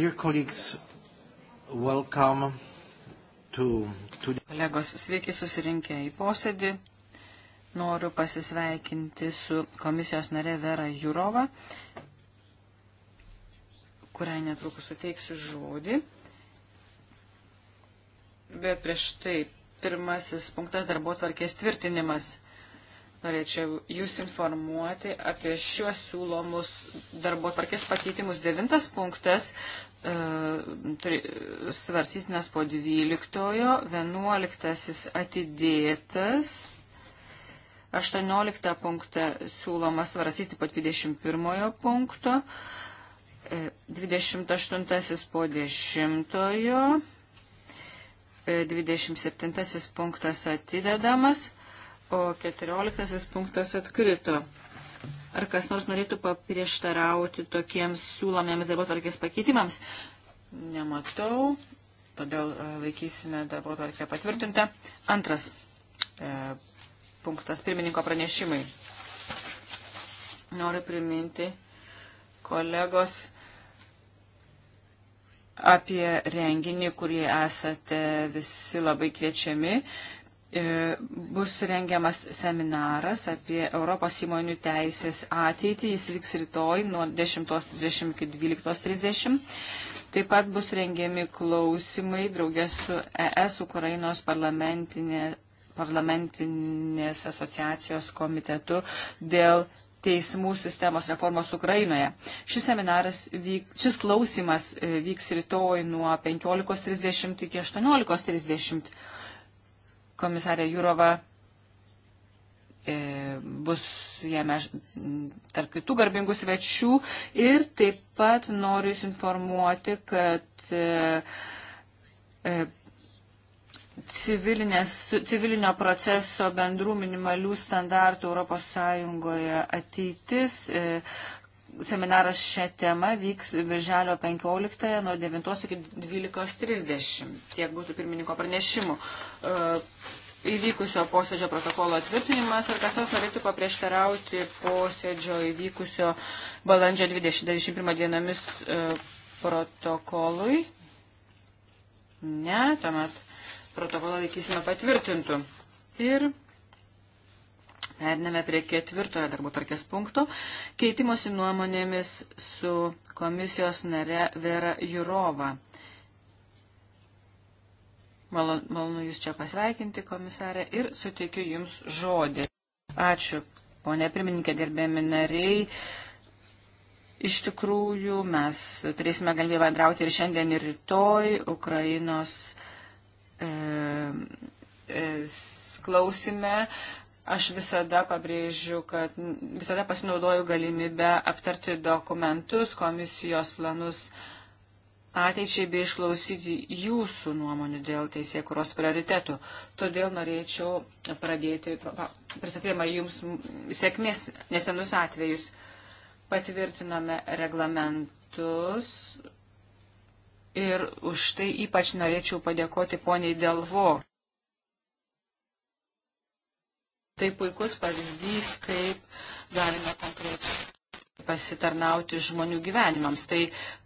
Dear colleagues, welcome to, to... Kolegos, sveiki susirinkę į posėdį. Noriu pasisveikinti su komisijos nare Vera Jurova, kuriai netrukus suteiksiu žodį. Bet prieš tai pirmasis punktas darbo tvarkės tvirtinimas – Norėčiau Jūs informuoti apie šiuos siūlomus darbo tvarkės pakeitimus. Devintas punktas e, svarstytinas po dvyliktojo, vienuoliktasis atidėtas, aštuonioliktą punktą siūloma svarstyti po dvidešimt pirmojo punkto, e, dvidešimt aštuntasis po dešimtojo, e, dvidešimt septintasis punktas atidedamas o 14 punktas atkrito. Ar kas nors norėtų paprieštarauti tokiems siūlomiems darbo tvarkės pakeitimams? Nematau, todėl e, laikysime darbo tvarkę patvirtintą. Antras e, punktas pirmininko pranešimai. Noriu priminti kolegos apie renginį, kurį esate visi labai kviečiami. E, E, bus rengiamas seminaras apie Europos įmonių teisės ateitį. Jis vyks rytoj nuo 10.30 iki 12.30. Taip pat bus rengiami klausimai draugės su ES Ukrainos parlamentinė, parlamentinės asociacijos komitetu dėl teismų sistemos reformos Ukrainoje. Šis seminaras, vyk, šis klausimas e, vyks rytoj nuo 15.30 iki 18.30 komisarė Jūrova e, bus jame tarp kitų garbingų svečių ir taip pat noriu Jūs informuoti, kad e, e, civilinio proceso bendrų minimalių standartų ES ateitis seminaras šią temą vyks Birželio 15 nuo 9 iki 12.30. Tiek būtų pirmininko pranešimų įvykusio posėdžio protokolo atvirtinimas. Ar kas nors norėtų paprieštarauti posėdžio įvykusio balandžio 20-21 dienomis e, protokolui? Ne, tuomet protokolą laikysime patvirtintų. Ir Periname prie ketvirtojo darbo tarkės punkto. Keitimosi nuomonėmis su komisijos nare Vera Jurova. Malonu, malonu Jūs čia pasveikinti, komisarė, ir suteikiu Jums žodį. Ačiū, ponė pirmininkė, gerbėmi nariai. Iš tikrųjų, mes turėsime galimybę bendrauti ir šiandien, ir rytoj Ukrainos e, e, klausime. Aš visada pabrėžiu, kad visada pasinaudoju galimybę aptarti dokumentus, komisijos planus ateičiai bei išklausyti jūsų nuomonių dėl teisėkuros prioritetų. Todėl norėčiau pradėti, pristatydama jums sėkmės nesenus atvejus, patvirtinome reglamentus ir už tai ypač norėčiau padėkoti poniai Delvo. Tai puikus pavyzdys, kaip galime konkrečiai pasitarnauti žmonių gyvenimams. Tai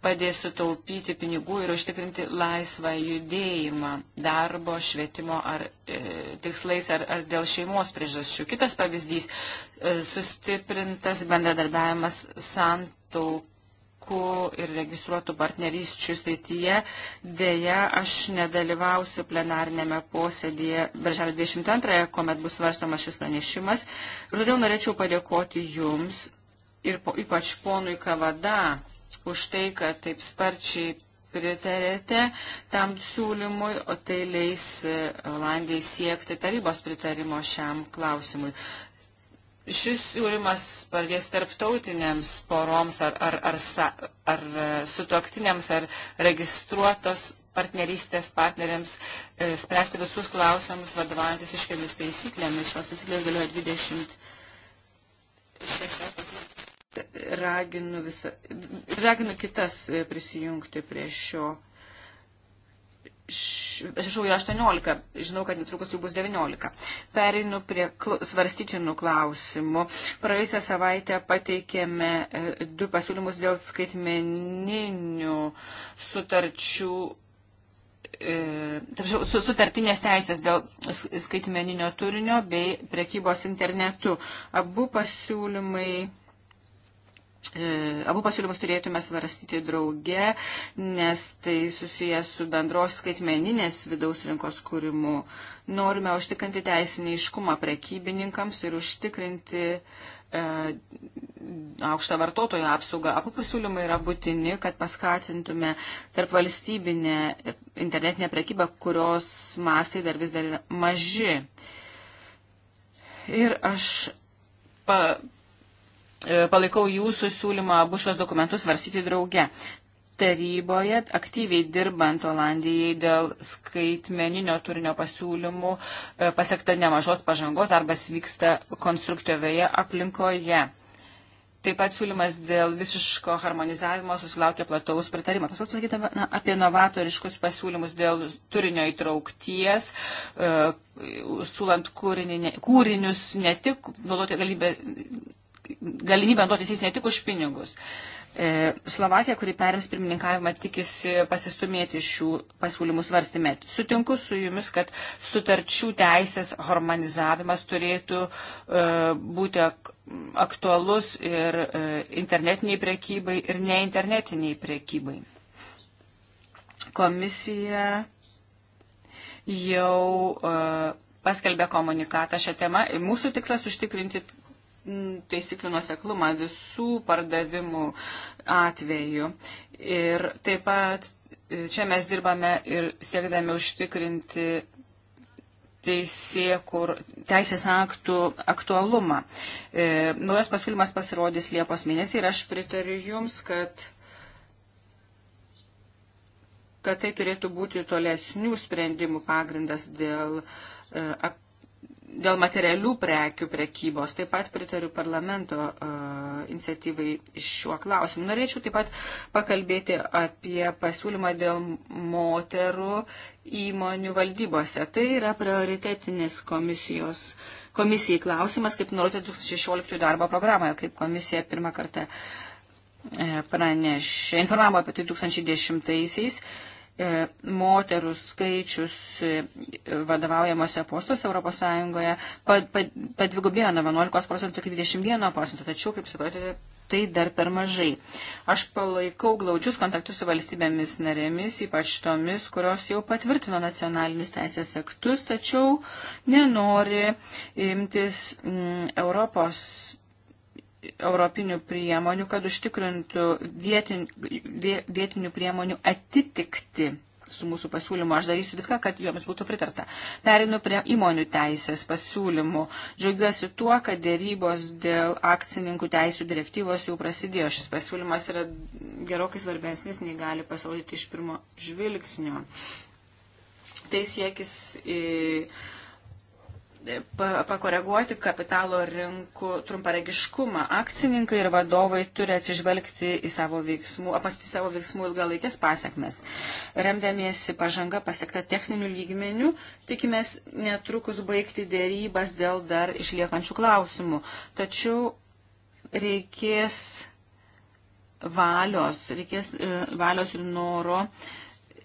padės sutaupyti pinigų ir užtikrinti laisvą judėjimą darbo, švietimo ar e, tikslais ar, ar dėl šeimos priežasčių. Kitas pavyzdys e, - sustiprintas bendradarbiavimas santaukų ir registruotų partnerysčių srityje. Deja, aš nedalyvausiu plenarnėme posėdėje birželio 22, kuomet bus svarstomas šis pranešimas. Ir todėl norėčiau padėkoti Jums ir po, ypač ponui Kavada už tai, kad taip sparčiai pritarėte tam siūlymui, o tai leis e, Olandijai siekti tarybos pritarimo šiam klausimui. Šis siūlymas padės tarptautiniams poroms ar, ar, ar, ar e, sutuoktiniams ar registruotos partnerystės partneriams e, spręsti visus klausimus vadovantis iškiomis taisyklėmis. Šios taisyklės galioja 20. 6 raginu, visa, raginu kitas e, prisijungti prie šio. Atsiprašau, yra 18, žinau, kad netrukus jų bus 19. Pereinu prie svarstytinų klausimų. Praėjusią savaitę pateikėme e, du pasiūlymus dėl skaitmeninių sutarčių. E, Tarp, su, sutartinės teisės dėl skaitmeninio turinio bei prekybos internetu. Abu pasiūlymai E, abu pasiūlymus turėtume svarstyti drauge, nes tai susijęs su bendros skaitmeninės vidaus rinkos kūrimu. Norime užtikrinti teisinį iškumą prekybininkams ir užtikrinti e, aukštą vartotojo apsaugą. Abu pasiūlymai yra būtini, kad paskatintume tarp valstybinę internetinę prekybą, kurios mastai dar vis dar yra maži. Ir aš pa, E, palaikau jūsų siūlymą abu šios dokumentus varsyti drauge. Taryboje aktyviai dirbant Olandijai dėl skaitmeninio turinio pasiūlymų e, pasiekta nemažos pažangos, darbas vyksta konstruktyvioje aplinkoje. Taip pat siūlymas dėl visiško harmonizavimo susilaukė plataus pritarimo. Tas pats pasakyta na, apie novatoriškus pasiūlymus dėl turinio įtraukties, e, siūlant kūrinį, kūrinius ne tik naudoti galimybę galimybę duotis jais ne tik už pinigus. E, Slovakija, kuri perims pirmininkavimą, tikisi pasistumėti šių pasiūlymų svarstymę. Sutinku su jumis, kad sutarčių teisės harmonizavimas turėtų e, būti aktualus ir e, internetiniai prekybai ir neinternetiniai prekybai. Komisija jau paskelbė komunikatą šią temą. Mūsų tikslas užtikrinti taisyklių nuoseklumą visų pardavimų atveju. Ir taip pat e, čia mes dirbame ir siekdami užtikrinti teisė, kur, teisės aktų aktualumą. E, naujas pasiūlymas pasirodys Liepos mėnesį ir aš pritariu Jums, kad kad tai turėtų būti tolesnių sprendimų pagrindas dėl e, ap, dėl materialių prekių prekybos. Taip pat pritariu parlamento uh, iniciatyvai šiuo klausimu. Norėčiau taip pat pakalbėti apie pasiūlymą dėl moterų įmonių valdybose. Tai yra prioritetinis komisijos. Komisijai klausimas, kaip nurodė 2016 darbo programoje, kaip komisija pirmą kartą e, pranešė, informavo apie tai 2010-aisiais. E, moterų skaičius e, vadovaujamuose postuose Europos Sąjungoje padvigubėjo nuo 11 procentų iki 21 procentų, tačiau, kaip sakote, tai dar per mažai. Aš palaikau glaudžius kontaktus su valstybėmis narėmis, ypač tomis, kurios jau patvirtino nacionalinius teisės aktus, tačiau nenori imtis m, mm, Europos europinių priemonių, kad užtikrintų vietin, vietinių priemonių atitikti su mūsų pasiūlymu. Aš darysiu viską, kad joms būtų pritarta. Perinu prie įmonių teisės pasiūlymų. Džiaugiuosi tuo, kad dėrybos dėl akcininkų teisų direktyvos jau prasidėjo. Šis pasiūlymas yra gerokai svarbesnis, nei gali pasirodyti iš pirmo žvilgsnio. Tai siekis. E, į pakoreguoti kapitalo rinkų trumparegiškumą. Akcininkai ir vadovai turi atsižvelgti į savo veiksmų, apasti savo veiksmų ilgalaikės pasiekmes. Remdamiesi pažanga pasiekta techninių lygmenių, tikimės netrukus baigti dėrybas dėl dar išliekančių klausimų. Tačiau reikės valios, reikės e, valios ir noro uh,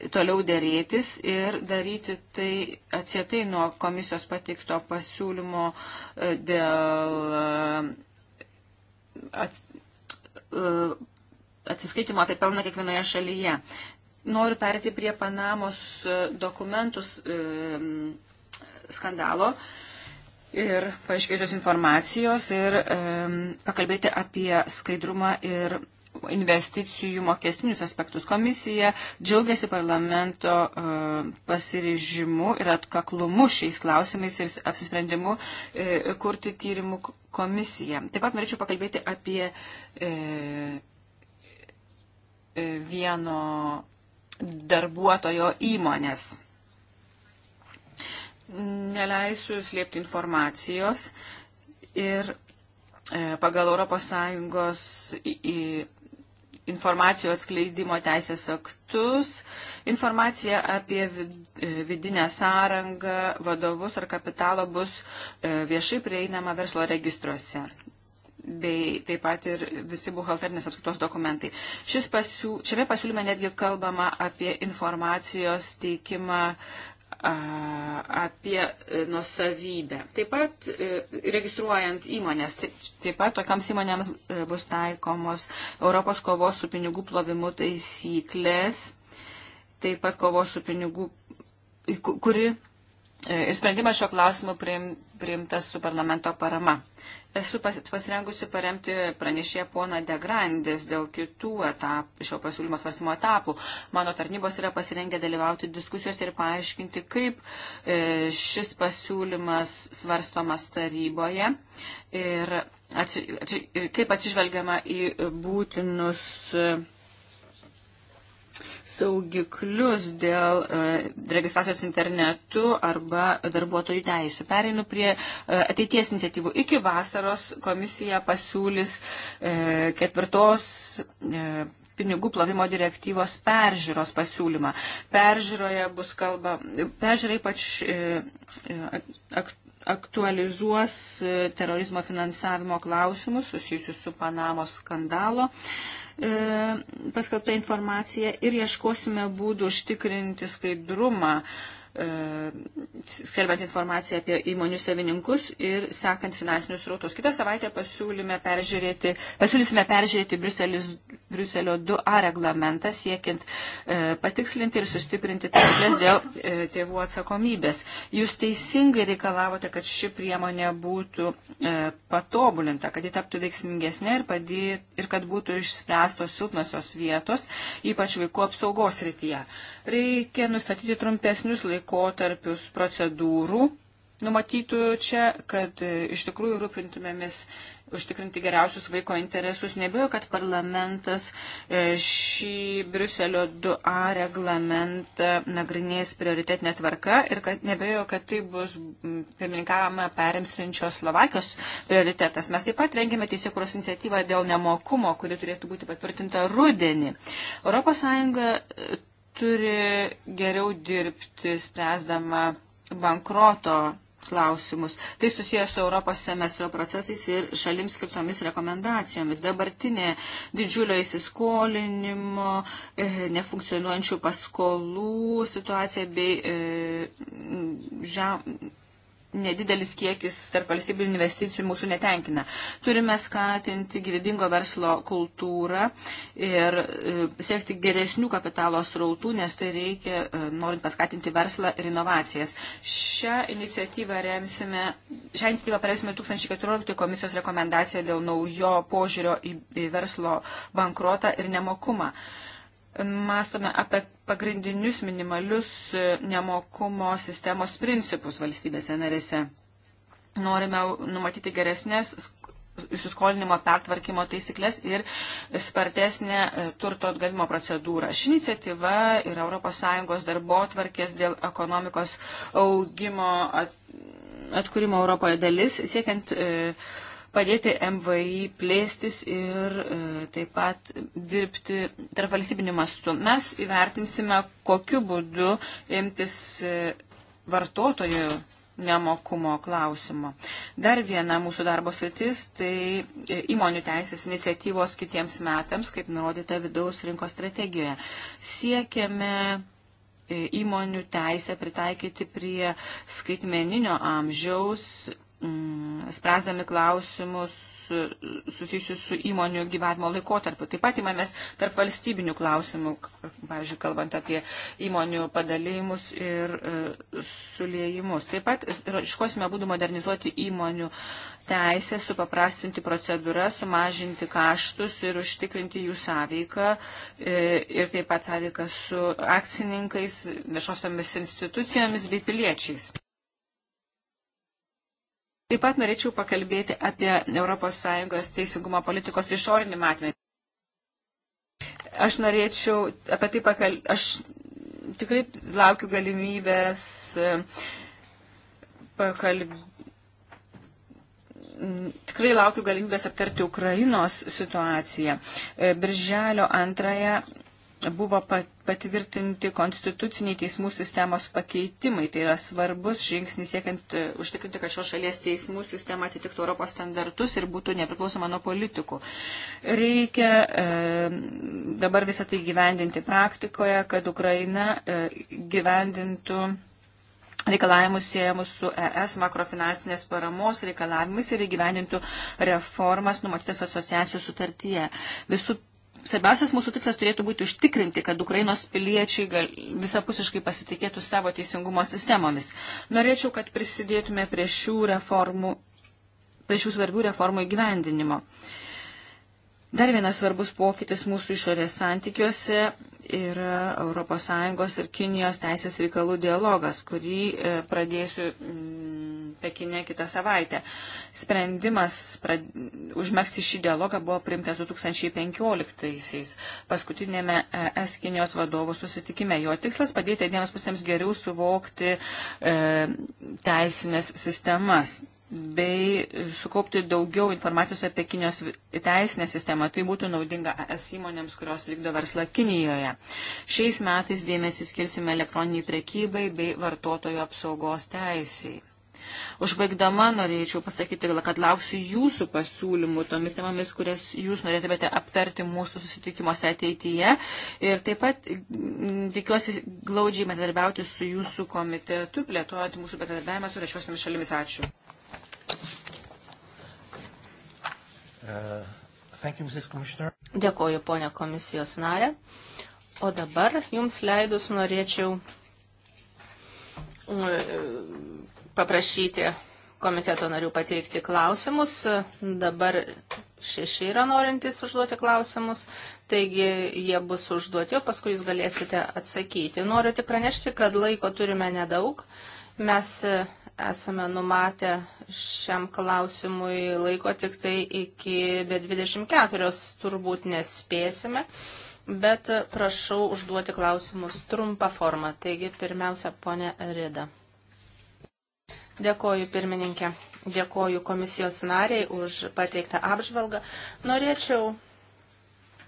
toliau dėrėtis ir daryti tai atsietai nuo komisijos pateikto pasiūlymo e, dėl e, e, atsiskaitimo apie pelną kiekvienoje šalyje. Noriu perėti prie Panamos dokumentus skandalo ir paaiškėjusios informacijos ir um, pakalbėti apie skaidrumą ir investicijų mokestinius aspektus. Komisija džiaugiasi parlamento uh, pasiryžimu ir atkaklumu šiais klausimais ir apsisprendimu uh, kurti tyrimų komisiją. Taip pat norėčiau pakalbėti apie uh, vieno darbuotojo įmonės. Neleisiu slėpti informacijos ir pagal ES informacijų atskleidimo teisės aktus, informacija apie e, vidinę sąrangą, vadovus ar kapitalą bus e, viešai prieinama verslo registruose bei taip pat ir visi buhalterinės apskaitos dokumentai. Šis pasiū, šiame pasiūlyme netgi kalbama apie informacijos teikimą apie e, nusavybę. Taip pat e, registruojant įmonės, tai taip pat tokiams įmonėms e, bus taikomos Europos kovos su pinigų plovimu taisyklės, taip pat kovos su pinigų, kuri sprendimas šio klausimu priimtas su parlamento parama. Esu pasirengusi paremti pranešė poną Degrandės dėl kitų etapų, šio pasiūlymo svarsimo etapų. Mano tarnybos yra pasirengę dalyvauti diskusijos ir paaiškinti, kaip e, šis pasiūlymas svarstomas taryboje ir, atsi, ir kaip atsižvelgiama į būtinus saugiklius dėl e, registracijos internetu arba darbuotojų teisų. Pereinu prie e, ateities iniciatyvų. Iki vasaros komisija pasiūlys e, ketvirtos. E, pinigų plovimo direktyvos peržiūros pasiūlymą. Peržiūroje bus kalba, peržiūra ypač e, e ak, aktualizuos e, terorizmo finansavimo klausimus susijusius su Panamos skandalo. E, E, paskelbta informacija ir ieškosime būdų užtikrinti skaidrumą, e, skelbiant informaciją apie įmonių savininkus ir sekant finansinius rautus. Kitą savaitę pasiūlysime peržiūrėti, pasiūlysime peržiūrėti Briselis Briuselio 2A reglamentą siekiant e, patikslinti ir sustiprinti taisyklės dėl e, tėvų atsakomybės. Jūs teisingai reikalavote, kad ši priemonė būtų e, patobulinta, kad ji taptų veiksmingesnė ir, padėt, ir kad būtų išspręstos silpnosios vietos, ypač vaikų apsaugos rytyje. Reikia nustatyti trumpesnius laikotarpius procedūrų numatytų čia, kad e, iš tikrųjų rūpintumėmis užtikrinti geriausius vaiko interesus. Nebėjau, kad parlamentas e, šį Briuselio 2A reglamentą nagrinės prioritetinė tvarka ir kad nebėjau, kad tai bus pirmininkavimą perimsinčios Slovakijos prioritetas. Mes taip pat rengėme teisėkuros iniciatyvą dėl nemokumo, kuri turėtų būti patvirtinta rudenį. ES e, turi geriau dirbti, spręsdama bankroto klausimus. Tai susijęs su Europos semestro procesais ir šalims skirtomis rekomendacijomis. Dabartinė didžiulio įsiskolinimo, e, nefunkcionuojančių paskolų situacija bei e, žem, nedidelis kiekis tarp valstybinių investicijų mūsų netenkina. Turime skatinti gyvybingo verslo kultūrą ir e, siekti geresnių kapitalo srautų, nes tai reikia, e, norint paskatinti verslą ir inovacijas. Šią iniciatyvą remsime, šią iniciatyvą paremsime 2014 komisijos rekomendaciją dėl naujo požiūrio į verslo bankrotą ir nemokumą mąstome apie pagrindinius minimalius e, nemokumo sistemos principus valstybėse narėse. Norime numatyti geresnės įsiskolinimo pertvarkymo taisyklės ir spartesnę e, turto atgavimo procedūrą. Ši iniciatyva yra ES darbo atvarkės dėl ekonomikos augimo at, atkūrimo Europoje dalis, siekiant e, padėti MVI plėstis ir e, taip pat dirbti tarp valstybinių mastų. Mes įvertinsime, kokiu būdu imtis e, vartotojų nemokumo klausimo. Dar viena mūsų darbo sritis - tai e, įmonių teisės iniciatyvos kitiems metams, kaip nurodyta vidaus rinkos strategijoje. Siekiame e, įmonių teisę pritaikyti prie skaitmeninio amžiaus Mm, spręsdami klausimus susijusius su įmonių gyvavimo laikotarpiu. Taip pat įmamės tarp valstybinių klausimų, pavyzdžiui, kalbant apie įmonių padalėjimus ir e, suliejimus. Taip pat iškosime būdų modernizuoti įmonių teisę, supaprastinti procedūrą, sumažinti kaštus ir užtikrinti jų sąveiką e, ir taip pat sąveiką su akcininkais, viešosiomis institucijomis bei piliečiais. Taip pat norėčiau pakalbėti apie ES teisingumo politikos išorinį matmenį. Aš norėčiau apie tai pakalbėti, aš tikrai laukiu galimybės e, pakalbėti tikrai laukiu galimybės aptarti Ukrainos situaciją. E, birželio antrąją buvo patvirtinti konstituciniai teismų sistemos pakeitimai. Tai yra svarbus žingsnis siekiant e, užtikrinti, kad šios šalies teismų sistema atitiktų Europos standartus ir būtų nepriklausoma nuo politikų. Reikia e, dabar visą tai gyvendinti praktikoje, kad Ukraina e, gyvendintų reikalavimus siejamus su ES makrofinansinės paramos reikalavimais ir įgyvendintų reformas numatytas asociacijos sutartyje. Visų svarbiausias mūsų tikslas turėtų būti užtikrinti, kad Ukrainos piliečiai gal, visapusiškai pasitikėtų savo teisingumo sistemomis. Norėčiau, kad prisidėtume prie šių reformų, prie šių svarbių reformų įgyvendinimo. Uh, Dar vienas svarbus pokytis mūsų išorės santykiuose yra ES ir Kinijos teisės reikalų dialogas, kurį e, pradėsiu mm, Pekinė kitą savaitę. Sprendimas prad... užmėgsti šį dialogą buvo primtas 2015-aisiais paskutinėme e, ES Kinijos vadovų susitikime. Jo tikslas padėti abiems pusėms geriau suvokti e, teisinės sistemas bei sukaupti daugiau informacijos apie Kinijos teisinę sistemą. Tai būtų naudinga es įmonėms, kurios vykdo verslą Kinijoje. Šiais metais dėmesį skirsime elektroniniai prekybai bei vartotojų apsaugos teisiai. Užbaigdama norėčiau pasakyti, kad lauksiu jūsų pasiūlymų tomis temomis, kurias jūs norėtumėte aptarti mūsų susitikimuose ateityje. Ir taip pat mm, tikiuosi glaudžiai bendradarbiauti su jūsų komitetu, plėtojant mūsų bendradarbiavimą su rečiosiamis šalimis. Ačiū. Dėkoju, ponia komisijos narė. O dabar jums leidus norėčiau paprašyti komiteto narių pateikti klausimus. Dabar šeši yra norintys užduoti klausimus, taigi jie bus užduoti, o paskui jūs galėsite atsakyti. Noriu tik pranešti, kad laiko turime nedaug. Mes esame numatę šiam klausimui laiko tik tai iki be 24 turbūt nespėsime, bet prašau užduoti klausimus trumpą formą. Taigi pirmiausia, ponė Rida. Dėkoju pirmininkė, dėkoju komisijos nariai už pateiktą apžvalgą. Norėčiau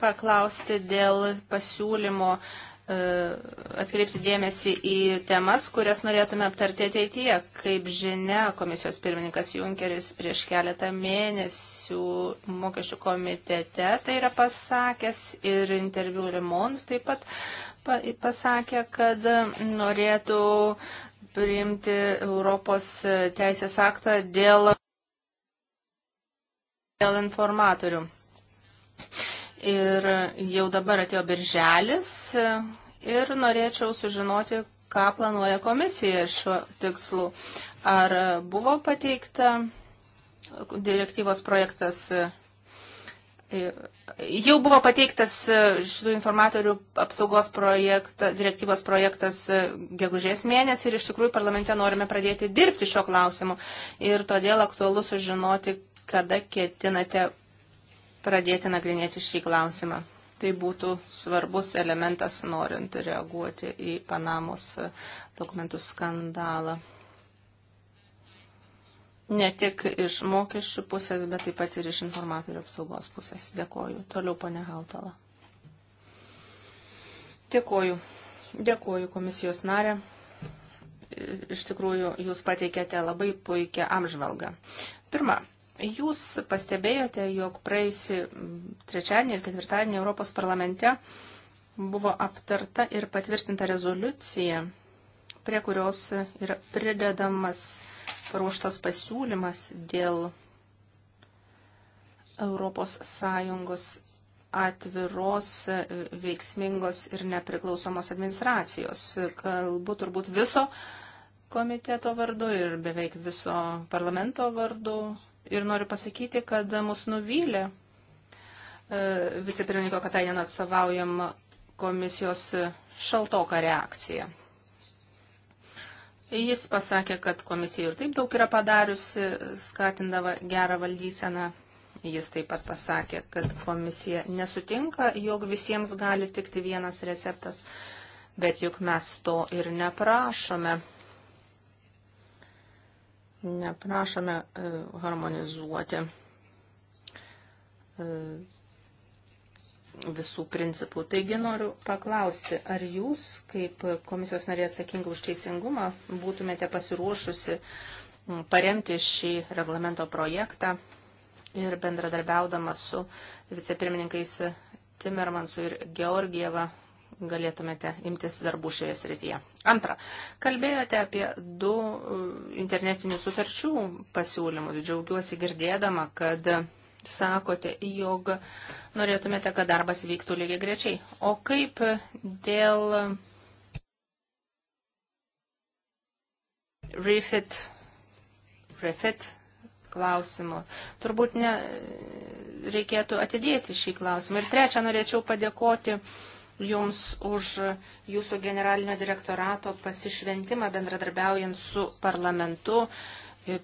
paklausti dėl pasiūlymo uh, E, atkreipti dėmesį į temas, kurias norėtume aptarti ateityje. Kaip žinia, komisijos pirmininkas Junkeris prieš keletą mėnesių mokesčių komitete tai yra pasakęs ir interviu Limon taip pat pasakė, kad norėtų priimti Europos teisės aktą dėl, dėl informatorių. Ir jau dabar atėjo birželis ir norėčiau sužinoti, ką planuoja komisija šiuo tikslu. Ar buvo pateikta direktyvos projektas Jau buvo pateiktas šitų informatorių apsaugos projekta, direktyvos projektas gegužės mėnesį ir iš tikrųjų parlamente norime pradėti dirbti šio klausimu. Ir todėl aktualu sužinoti, kada ketinate pradėti nagrinėti šį klausimą. Tai būtų svarbus elementas norint reaguoti į Panamos dokumentų skandalą. Ne tik iš mokesčių pusės, bet taip pat ir iš informatorių apsaugos pusės. Dėkoju. Toliau, ponė Hautala. Dėkoju. Dėkoju komisijos narė. Iš tikrųjų, jūs pateikėte labai puikią apžvalgą. Pirma, Jūs pastebėjote, jog praėjusi trečiadienį ir ketvirtadienį Europos parlamente buvo aptarta ir patvirtinta rezoliucija, prie kurios yra pridedamas paruoštas pasiūlymas dėl Europos Sąjungos atviros, veiksmingos ir nepriklausomos administracijos. Kalbu turbūt viso komiteto vardu ir beveik viso parlamento vardu ir noriu pasakyti, kad mus nuvylė e, vicepirmininko Katainino atstovaujama komisijos šaltoka reakcija. Jis pasakė, kad komisija ir taip daug yra padariusi, skatindama gerą valdyseną. Jis taip pat pasakė, kad komisija nesutinka, jog visiems gali tikti vienas receptas, bet juk mes to ir neprašome. Neprašome e, harmonizuoti e, visų principų. Taigi noriu paklausti, ar jūs, kaip komisijos narė atsakinga už teisingumą, būtumėte pasiruošusi paremti šį reglamento projektą ir bendradarbiaudama su vicepirmininkais Timmermansu ir Georgieva galėtumėte imtis darbų šioje srityje. Antra, kalbėjote apie du e, internetinių sutarčių pasiūlymus. Džiaugiuosi girdėdama, kad sakote, jog norėtumėte, kad darbas vyktų lygiai grečiai. O kaip dėl refit, refit klausimų. Turbūt ne, reikėtų atidėti šį klausimą. Ir trečia, norėčiau padėkoti uh, Jums už Jūsų generalinio direktorato pasišventimą bendradarbiaujant su parlamentu,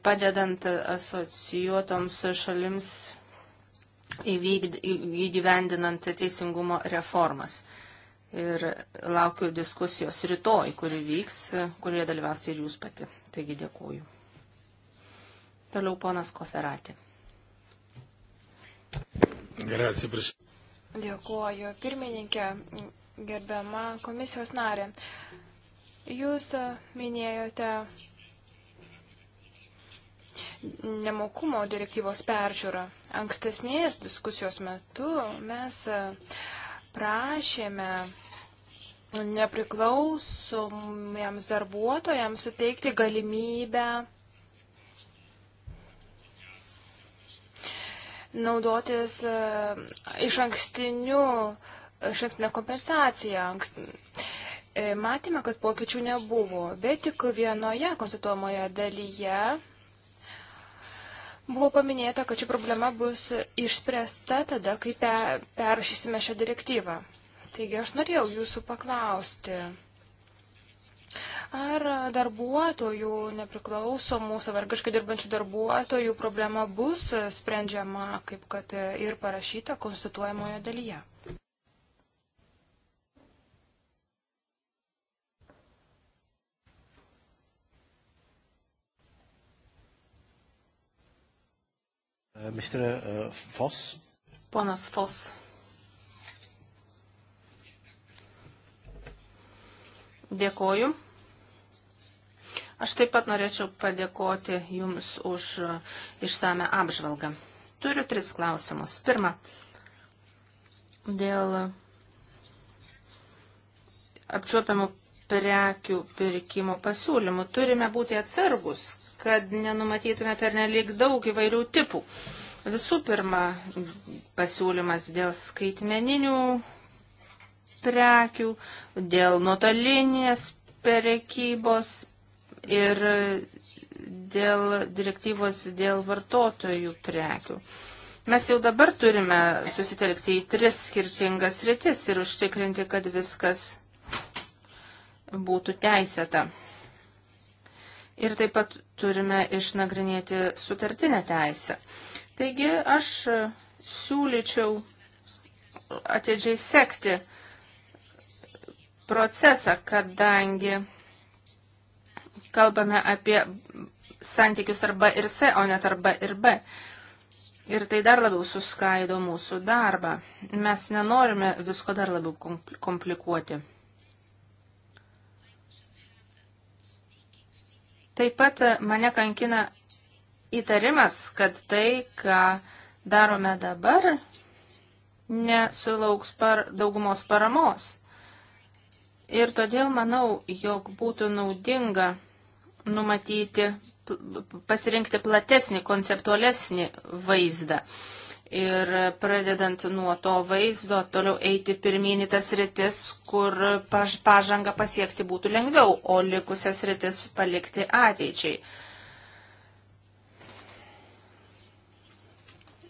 padedant asocijuotoms šalims įgyvendinant teisingumo reformas. Ir laukiu diskusijos rytoj, kuri vyks, kurioje dalyvausite ir jūs pati. Taigi dėkuoju. Toliau ponas Koferati. Grazie, Dėkuoju, pirmininkė, gerbiama komisijos narė. Jūs e, minėjote nemokumo direktyvos peržiūrą. Ankstesnės diskusijos metu mes e, prašėme nepriklausomiems darbuotojams suteikti galimybę naudotis e, iš ankstinių, iš ankstinę kompensaciją. E, matėme, kad pokyčių nebuvo, bet tik vienoje konstatuojamoje dalyje Buvo paminėta, kad ši problema bus išspręsta tada, kai pe, perrašysime šią direktyvą. Taigi aš norėjau jūsų paklausti, Ar darbuotojų, nepriklausomų, savargiškai dirbančių darbuotojų problema bus sprendžiama, kaip kad ir parašyta konstituojamojo dalyje? Uh, Mr. Uh, Foss. Ponas Foss. Dėkoju. Aš taip pat norėčiau padėkoti Jums už išsame apžvalgą. Turiu tris klausimus. Pirma, dėl apčiuopiamų prekių pirkimo pasiūlymų turime būti atsargus, kad nenumatytume pernelyg daug įvairių tipų. Visų pirma, pasiūlymas dėl skaitmeninių prekių, dėl nuotolinės prekybos ir dėl direktyvos dėl vartotojų prekių. Mes jau dabar turime susitelkti į tris skirtingas rytis ir užtikrinti, kad viskas būtų teisėta. Ir taip pat turime išnagrinėti sutartinę teisę. Taigi aš siūlyčiau atidžiai sekti procesą, kadangi kalbame apie santykius arba ir C, o net arba ir B. Ir tai dar labiau suskaido mūsų darbą. Mes nenorime visko dar labiau komplikuoti. Taip pat e, mane kankina įtarimas, kad tai, ką darome dabar, nesulauks par daugumos paramos. Ir todėl manau, jog būtų naudinga numatyti, pasirinkti platesnį, konceptualesnį vaizdą. Ir pradedant nuo to vaizdo, toliau eiti pirminį tas rytis, kur paž pažanga pasiekti būtų lengviau, o likusias rytis palikti ateičiai.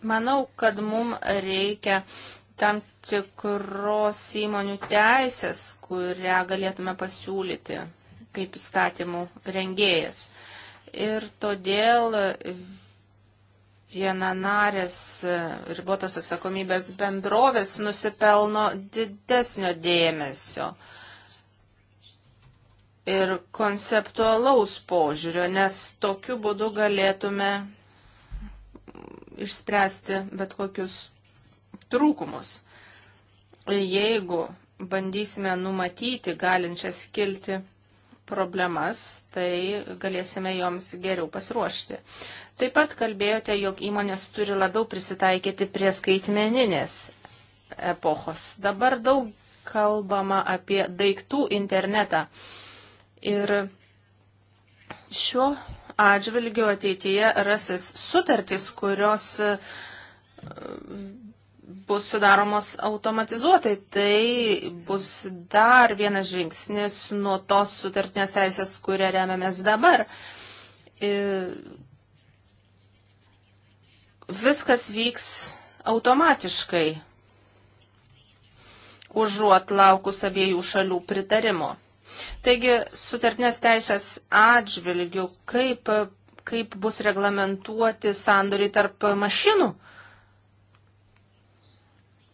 Manau, kad mums reikia tam tikros įmonių teisės, kurią galėtume pasiūlyti kaip įstatymų rengėjas. Ir todėl vienanarės ribotos atsakomybės bendrovės nusipelno didesnio dėmesio ir konceptualaus požiūrio, nes tokiu būdu galėtume išspręsti bet kokius trūkumus. Jeigu bandysime numatyti galinčias kilti problemas, tai galėsime joms geriau pasiruošti. Taip pat kalbėjote, jog įmonės turi labiau prisitaikyti prie skaitmeninės epochos. Dabar daug kalbama apie daiktų internetą. Ir šiuo atžvilgiu ateityje rasis sutartis, kurios bus sudaromos automatizuotai. Tai bus dar vienas žingsnis nuo tos sutartinės teisės, kurią remiamės dabar. Ir viskas vyks automatiškai, užuot laukus abiejų šalių pritarimo. Taigi, sutartinės teisės atžvilgių, kaip, kaip bus reglamentuoti sandoriai tarp mašinų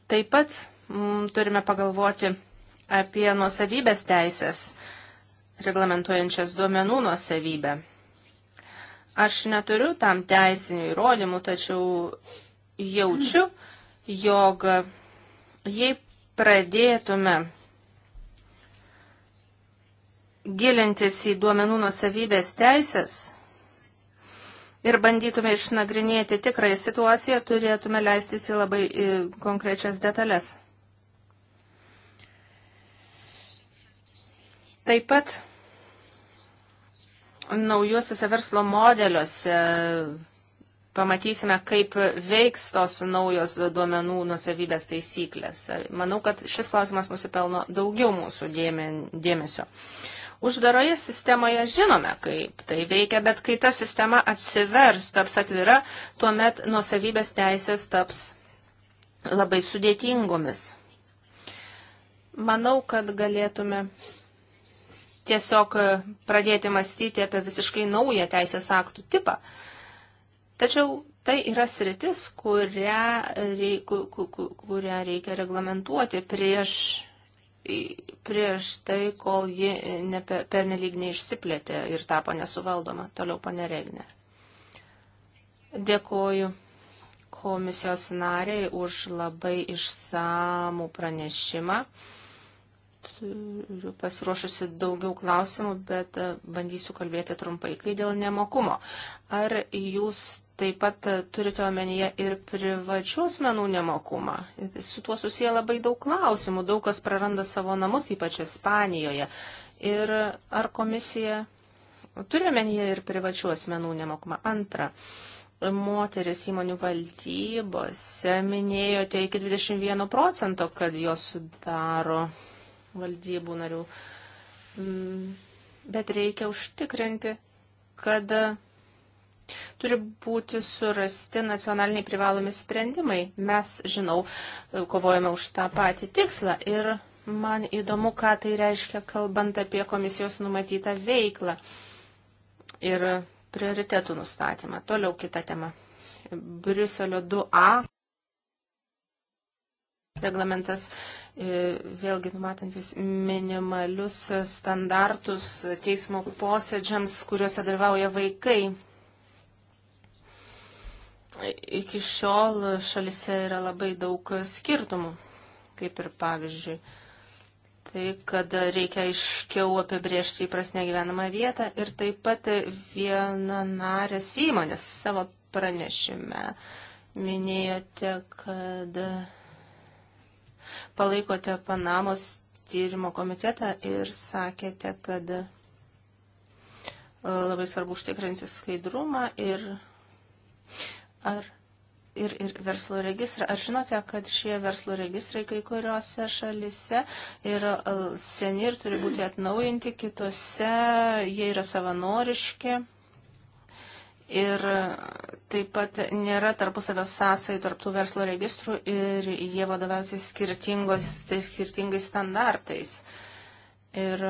Taip pat m, mm, turime pagalvoti apie nuosavybės teisės, reglamentuojančias duomenų nuosavybę. Aš neturiu tam teisinių įrodymų, tačiau jaučiu, jog jei pradėtume gilintis į duomenų nusavybės teisės, ir bandytume išnagrinėti tikrąją situaciją, turėtume leistis į labai konkrečias detalės. Taip pat naujuosiuose verslo modeliuose pamatysime, kaip veiks tos naujos duomenų nusavybės taisyklės. Manau, kad šis klausimas nusipelno daugiau mūsų dėmesio. Uždaroje sistemoje žinome, kaip tai veikia, bet kai ta sistema atsivers, taps atvira, tuomet nuosavybės teisės taps labai sudėtingomis. Manau, kad galėtume tiesiog pradėti mąstyti apie visiškai naują teisės aktų tipą. Tačiau tai yra sritis, kurią, reik, kurią reikia reglamentuoti prieš prieš tai, kol ji ne, pernelyg neišsiplėtė ir tapo nesuvaldoma. Toliau pane Regner. Dėkoju komisijos nariai už labai išsamų pranešimą. Turiu pasiruošusi daugiau klausimų, bet bandysiu kalbėti trumpai, kai dėl nemokumo. Ar jūs Taip pat e, turite omenyje ir privačių asmenų nemokumą. E, su tuo susiję labai daug klausimų. Daug kas praranda savo namus, ypač Ispanijoje. Ir ar komisija turi omenyje ir privačių asmenų nemokumą? Antra. Moteris įmonių valdybose minėjote iki 21 procento, kad jos sudaro valdybų narių. Mm, bet reikia užtikrinti, kad Turi būti surasti nacionaliniai privalomi sprendimai. Mes, žinau, kovojame už tą patį tikslą ir man įdomu, ką tai reiškia, kalbant apie komisijos numatytą veiklą ir prioritetų nustatymą. Toliau kita tema. Briuselio 2A reglamentas e, vėlgi numatantis minimalius standartus teismo posėdžiams, kuriuose dalyvauja vaikai iki šiol šalise yra labai daug skirtumų, kaip ir pavyzdžiui. Tai, kad reikia aiškiau apibriežti įprasnę gyvenamą vietą ir taip pat viena narės įmonės savo pranešime minėjote, kad palaikote Panamos tyrimo komitetą ir sakėte, kad e, labai svarbu užtikrinti skaidrumą ir Ar ir, ir verslo registrą. Ar žinote, kad šie verslo registrai kai kuriuose šalise yra e, seni ir turi būti atnaujinti, kitose jie yra savanoriški? Ir taip pat nėra tarpusavio sąsai tarptų verslo registrų ir jie vadoviausiai skirtingais standartais. Ir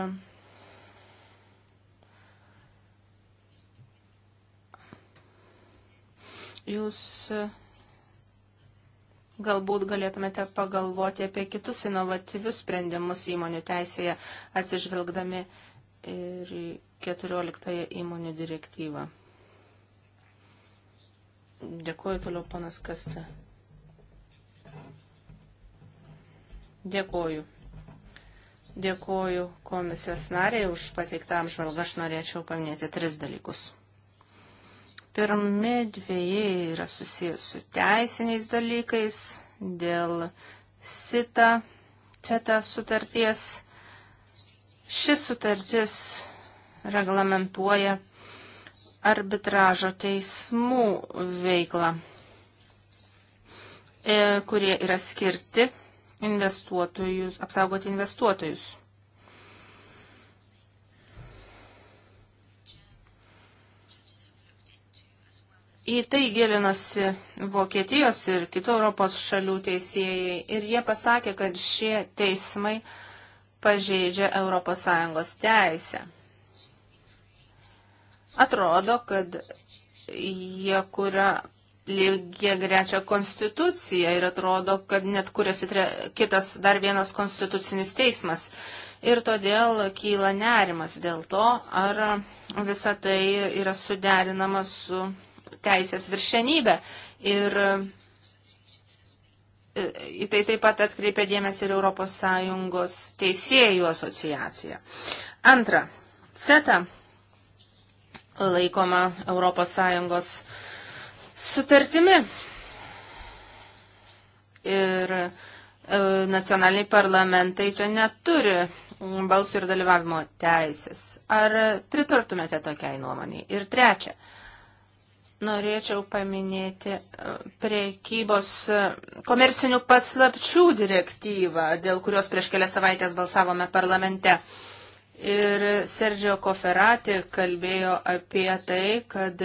Jūs e, galbūt galėtumėte pagalvoti apie kitus inovatyvius sprendimus įmonių teisėje, atsižvelgdami ir 14 įmonių direktyvą. Dėkuoju toliau, panas Kastė. Dėkuoju. Dėkuoju komisijos nariai už pateiktą apžvalgą. Aš norėčiau paminėti tris dalykus. Pirmi dviejai yra susijęs su teisiniais dalykais dėl sita, ceta sutarties. Šis sutartis reglamentuoja arbitražo teismų veiklą, e, kurie yra skirti investuotojus, apsaugoti investuotojus. Į tai gilinosi Vokietijos ir kitų Europos šalių teisėjai ir jie pasakė, kad šie teismai pažeidžia ES teisę. Atrodo, kad jie kuria lygiai grečia konstituciją ir atrodo, kad net kuriasi tre, kitas dar vienas konstitucinis teismas. Ir todėl kyla nerimas dėl to, ar visa tai yra suderinama su teisės viršenybę. Ir e, į tai taip pat atkreipia dėmesį ir ES teisėjų asociacija. Antra, CETA laikoma ES sutartimi. Ir e, nacionaliniai parlamentai čia neturi balsų ir dalyvavimo teisės. Ar pritartumėte tokiai nuomonį? Ir trečia, norėčiau paminėti e, priekybos e, komercinių paslapčių direktyvą, dėl kurios prieš kelias savaitės balsavome parlamente. Ir Sergio Koferati kalbėjo apie tai, kad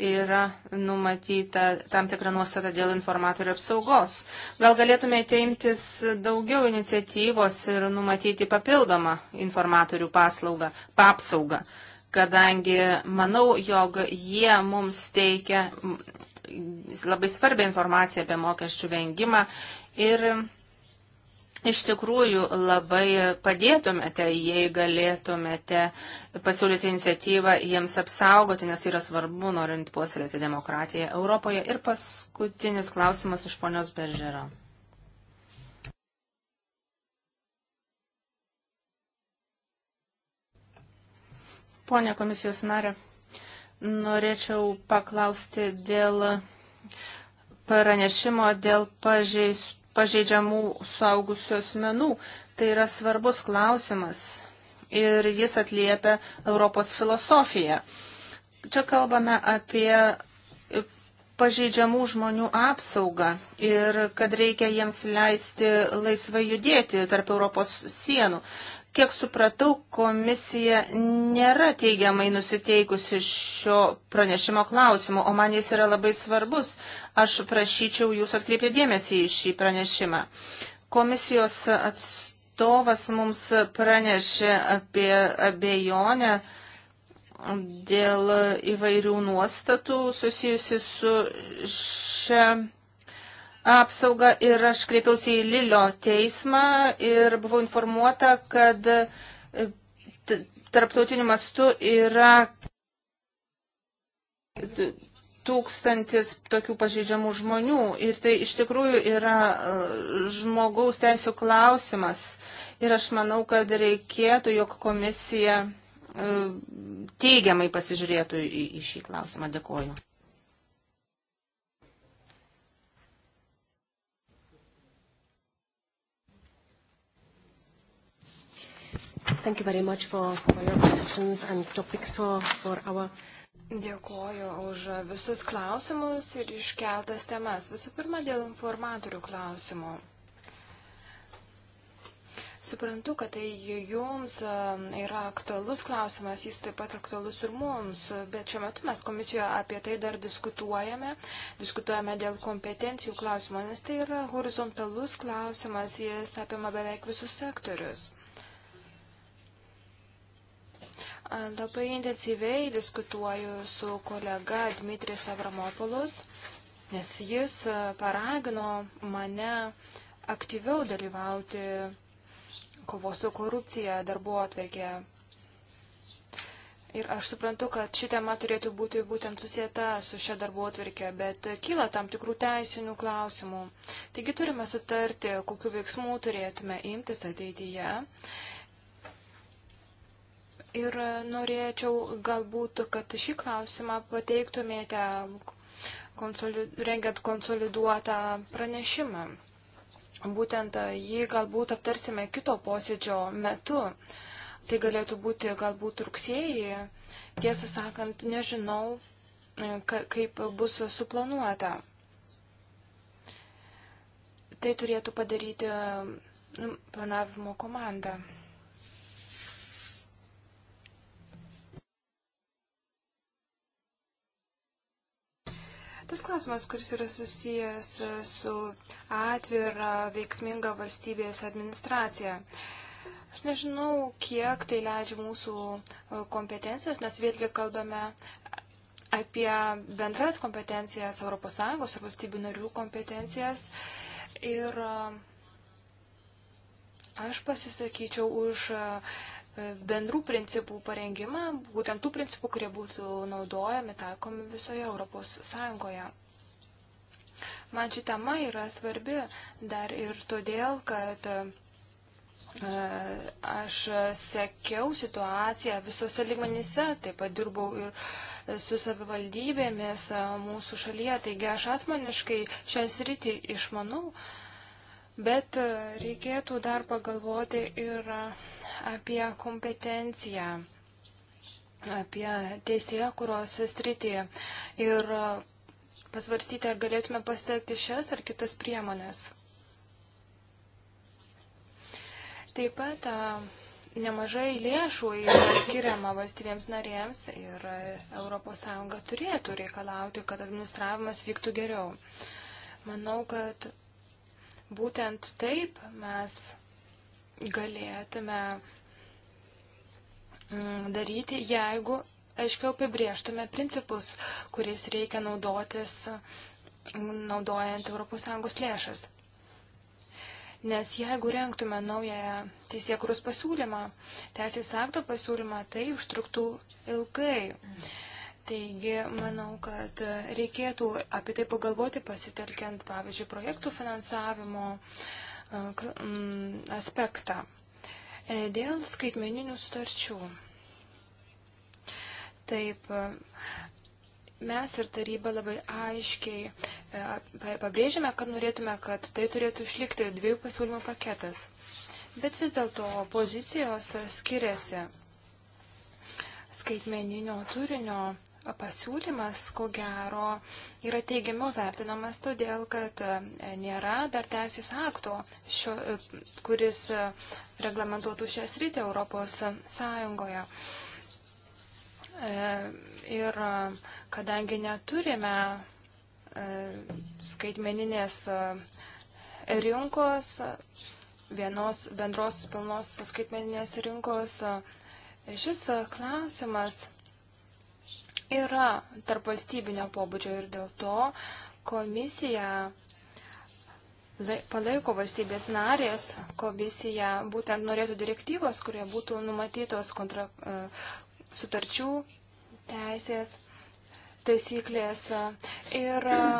yra numatyta tam tikra nuostata dėl informatorių apsaugos. Gal galėtumėte imtis daugiau iniciatyvos ir numatyti papildomą informatorių paslaugą, papsaugą. Pa kadangi manau, jog jie mums teikia labai svarbią informaciją apie mokesčių vengimą ir iš tikrųjų labai padėtumėte, jei galėtumėte pasiūlyti iniciatyvą jiems apsaugoti, nes tai yra svarbu, norint puoselėti demokratiją Europoje. Ir paskutinis klausimas iš ponios Beržero. Pone komisijos narė, norėčiau paklausti dėl pranešimo dėl pažeidžiamų suaugusių asmenų. Tai yra svarbus klausimas ir jis atliepia Europos filosofiją. Čia kalbame apie pažeidžiamų žmonių apsaugą ir kad reikia jiems leisti laisvai judėti tarp Europos sienų. Kiek supratau, komisija nėra teigiamai nusiteikusi šio pranešimo klausimu, o man jis yra labai svarbus. Aš prašyčiau jūs atkreipti dėmesį į šį pranešimą. Komisijos atstovas mums pranešė apie abejonę dėl įvairių nuostatų susijusi su šia apsaugą ir aš kreipiausi į Lilio teismą ir buvau informuota, kad e, tarptautiniu mastu yra tūkstantis tokių pažeidžiamų žmonių ir tai iš tikrųjų yra e, žmogaus teisų klausimas ir aš manau, kad reikėtų, jog komisija e, teigiamai pasižiūrėtų į šį klausimą. Dėkuoju. Thank you very much for, for your questions and topics for, for our. Dėkoju už visus klausimus ir iškeltas temas. Visų pirma, dėl informatorių klausimų. Suprantu, kad tai jums e, yra aktualus klausimas, jis taip pat aktualus ir mums, bet šiuo metu mes komisijoje apie tai dar diskutuojame, diskutuojame dėl kompetencijų klausimo, nes tai yra horizontalus klausimas, jis apima beveik visus sektorius. Labai intensyviai diskutuoju su kolega Dmitris Avramopoulos, nes jis e, paragino mane aktyviau dalyvauti kovos su korupcija darbo atverkė. Ir aš suprantu, kad ši tema turėtų būti būtent susieta su šia darbo atverkė, bet kyla tam tikrų teisinių klausimų. Taigi turime sutarti, kokiu veiksmu turėtume imtis ateityje. Ir norėčiau galbūt, kad šį klausimą pateiktumėte konsoli, rengiant konsoliduotą pranešimą. Būtent jį galbūt aptarsime kito posėdžio metu. Tai galėtų būti galbūt rugsėjai. Tiesą sakant, nežinau, ka, kaip bus suplanuota. Tai turėtų padaryti planavimo komanda. Tas klausimas, kuris yra susijęs su atvira veiksminga valstybės administracija. Aš nežinau, kiek tai leidžia mūsų e, kompetencijos, nes vėlgi kalbame apie bendras kompetencijas ES ar valstybių narių kompetencijas. Ir e, aš pasisakyčiau už uh, bendrų principų parengimą, būtent tų principų, kurie būtų naudojami, taikomi visoje Europos Sąjungoje. Man ši tema yra svarbi dar ir todėl, kad e, aš sekiau situaciją visose lygmenyse, taip pat dirbau ir su savivaldybėmis e, mūsų šalyje, taigi aš asmeniškai šią sritį išmanau. Uh, Bet e, reikėtų dar pagalvoti ir apie kompetenciją, apie teisėją, kurios sritį ir e, pasvarstyti, ar galėtume pasiekti šias ar kitas priemonės. Taip pat e, nemažai lėšų yra skiriama valstybėms narėms ir ES turėtų reikalauti, kad administravimas vyktų geriau. Manau, kad Būtent taip mes galėtume mm, daryti, jeigu aiškiau apibrieštume principus, kuriais reikia naudotis, mm, naudojant ES lėšas. Nes jeigu renktume naują teisėkurus pasiūlymą, teisės akto pasiūlymą, tai užtruktų ilgai. Mhm Taigi, manau, kad reikėtų apie tai pagalvoti, pasitelkiant, pavyzdžiui, projektų finansavimo e, mm, aspektą. E, dėl skaitmeninių sutarčių. Taip, mes ir taryba labai aiškiai e, pabrėžėme, kad norėtume, kad tai turėtų išlikti dviejų pasiūlymų paketas. Bet vis dėlto pozicijos skiriasi skaitmeninio turinio pasiūlymas, ko gero, yra teigiamiau vertinamas todėl, kad e, nėra dar teisės akto, šio, e, kuris e, reglamentuotų šią sritį Europos Sąjungoje. Ir kadangi neturime skaitmeninės rinkos, vienos bendros pilnos skaitmeninės rinkos, šis klausimas yra tarp valstybinio pobūdžio ir dėl to komisija palaiko valstybės narės, komisija būtent norėtų direktyvos, kurie būtų numatytos kontra, e, sutarčių teisės taisyklės ir e,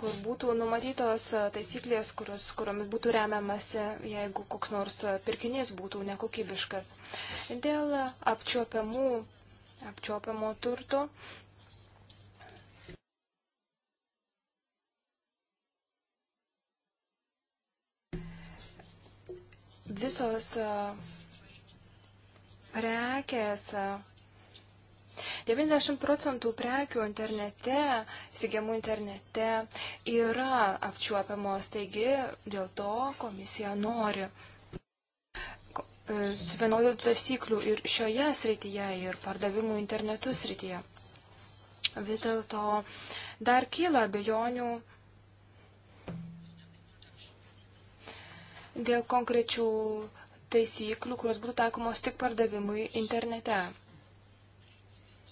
kur būtų numatytos taisyklės, kurios, kuriomis būtų remiamasi, jeigu koks nors pirkinys būtų nekokybiškas. Dėl apčiuopiamų apčiopiamo turto. Visos prekės 90 procentų prekių internete, įsigiamų internete yra apčiuopiamos, taigi dėl to komisija nori E, suvienodintų taisyklių ir šioje srityje, ir pardavimų internetu srityje. Vis dėlto dar kyla abejonių dėl konkrečių taisyklių, kurios būtų taikomos tik pardavimui internete.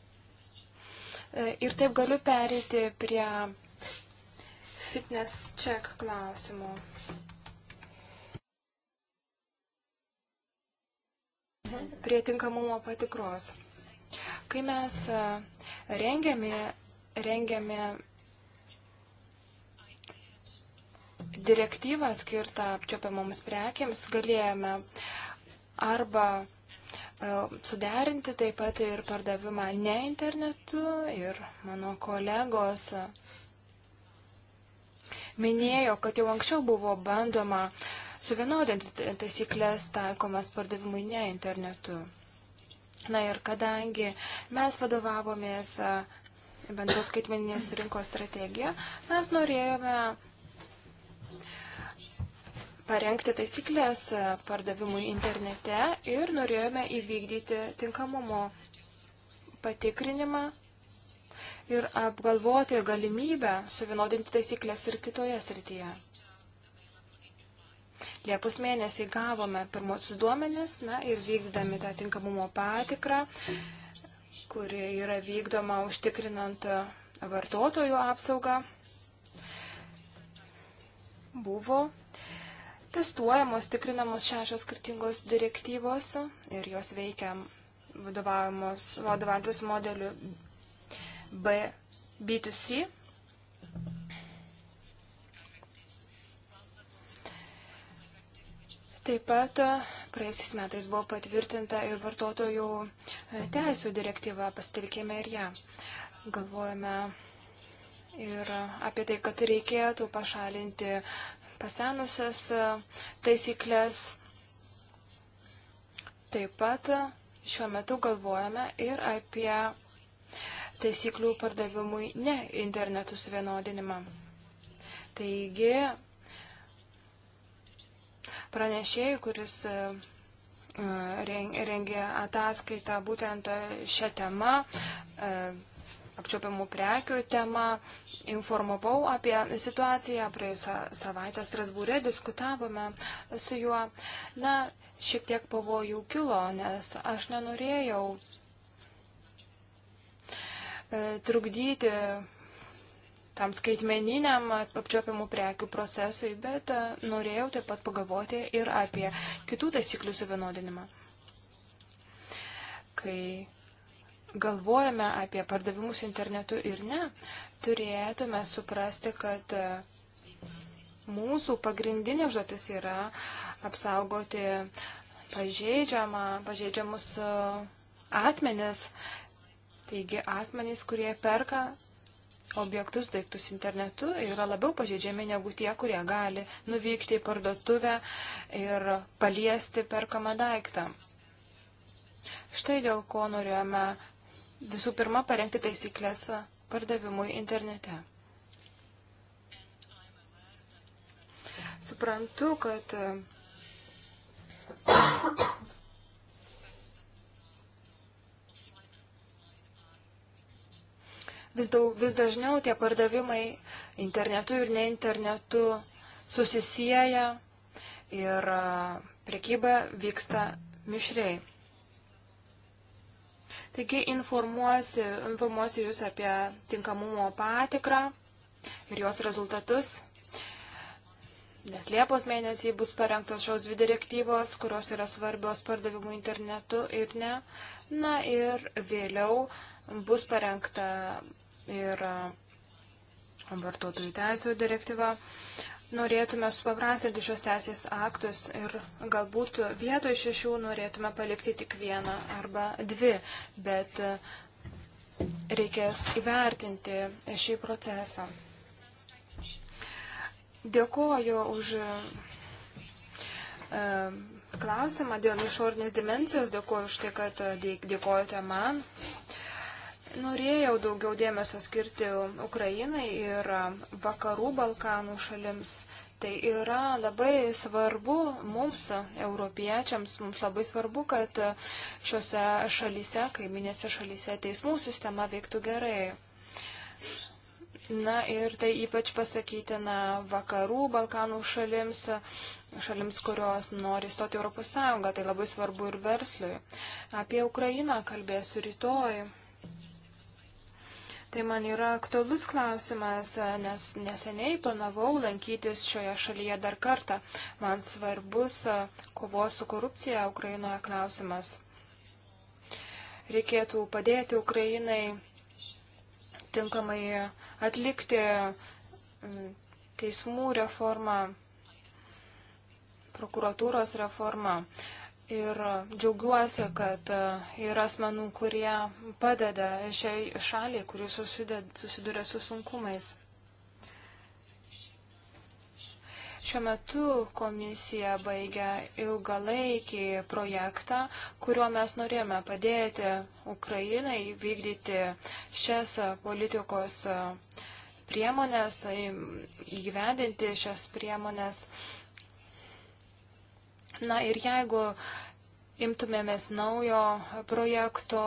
E, ir taip galiu perėti prie fitness check klausimo. prie tinkamumo patikros. Kai mes e, rengiame, rengiame direktyvą skirtą apčiopiamoms prekiams, galėjome arba e, suderinti taip pat ir pardavimą ne internetu ir mano kolegos e, minėjo, kad jau anksčiau buvo bandoma uh, suvienodinti taisyklės taikomas pardavimui ne internetu. Na ir kadangi mes vadovavomės bendros skaitmeninės rinkos strategiją, mes norėjome parengti taisyklės pardavimui internete ir norėjome įvykdyti tinkamumo patikrinimą ir apgalvoti galimybę suvienodinti taisyklės ir kitoje srityje. Liepos mėnesį gavome pirmosius duomenis na, ir vykdami tą tinkamumo patikrą, kuri yra vykdoma užtikrinant vartotojų apsaugą, buvo testuojamos, tikrinamos šešios skirtingos direktyvos ir jos veikia vadovaujantis modeliu B, B2C Taip pat e, praėjusiais metais buvo patvirtinta ir vartotojų e, teisų direktyva, pasitelkėme ir ją. Galvojame ir apie tai, kad reikėtų pašalinti pasenusias e, taisyklės. Taip pat šiuo metu galvojame ir apie taisyklių pardavimui ne internetų suvienodinimą. Taigi, pranešėjui, kuris e, e, rengė ataskaitą būtent e, šią temą, apčiopiamų prekių temą. Informavau apie situaciją, praėjusią savaitę Strasbūrė diskutavome su juo. Na, šiek tiek pavojų kilo, nes aš nenorėjau trukdyti tam skaitmeniniam apčiopiamų prekių procesui, bet e, norėjau taip pat pagalvoti ir apie kitų taisyklių suvienodinimą. Kai galvojame apie pardavimus internetu ir ne, turėtume suprasti, kad e, mūsų pagrindinė užduotis yra apsaugoti pažeidžiamą, pažeidžiamus e, asmenis Taigi asmenys, kurie perka objektus, daiktus internetu yra labiau pažeidžiami negu tie, kurie gali nuvykti į parduotuvę ir paliesti perkamą daiktą. Štai dėl ko norėjome visų pirma parengti taisyklės pardavimui internete. Suprantu, kad vis, daug, vis dažniau tie pardavimai internetu ir ne internetu susisieja ir prekyba vyksta mišriai. Taigi informuosiu, informuosiu Jūs apie tinkamumo patikrą ir jos rezultatus, nes Liepos mėnesį bus parengtos šios dvi direktyvos, kurios yra svarbios pardavimų internetu ir ne. Na ir vėliau bus parengta ir vartotojų teisų direktyva. Norėtume supaprastinti šios teisės aktus ir galbūt vietoj šešių norėtume palikti tik vieną arba dvi, bet reikės įvertinti šį procesą. Dėkuoju už klausimą dėl išorinės dimensijos, dėkuoju už tai, kad dėkojate man Norėjau daugiau dėmesio skirti Ukrainai ir vakarų Balkanų šalims. Tai yra labai svarbu mums, europiečiams, mums labai svarbu, kad šiuose šalyse, kaiminėse šalyse teismų sistema veiktų gerai. Na ir tai ypač pasakytina vakarų Balkanų šalims, šalims, kurios nori stoti Europos Sąjungą. Tai labai svarbu ir verslui. Apie Ukrainą kalbėsiu rytoj. Tai man yra aktualus klausimas, nes neseniai planavau lankytis šioje šalyje dar kartą. Man svarbus kovos su korupcija Ukrainoje klausimas. Reikėtų padėti Ukrainai tinkamai atlikti teismų reformą, prokuratūros reformą. Ir džiaugiuosi, kad e, yra asmenų, kurie padeda šiai šaliai, kurie susiduria su sunkumais. Šiuo metu komisija baigia ilgalaikį projektą, kuriuo mes norėjome padėti Ukrainai vykdyti šias politikos e, priemonės, įgyvendinti šias priemonės. Na ir jeigu imtumėmės naujo projekto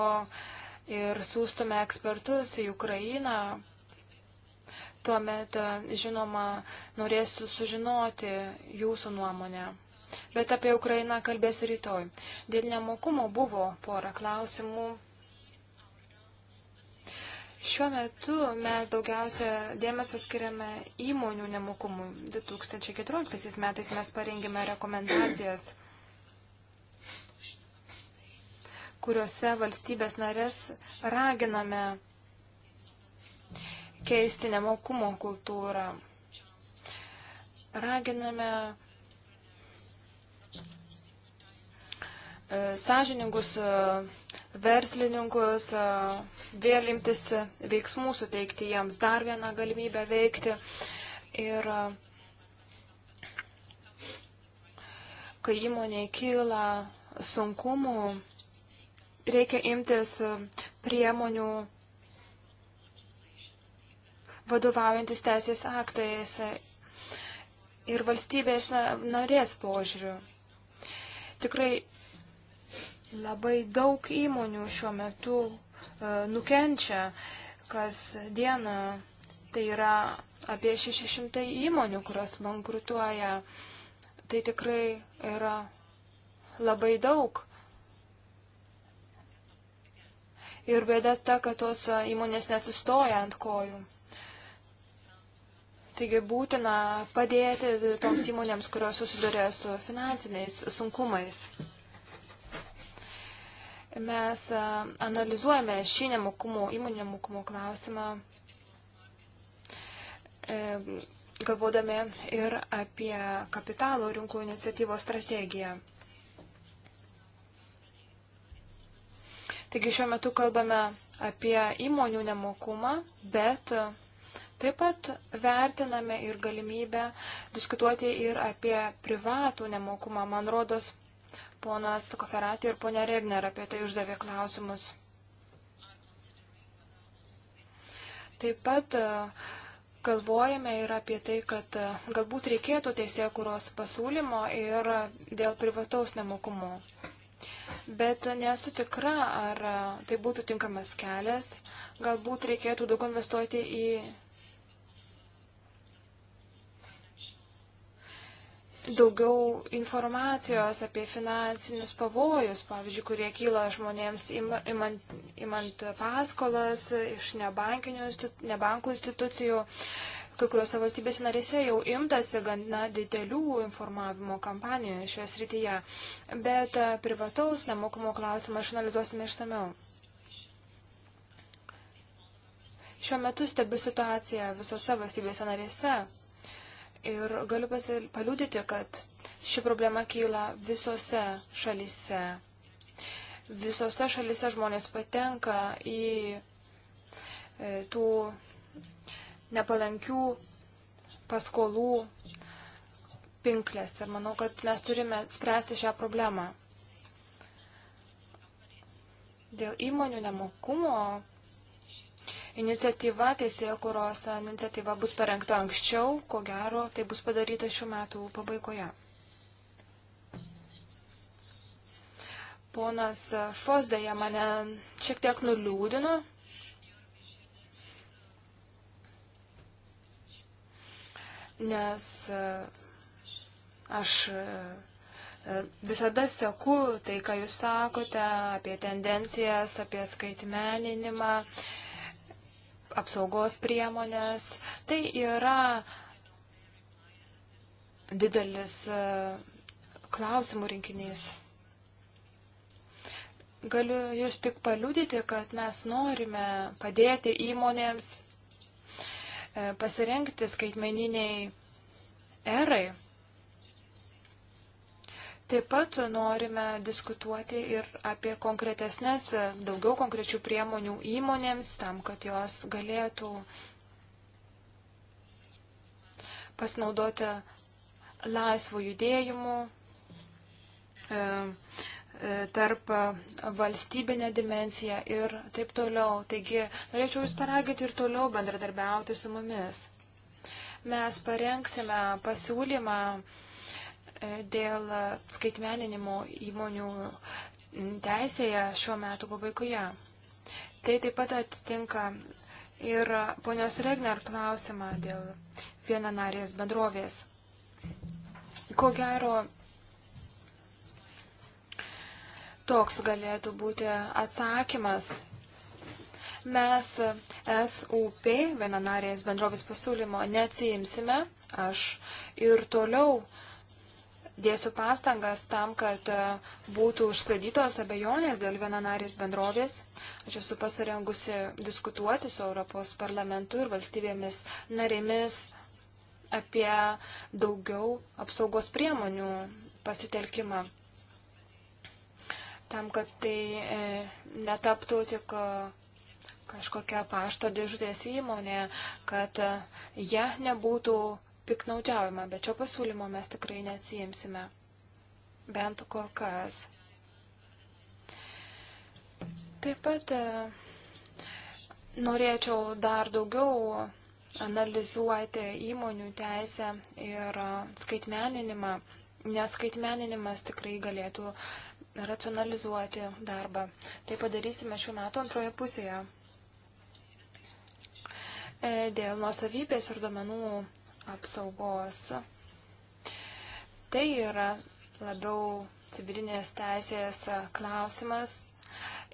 ir siūstume ekspertus į Ukrainą, tuomet, žinoma, norėsiu sužinoti jūsų nuomonę. Bet apie Ukrainą kalbės rytoj. Dėl nemokumo buvo pora klausimų Šiuo metu mes daugiausia dėmesio skiriame įmonių nemokumui. 2014 metais mes parengėme rekomendacijas, kuriuose valstybės narės raginame keisti nemokumo kultūrą. Raginame e, sąžiningus e, verslininkus, vėl imtis veiksmų, suteikti jiems dar vieną galimybę veikti. Ir kai įmoniai kyla sunkumų, reikia imtis priemonių vadovaujantis teisės aktais ir valstybės narės požiūriu. Tikrai Labai daug įmonių šiuo metu e, nukenčia kas dieną. Tai yra apie 600 įmonių, kurios bankrutuoja. Tai tikrai yra labai daug. Ir bėda ta, kad tos e, įmonės nesustoja ant kojų. Taigi būtina padėti toms įmonėms, kurios susiduria su finansiniais sunkumais. Mes e, analizuojame šį nemokumo, įmonių nemokumo klausimą, e, galvodami ir apie kapitalo rinkų iniciatyvos strategiją. Taigi šiuo metu kalbame apie įmonių nemokumą, bet taip pat vertiname ir galimybę diskutuoti ir apie privatų nemokumą. Man rodos, Ponas Koferatė ir ponia Regner apie tai uždavė klausimus. Taip pat e, galvojame ir apie tai, kad e, galbūt reikėtų teisėkuros pasiūlymo ir dėl privataus nemokumo. Bet nesu tikra, ar e, tai būtų tinkamas kelias. Galbūt reikėtų daug investuoti į daugiau informacijos apie finansinius pavojus, pavyzdžiui, kurie kyla žmonėms imant, imant paskolas iš nebankų institucijų. Kai kuriuose valstybėse narėse jau imtasi gana didelių informavimo kampanijų šioje srityje, bet e, privataus nemokumo klausimą išanalizuosime išsameu. Šiuo metu stebiu situaciją visose valstybėse narėse ir galiu paliūdyti, kad ši problema kyla visose šalise. Visose šalise žmonės patenka į e, tų nepalankių paskolų pinklės ir manau, kad mes turime spręsti šią problemą. Dėl įmonių nemokumo iniciatyva, teisėjo kuros iniciatyva bus parengta anksčiau, ko gero, tai bus padaryta šių metų pabaigoje. Ponas Fosdėje mane šiek tiek nuliūdino. Nes e, aš e, visada seku tai, ką jūs sakote apie tendencijas, apie skaitmeninimą. Uh, apsaugos priemonės. Tai yra didelis e, klausimų rinkinys. Galiu jūs tik paliudyti, kad mes norime padėti įmonėms e, pasirengti skaitmeniniai erai. Taip pat norime diskutuoti ir apie konkretesnės, daugiau konkrečių priemonių įmonėms, tam, kad jos galėtų pasinaudoti laisvų judėjimų e, e, tarp valstybinę dimenciją ir taip toliau. Taigi norėčiau Jūs paragyti ir toliau bendradarbiauti su mumis. Mes parengsime pasiūlymą E, dėl skaitmeninimo įmonių teisėje šiuo metu pabaigoje. Tai taip pat atitinka ir ponios Regner klausimą dėl vienanarės bendrovės. Ko gero, toks galėtų būti atsakymas. Mes SUP, vienanarės bendrovės pasiūlymo, neatsijimsime. Aš ir toliau uh, dėsiu pastangas tam, kad e, būtų užsklaidytos abejonės dėl vienanarės bendrovės. Aš esu pasirengusi diskutuoti su Europos parlamentu ir valstybėmis narėmis apie daugiau apsaugos priemonių pasitelkimą. Tam, kad tai e, netaptų tik e, kažkokia pašto dėžutės įmonė, kad jie nebūtų piknaudžiaujama, bet šio pasiūlymo mes tikrai neatsijimsime. Bent kol kas. Taip pat e, norėčiau dar daugiau analizuoti įmonių teisę ir skaitmeninimą, nes skaitmeninimas tikrai galėtų racionalizuoti darbą. Tai padarysime šiuo metu antroje pusėje. E, dėl nuosavybės ir domenų apsaugos. Tai yra labiau civilinės teisės klausimas.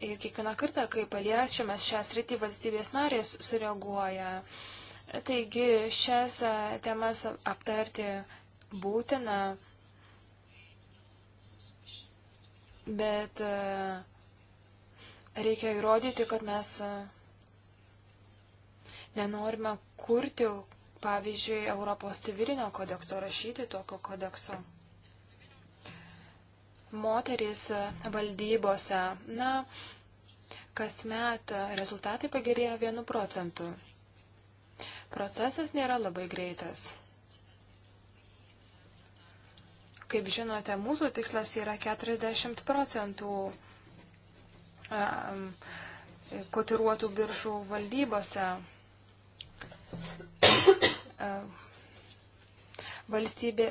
Ir kiekvieną kartą, kai paliečiamas šią sritį, valstybės narės sureaguoja. Taigi šias temas aptarti būtina, bet e, reikia įrodyti, kad mes e, nenorime kurti pavyzdžiui, Europos civilinio kodekso rašyti tokio kodekso. Moterys valdybose, na, kasmet rezultatai pagerėjo 1 procentu. Procesas nėra labai greitas. Kaip žinote, mūsų tikslas yra 40 procentų kotiruotų biržų valdybose. E, valstybė,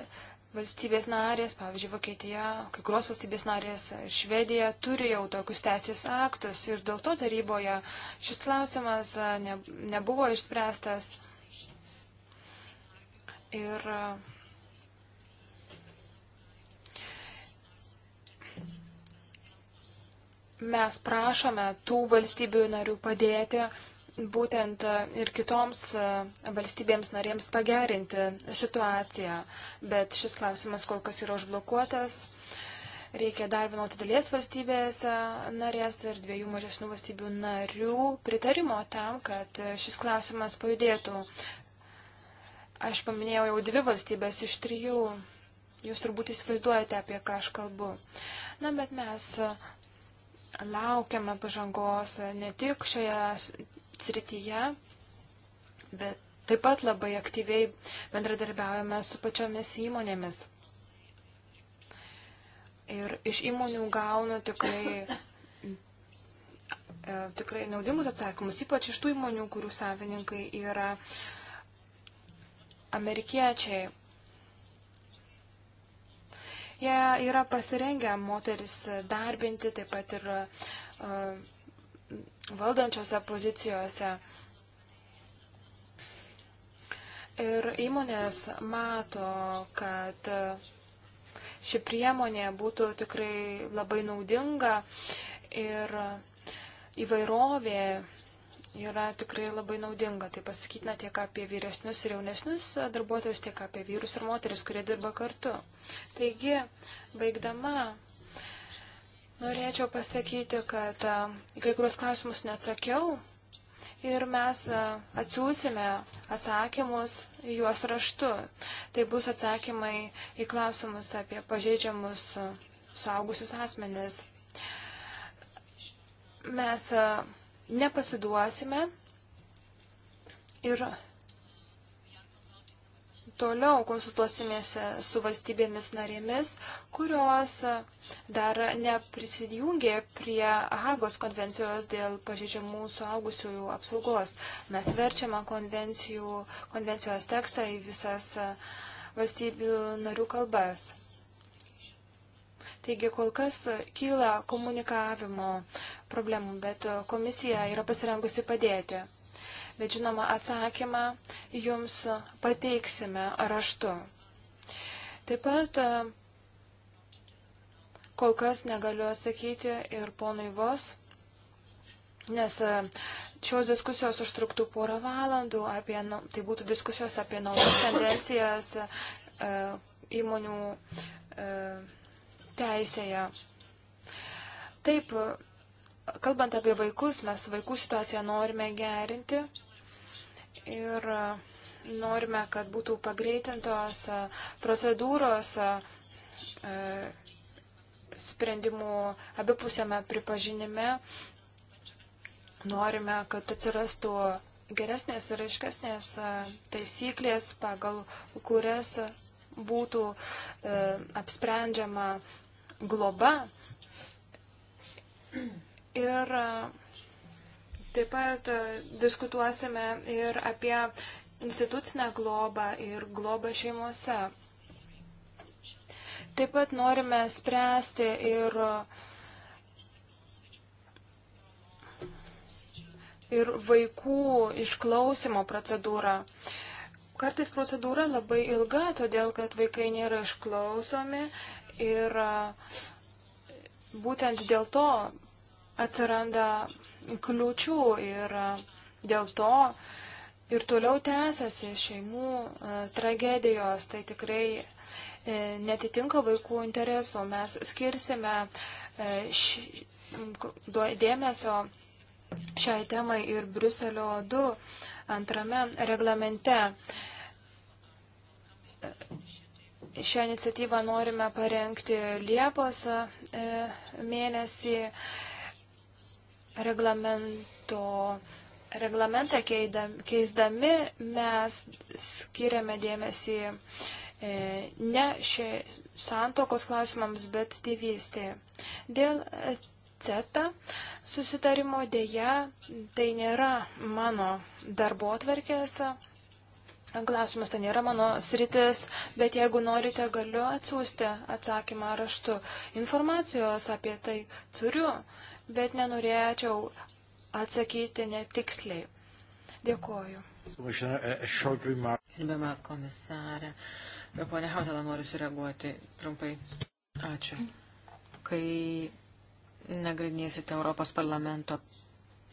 valstybės narės, pavyzdžiui, Vokietija, kai kurios valstybės narės, e, Švedija turi jau tokius teisės aktus ir dėl to taryboje šis klausimas e, ne, nebuvo išspręstas. Ir mes prašome tų valstybių narių padėti būtent e, ir kitoms e, valstybėms narėms pagerinti situaciją, bet šis klausimas kol kas yra užblokuotas. Reikia dar vienos didelės valstybės e, narės ir dviejų mažesnių valstybių narių pritarimo tam, kad šis klausimas pajudėtų. Aš paminėjau jau dvi valstybės iš trijų. Jūs turbūt įsivaizduojate, apie ką aš kalbu. Na, bet mes laukiame pažangos ne tik šioje srityje, bet taip pat labai aktyviai bendradarbiaujame su pačiomis įmonėmis. Ir iš įmonių gaunu tikrai, e, tikrai naudingus atsakymus, ypač iš tų įmonių, kurių savininkai yra amerikiečiai. Jie yra pasirengę moteris darbinti, taip pat ir uh, valdančiose pozicijose. Ir įmonės mato, kad ši priemonė būtų tikrai labai naudinga ir įvairovė yra tikrai labai naudinga. Tai pasakytina tiek apie vyresnius ir jaunesnius darbuotojus, tiek apie vyrus ir moteris, kurie dirba kartu. Taigi, baigdama, Norėčiau pasakyti, kad e, į kai kurios klausimus neatsakiau ir mes e, atsiūsime atsakymus juos raštu. Tai bus atsakymai į klausimus apie pažeidžiamus e, suaugusius asmenis. Mes nepasiduosime ir Toliau konsultuosimėse su valstybėmis narėmis, kurios e, dar neprisidjungė prie Hagos konvencijos dėl pažeidžiamų suaugusiųjų apsaugos. Mes verčiame konvencijos tekstą į visas e, valstybių narių kalbas. Taigi kol kas e, kyla komunikavimo problemų, bet komisija yra pasirengusi padėti bet žinoma atsakymą jums pateiksime raštu. Taip pat e, kol kas negaliu atsakyti ir ponui Vos, nes e, šios diskusijos užtruktų porą valandų, apie, tai būtų diskusijos apie naujas tendencijas e, įmonių teisėje. Taip, Kalbant apie vaikus, mes vaikų situaciją norime gerinti ir e, norime, kad būtų pagreitintos e, procedūros e, sprendimų abipusiame pripažinime. Norime, kad atsirastų geresnės ir aiškesnės taisyklės, pagal kurias būtų apsprendžiama globa. Ir e, taip pat e, diskutuosime ir apie institucinę globą ir globą šeimose. Taip pat norime spręsti ir, ir vaikų išklausimo procedūrą kartais procedūra labai ilga, todėl kad vaikai nėra išklausomi ir e, būtent dėl to atsiranda kliučių ir e, dėl to ir toliau tęsiasi šeimų e, tragedijos. Tai tikrai e, netitinka vaikų interesų. Mes skirsime š... dėmesio šiai temai ir Bruselio 2 antrame reglamente. Šią iniciatyvą norime parengti Liepos mėnesį reglamento, reglamentą keisdami mes skiriame dėmesį e, ne šie santokos klausimams, bet tėvystėje. Dėl e, CETA susitarimo dėja tai nėra mano darbo atverkėse. Klausimas tai nėra mano sritis, bet jeigu norite, galiu atsiųsti atsakymą raštu. Informacijos apie tai turiu. E, bet nenorėčiau atsakyti netiksliai. Dėkoju. Gerbiama komisarė, ponė Hautala noriu sureaguoti trumpai. Ačiū. Kai nagrinėsite Europos parlamento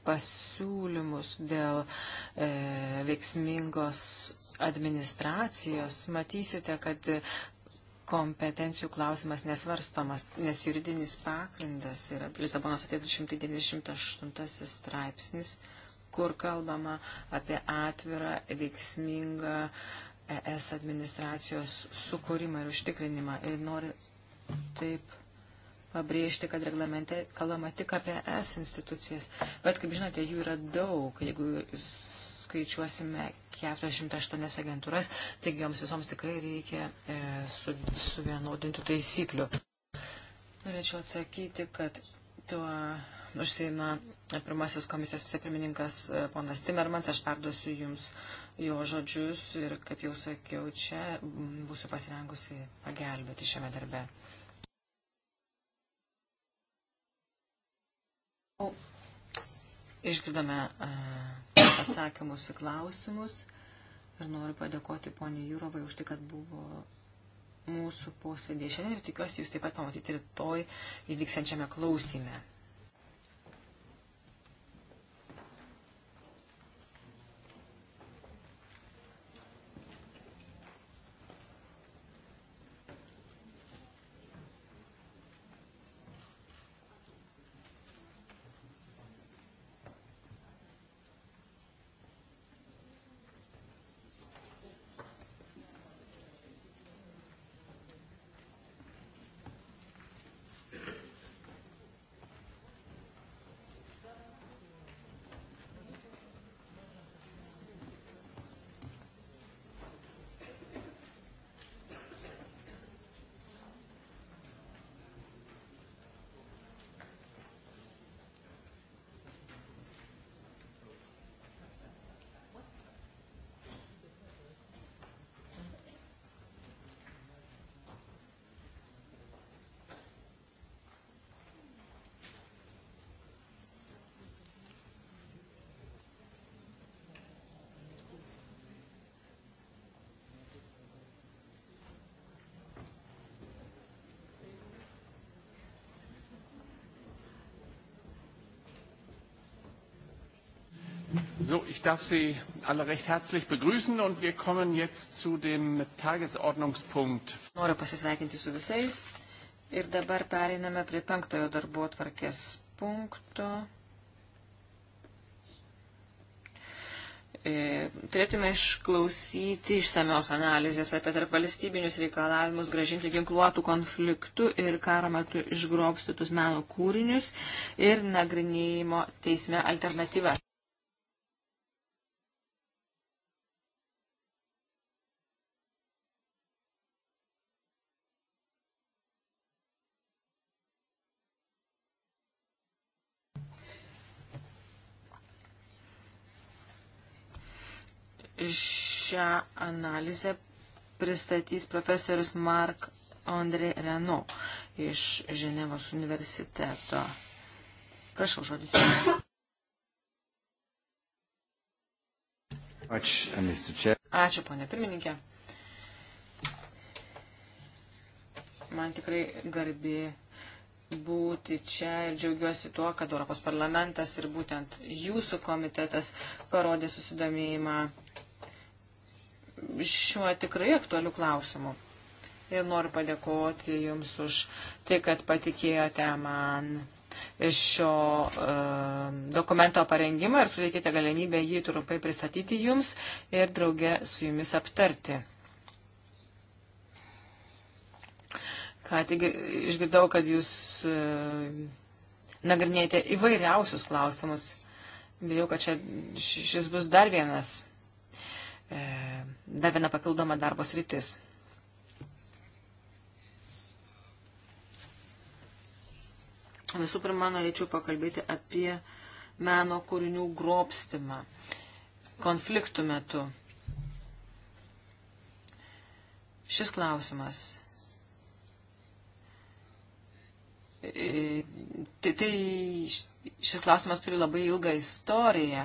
pasiūlymus dėl e, veiksmingos administracijos, matysite, kad kompetencijų klausimas nesvarstamas, nes juridinis pagrindas yra Lisabonos 298 straipsnis, kur kalbama apie atvirą, veiksmingą ES administracijos sukūrimą ir užtikrinimą. Ir noriu taip pabrėžti, kad reglamente kalbama tik apie ES institucijas, bet kaip žinote, jų yra daug, jeigu jūs skaičiuosime 408 agentūras, taigi joms visoms tikrai reikia e, su, suvienodintų taisyklių. Norėčiau atsakyti, kad tuo užsieima pirmasis komisijos vicepirmininkas e, ponas Timermans, aš perduosiu jums jo žodžius ir, kaip jau sakiau, čia būsiu pasirengusi pagelbėti šiame darbe. Išgirdome uh, atsakymus į klausimus. Ir noriu padėkoti poniai Jūrovai už tai, kad buvo mūsų posėdė šiandien ir tikiuosi jūs taip pat pamatyti rytoj įvyksiančiame klausime. So, ich darf Sie alle recht herzlich begrüßen und wir kommen jetzt zu dem Tagesordnungspunkt. Noriu pasisveikinti su visais ir dabar pereiname prie penktojo darbo tvarkės punkto. E, turėtume išklausyti išsamios analizės apie tarp valstybinius reikalavimus gražinti ginkluotų konfliktų ir karo metu išgrobstytus meno kūrinius ir nagrinėjimo teisme alternatyvas. šią analizę pristatys profesorius Mark André Reno iš Ženevos universiteto. Prašau, žodis. Uh, Ačiū, ponė pirmininkė. Man tikrai garbi būti čia ir džiaugiuosi tuo, kad Europos parlamentas ir būtent jūsų komitetas parodė susidomėjimą šiuo tikrai aktualiu klausimu. Ir noriu padėkoti Jums už tai, kad patikėjote man šio e, dokumento parengimą ir suteikite galimybę jį trumpai pristatyti Jums ir drauge su Jumis aptarti. Ką tik išgirdau, kad Jūs e, nagrinėjate įvairiausius klausimus. Bijau, kad čia šis bus dar vienas E, dar viena papildoma darbo sritis. Visų pirma, norėčiau pakalbėti apie meno kūrinių grobstimą konfliktų metu. Šis klausimas. E, tai, tai šis klausimas turi labai ilgą istoriją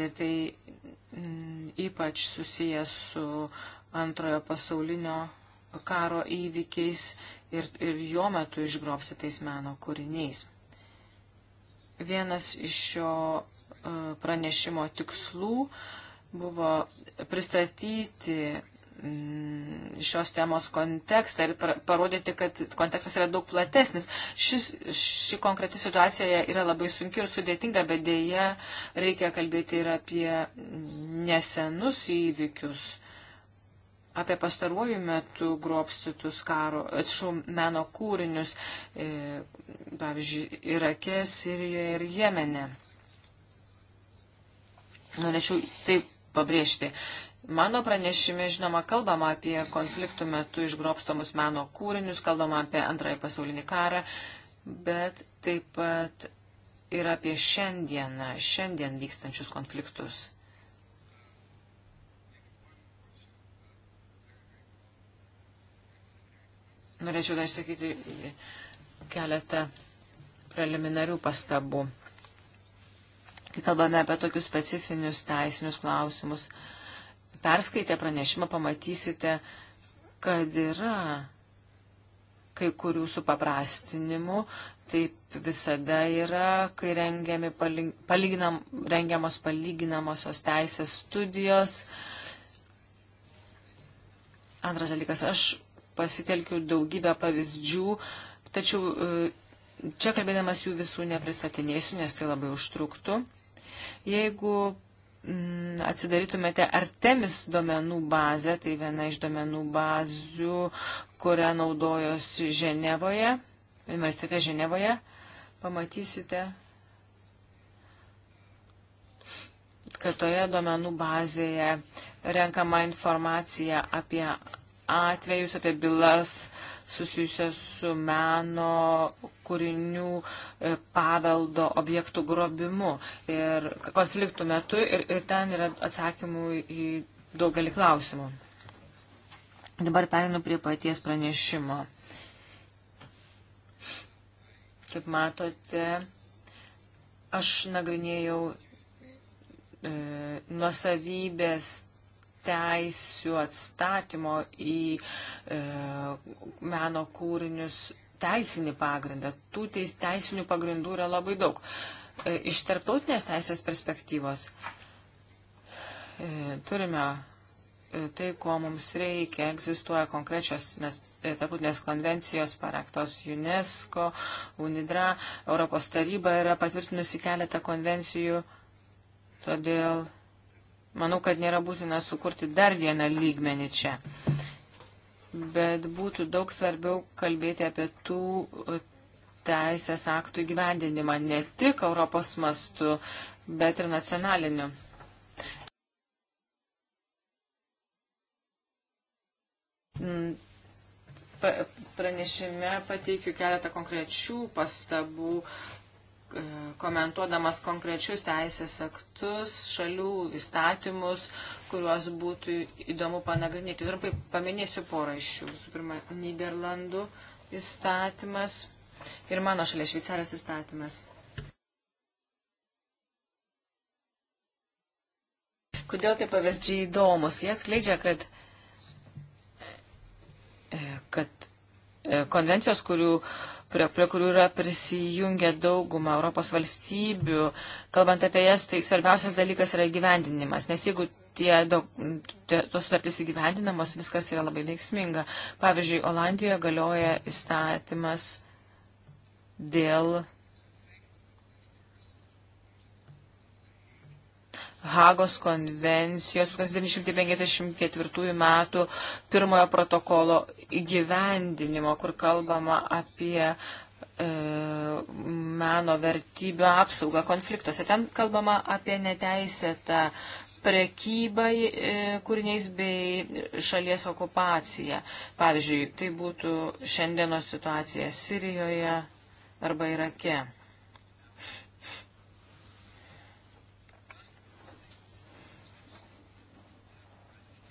ir tai m, mm, ypač susijęs su antrojo pasaulinio karo įvykiais ir, ir jo metu išgrobsitais meno kūriniais. Vienas iš šio e, pranešimo tikslų buvo pristatyti Mm, šios temos kontekstą ir parodyti, kad kontekstas yra daug platesnis. Šis, ši konkreti situacija yra labai sunki ir sudėtinga, bet dėja reikia kalbėti ir apie nesenus įvykius, apie pastaruoju metu grobstytus karo, atsiprašau, meno kūrinius, e, pavyzdžiui, Irake, Sirijoje ir Jemene. Norėčiau taip pabrėžti. Mano pranešime, žinoma, kalbama apie konfliktų metu išgrobstomus meno kūrinius, kalbama apie antrąjį pasaulinį karą, bet taip pat ir apie šiandieną, šiandien vykstančius konfliktus. Norėčiau dar išsakyti keletą preliminarių pastabų. Kai kalbame apie tokius specifinius teisinius klausimus, uh, perskaitę pranešimą pamatysite, kad yra kai kurių supaprastinimų, taip visada yra, kai rengiami, palyginam, rengiamos palyginamosios teisės studijos. Antras dalykas, aš pasitelkiu daugybę pavyzdžių, tačiau e, čia kalbėdamas jų visų nepristatinėsiu, nes tai labai užtruktų. Jeigu Mm, atsidarytumėte Artemis duomenų bazę, tai viena iš duomenų bazių, kurią naudojosi Ženevoje, universitete Ženevoje, pamatysite, kad toje duomenų bazėje renkama informacija apie atvejus, apie bylas, uh, susijusias su meno kūrinių e, paveldo objektų grobimu ir konfliktų metu ir, ir ten yra atsakymų į daugelį klausimų. Dabar perinu prie paties pranešimo. Kaip matote, aš nagrinėjau e, nuosavybės teisių atstatymo į e, meno kūrinius teisinį pagrindą. Tų teis, teisinių pagrindų yra labai daug. E, iš tarptautinės teisės perspektyvos e, turime e, tai, ko mums reikia. Egzistuoja konkrečios nes, e, tarptautinės konvencijos paraktos UNESCO, UNIDRA, Europos taryba yra patvirtinusi keletą konvencijų, todėl Manau, kad nėra būtina sukurti dar vieną lygmenį čia. Bet būtų daug svarbiau kalbėti apie tų e, teisės aktų įgyvendinimą ne tik Europos mastu, bet ir nacionaliniu. Mm, pranešime pateikiu keletą konkrečių pastabų E, komentuodamas konkrečius teisės aktus, šalių įstatymus, kuriuos būtų įdomu panagrinėti. Trumpai paminėsiu porą iš jų. Visų pirma, Niderlandų įstatymas ir mano šalia Šveicarijos įstatymas. Kodėl tie pavyzdžiai įdomus? Jie atskleidžia, kad, e, kad e, konvencijos, kurių prie, prie kurių yra prisijungę daugumą Europos valstybių. Kalbant apie jas, tai svarbiausias dalykas yra gyvendinimas, nes jeigu tie, daug, tie tos sutartys įgyvendinamos, viskas yra labai veiksminga. Pavyzdžiui, Olandijoje galioja įstatymas dėl Hagos konvencijos 1954 metų pirmojo protokolo įgyvendinimo, kur kalbama apie e, meno vertybių apsaugą konfliktuose. Ten kalbama apie neteisėtą prekybą e, kūriniais bei šalies okupaciją. Pavyzdžiui, tai būtų šiandienos situacija Sirijoje arba Irake.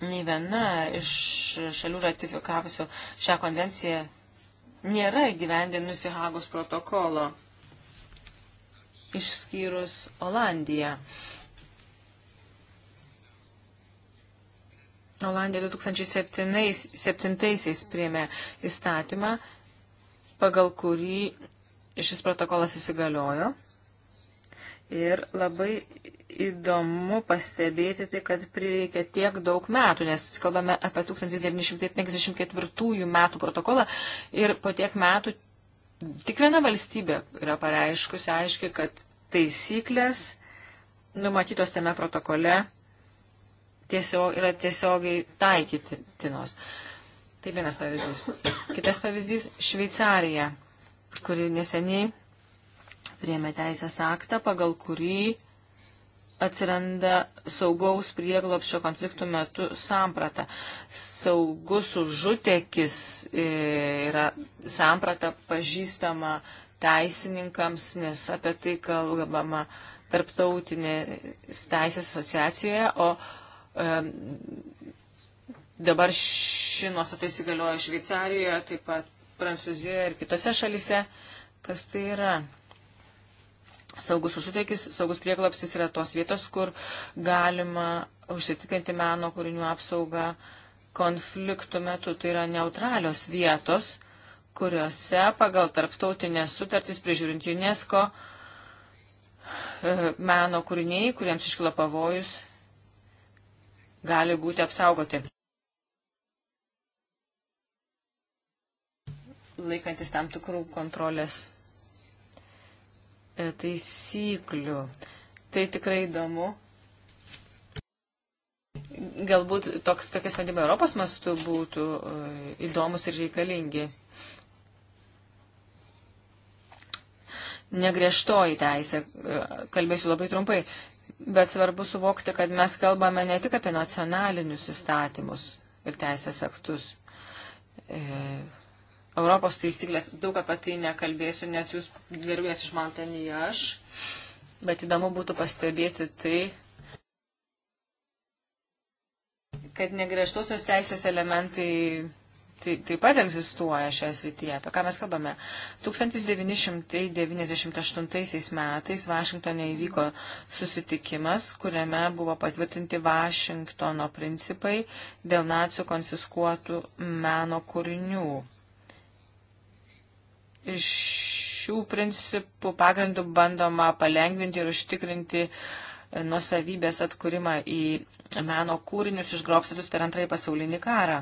nei viena iš šalių ratifikavusių šią konvenciją nėra gyvendinusi Hagos protokolo, išskyrus Olandiją. Olandija 2007 priėmė įstatymą, pagal kurį šis protokolas įsigaliojo. Ir labai įdomu pastebėti, tai kad prireikė tiek daug metų, nes kalbame apie 1954 metų protokolą ir po tiek metų tik viena valstybė yra pareiškusi aiškiai, kad taisyklės numatytos tame protokole tiesiog, yra tiesiogiai taikytinos. Tai vienas pavyzdys. Kitas pavyzdys - Šveicarija, kuri neseniai priemė teisės aktą, pagal kurį atsiranda saugaus prieglopščio konfliktų metu samprata. Saugus užutekis e, yra samprata pažįstama teisininkams, nes apie tai kalbama tarptautinės teisės asociacijoje, o e, dabar ši nuostata įsigalioja Šveicarijoje, taip pat Prancūzijoje ir kitose šalise. Kas tai yra? Saugus užutėkis, saugus prieglapsis yra tos vietos, kur galima užsitikrinti meno kūrinių apsaugą konfliktų metu. Tai yra neutralios vietos, kuriuose pagal tarptautinės sutartys prižiūrint UNESCO e, meno kūriniai, kuriems iškilo pavojus, gali būti apsaugoti. Laikantis tam tikrų kontrolės E, taisyklių. Tai tikrai įdomu. Galbūt toks, tokie sprendimai Europos mastu būtų e, įdomus ir reikalingi. Negriežtoji teisė, e, kalbėsiu labai trumpai, bet svarbu suvokti, kad mes kalbame ne tik apie nacionalinius įstatymus ir teisės aktus. E, Europos taisyklės. Daug apie tai nekalbėsiu, nes jūs geriau jas išmanote tai nei aš. Bet įdomu būtų pastebėti tai, kad negriežtosios teisės elementai tai, taip pat egzistuoja šioje srityje. Apie ką mes kalbame? 1998 metais Vašingtonė įvyko susitikimas, kuriame buvo patvirtinti Vašingtono principai dėl nacijų konfiskuotų meno kūrinių. Iš šių principų pagrindų bandoma palengvinti ir užtikrinti nusavybės atkūrimą į meno kūrinius išgrobstytus per antrąjį pasaulinį karą.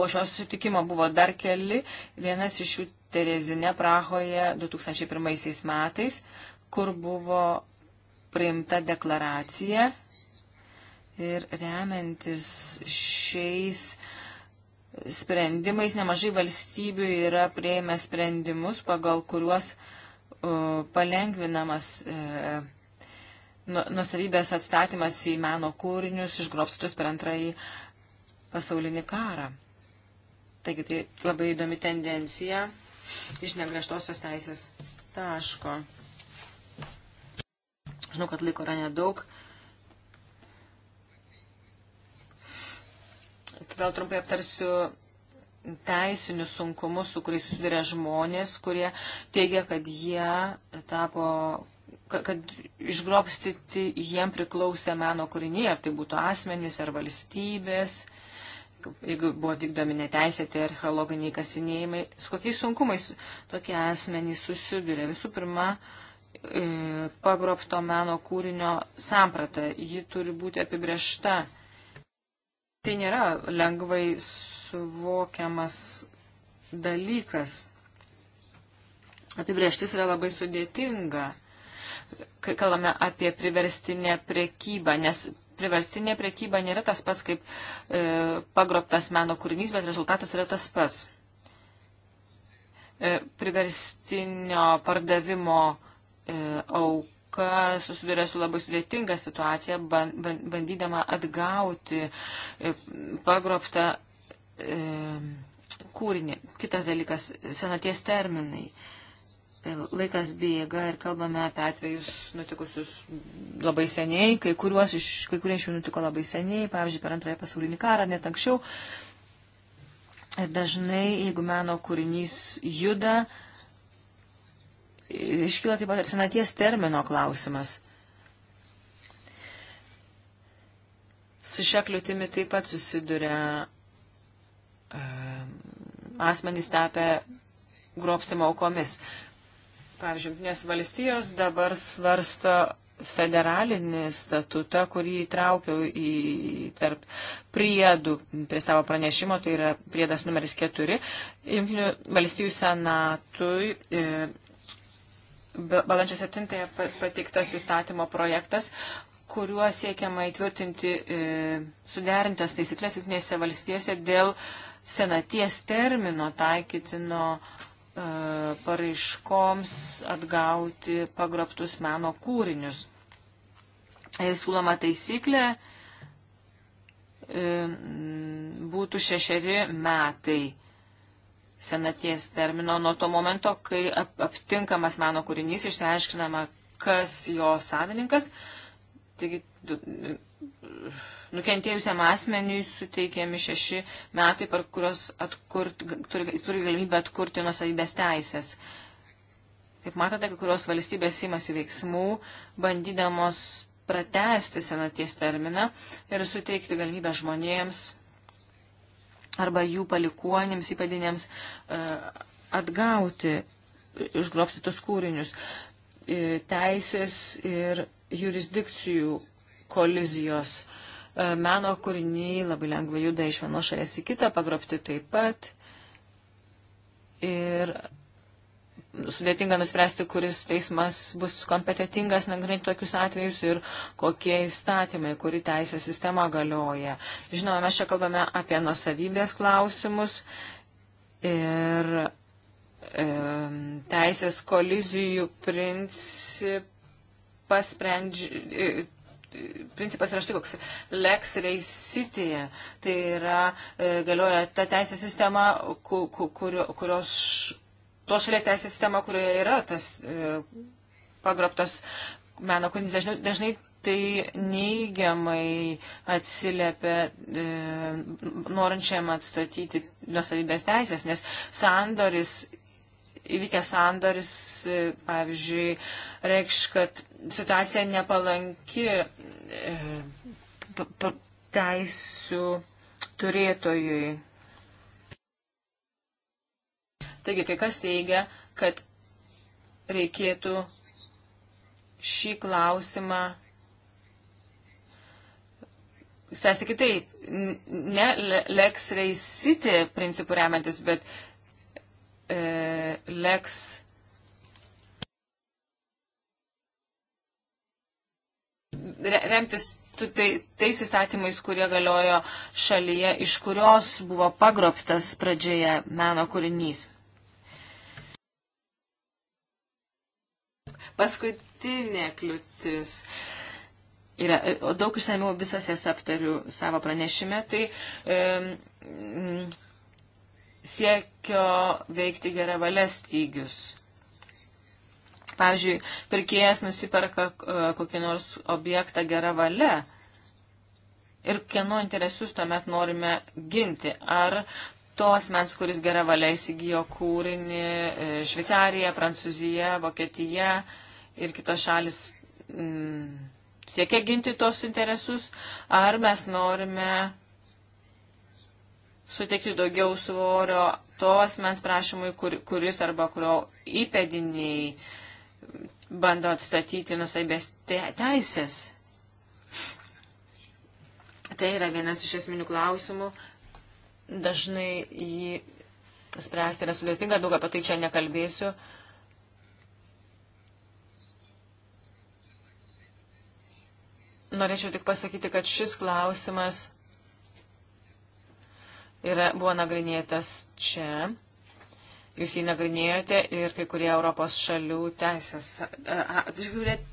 Po šio susitikimo buvo dar keli, vienas iš jų Terezine Prahoje 2001 metais, kur buvo priimta deklaracija ir remiantis šiais uh, sprendimais nemažai valstybių yra prieimę sprendimus, pagal kuriuos uh, palengvinamas uh, nu, nusavybės atstatymas į meno kūrinius išgrobstus per antrąjį pasaulinį karą. Taigi tai labai įdomi tendencija iš negreštosios teisės taško. Žinau, kad laiko yra nedaug. Todėl trumpai aptarsiu teisinius sunkumus, su kuriais susiduria žmonės, kurie teigia, kad jie tapo kad išgrobstyti jiem priklausę meno kūriniai, ar tai būtų asmenys, ar valstybės, jeigu buvo vykdomi neteisėti archeologiniai kasinėjimai, su kokiais sunkumais tokie asmenys susiduria. Visų pirma, e, pagrobto meno kūrinio samprata, ji turi būti apibriešta tai nėra lengvai suvokiamas dalykas. Apibrieštis yra labai sudėtinga, kai kalbame apie priverstinę prekybą, nes priverstinė prekyba nėra tas pats kaip e, pagrobtas meno kūrinys, bet rezultatas yra tas pats. E, priverstinio pardavimo e, auka susiduria su labai sudėtinga situacija, bandydama atgauti e, pagrobtą e, kūrinį. Kitas dalykas - senaties terminai. E, laikas bėga ir kalbame apie atvejus nutikusius labai seniai, kai, iš, kai kurie iš jų nutiko labai seniai, pavyzdžiui, per antrąją pasaulinį karą, net anksčiau. Ir dažnai, jeigu meno kūrinys juda, e, iškyla taip pat ir senaties termino klausimas. Su šia kliūtimi taip pat susiduria asmenys tapę grobstimo aukomis. Pavyzdžiui, Junktinės valstijos dabar svarsto federalinį statutą, kurį įtraukiau į tarp priedų prie savo pranešimo, tai yra priedas numeris 4. Junktinių valstijų senatui e, balandžio 7 pateiktas įstatymo projektas, kuriuo siekiama įtvirtinti e, suderintas taisyklės jungtinėse valstijose dėl senaties termino taikytino e, paraiškoms atgauti pagrobtus meno kūrinius. Ir siūloma taisyklė e, būtų šešeri metai senaties termino nuo to momento, kai ap aptinkamas meno kūrinys, išsiaiškinama, kas jo savininkas. Taigi, nukentėjusiam asmeniui suteikiami šeši metai, per kuriuos atkurt, turi, jis turi galimybę atkurti nusavybės teisės. Kaip matote, kai kurios valstybės imasi veiksmų, bandydamos pratesti senaties terminą ir suteikti galimybę žmonėms arba jų palikuonėms įpadinėms e, atgauti e, išgrobstytus kūrinius. E, teisės ir jurisdikcijų kolizijos. Meno kūriniai labai lengvai juda iš vienos šalies į kitą, pagrobti taip pat. Ir sudėtinga nuspręsti, kuris teismas bus kompetitingas nagrinėti tokius atvejus ir kokie įstatymai, kuri teisė sistema galioja. Žinoma, mes čia kalbame apie nusavybės klausimus ir e, teisės kolizijų principas sprendžia. E, principas yra štai koks lex reisitėje, tai yra e, galioja ta teisės sistema, ku, ku, kurio, kurios to šalies teisės sistema, kurioje yra tas e, pagraptas meno kūrinys. Dažnai, dažnai tai neigiamai atsiliepia e, norinčiam atstatyti nusavybės teisės, nes sandoris, įvykęs sandoris, e, pavyzdžiui, reikš, kad situacija nepalanki e, teisų turėtojui. Taigi kai kas teigia, kad reikėtų šį klausimą spręsti kitaip, ne lex reisite principų remiantis, bet e, lex. Remtis tai, tais įstatymais, kurie galiojo šalyje, iš kurios buvo pagrobtas pradžioje meno kūrinys. Paskutinė kliūtis. Yra, daug išsamiau visas jas aptariu savo pranešime, tai e, m, siekio veikti gerą valės stygius. Pavyzdžiui, pirkėjas nusiperka e, kokį nors objektą gerą valę ir kieno interesus tuomet norime ginti. Ar tos mens, kuris gera valia įsigijo kūrinį e, Šveicarija, Prancūzija, Vokietija ir kitos šalis m, mm, siekia ginti tos interesus, ar mes norime suteikti daugiau svorio tos mens prašymui, kur, kuris arba kurio įpėdiniai bando atstatyti nusaibės te, teisės. Tai yra vienas iš esminių klausimų Dažnai jį spręsti yra sudėtinga, daug apie tai čia nekalbėsiu. Norėčiau tik pasakyti, kad šis klausimas yra, buvo nagrinėtas čia. Jūs jį nagrinėjote ir kai kurie Europos šalių teisės, a,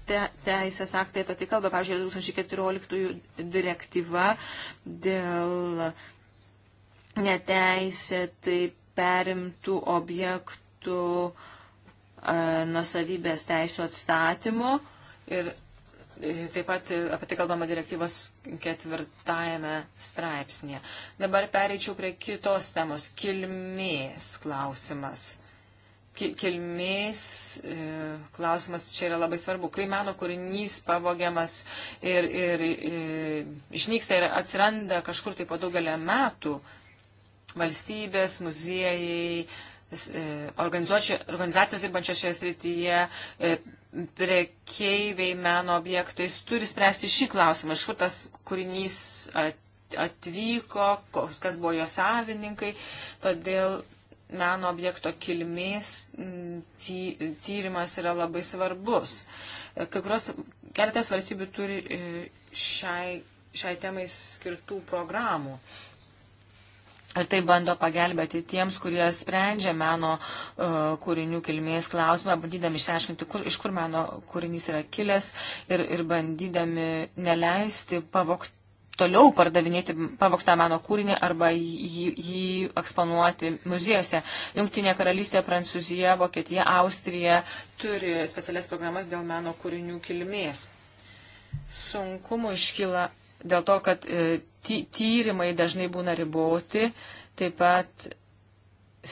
te, teisės aktai apie tai kalba, pavyzdžiui, 2014 direktyva dėl neteisėtai perimtų objektų e, nusavybės teisų atstatymo ir e, taip pat e, apie tai kalbama direktyvos ketvirtajame straipsnėje. Dabar pereičiau prie kitos temos - kilmės klausimas. Kilmės klausimas čia yra labai svarbu. Kai meno kūrinys pavogiamas ir, ir, ir išnyksta ir atsiranda kažkur tai po daugelio metų, valstybės, muziejai, e, organizacijos dirbančios šioje srityje, e, prekeiviai, meno objektais turi spręsti šį klausimą, iš kur tas kūrinys atvyko, kas buvo jo savininkai. Todėl meno objekto kilmės ty, tyrimas yra labai svarbus. E, kai kurios keletas valstybių turi šiai, šiai temai skirtų programų. Uh, Ir tai bando pagelbėti tiems, kurie sprendžia meno uh, kūrinių kilmės klausimą, bandydami išsiaiškinti, kur, iš kur meno kūrinys yra kilęs ir, ir bandydami neleisti pavokt, toliau pardavinėti pavoktą meno kūrinį arba jį, jį eksponuoti muziejuose. Junktinė karalystė, Prancūzija, Vokietija, Austrija turi specialias programas dėl meno kūrinių kilmės. Sunkumų iškyla dėl to, kad e, ty tyrimai dažnai būna riboti, taip pat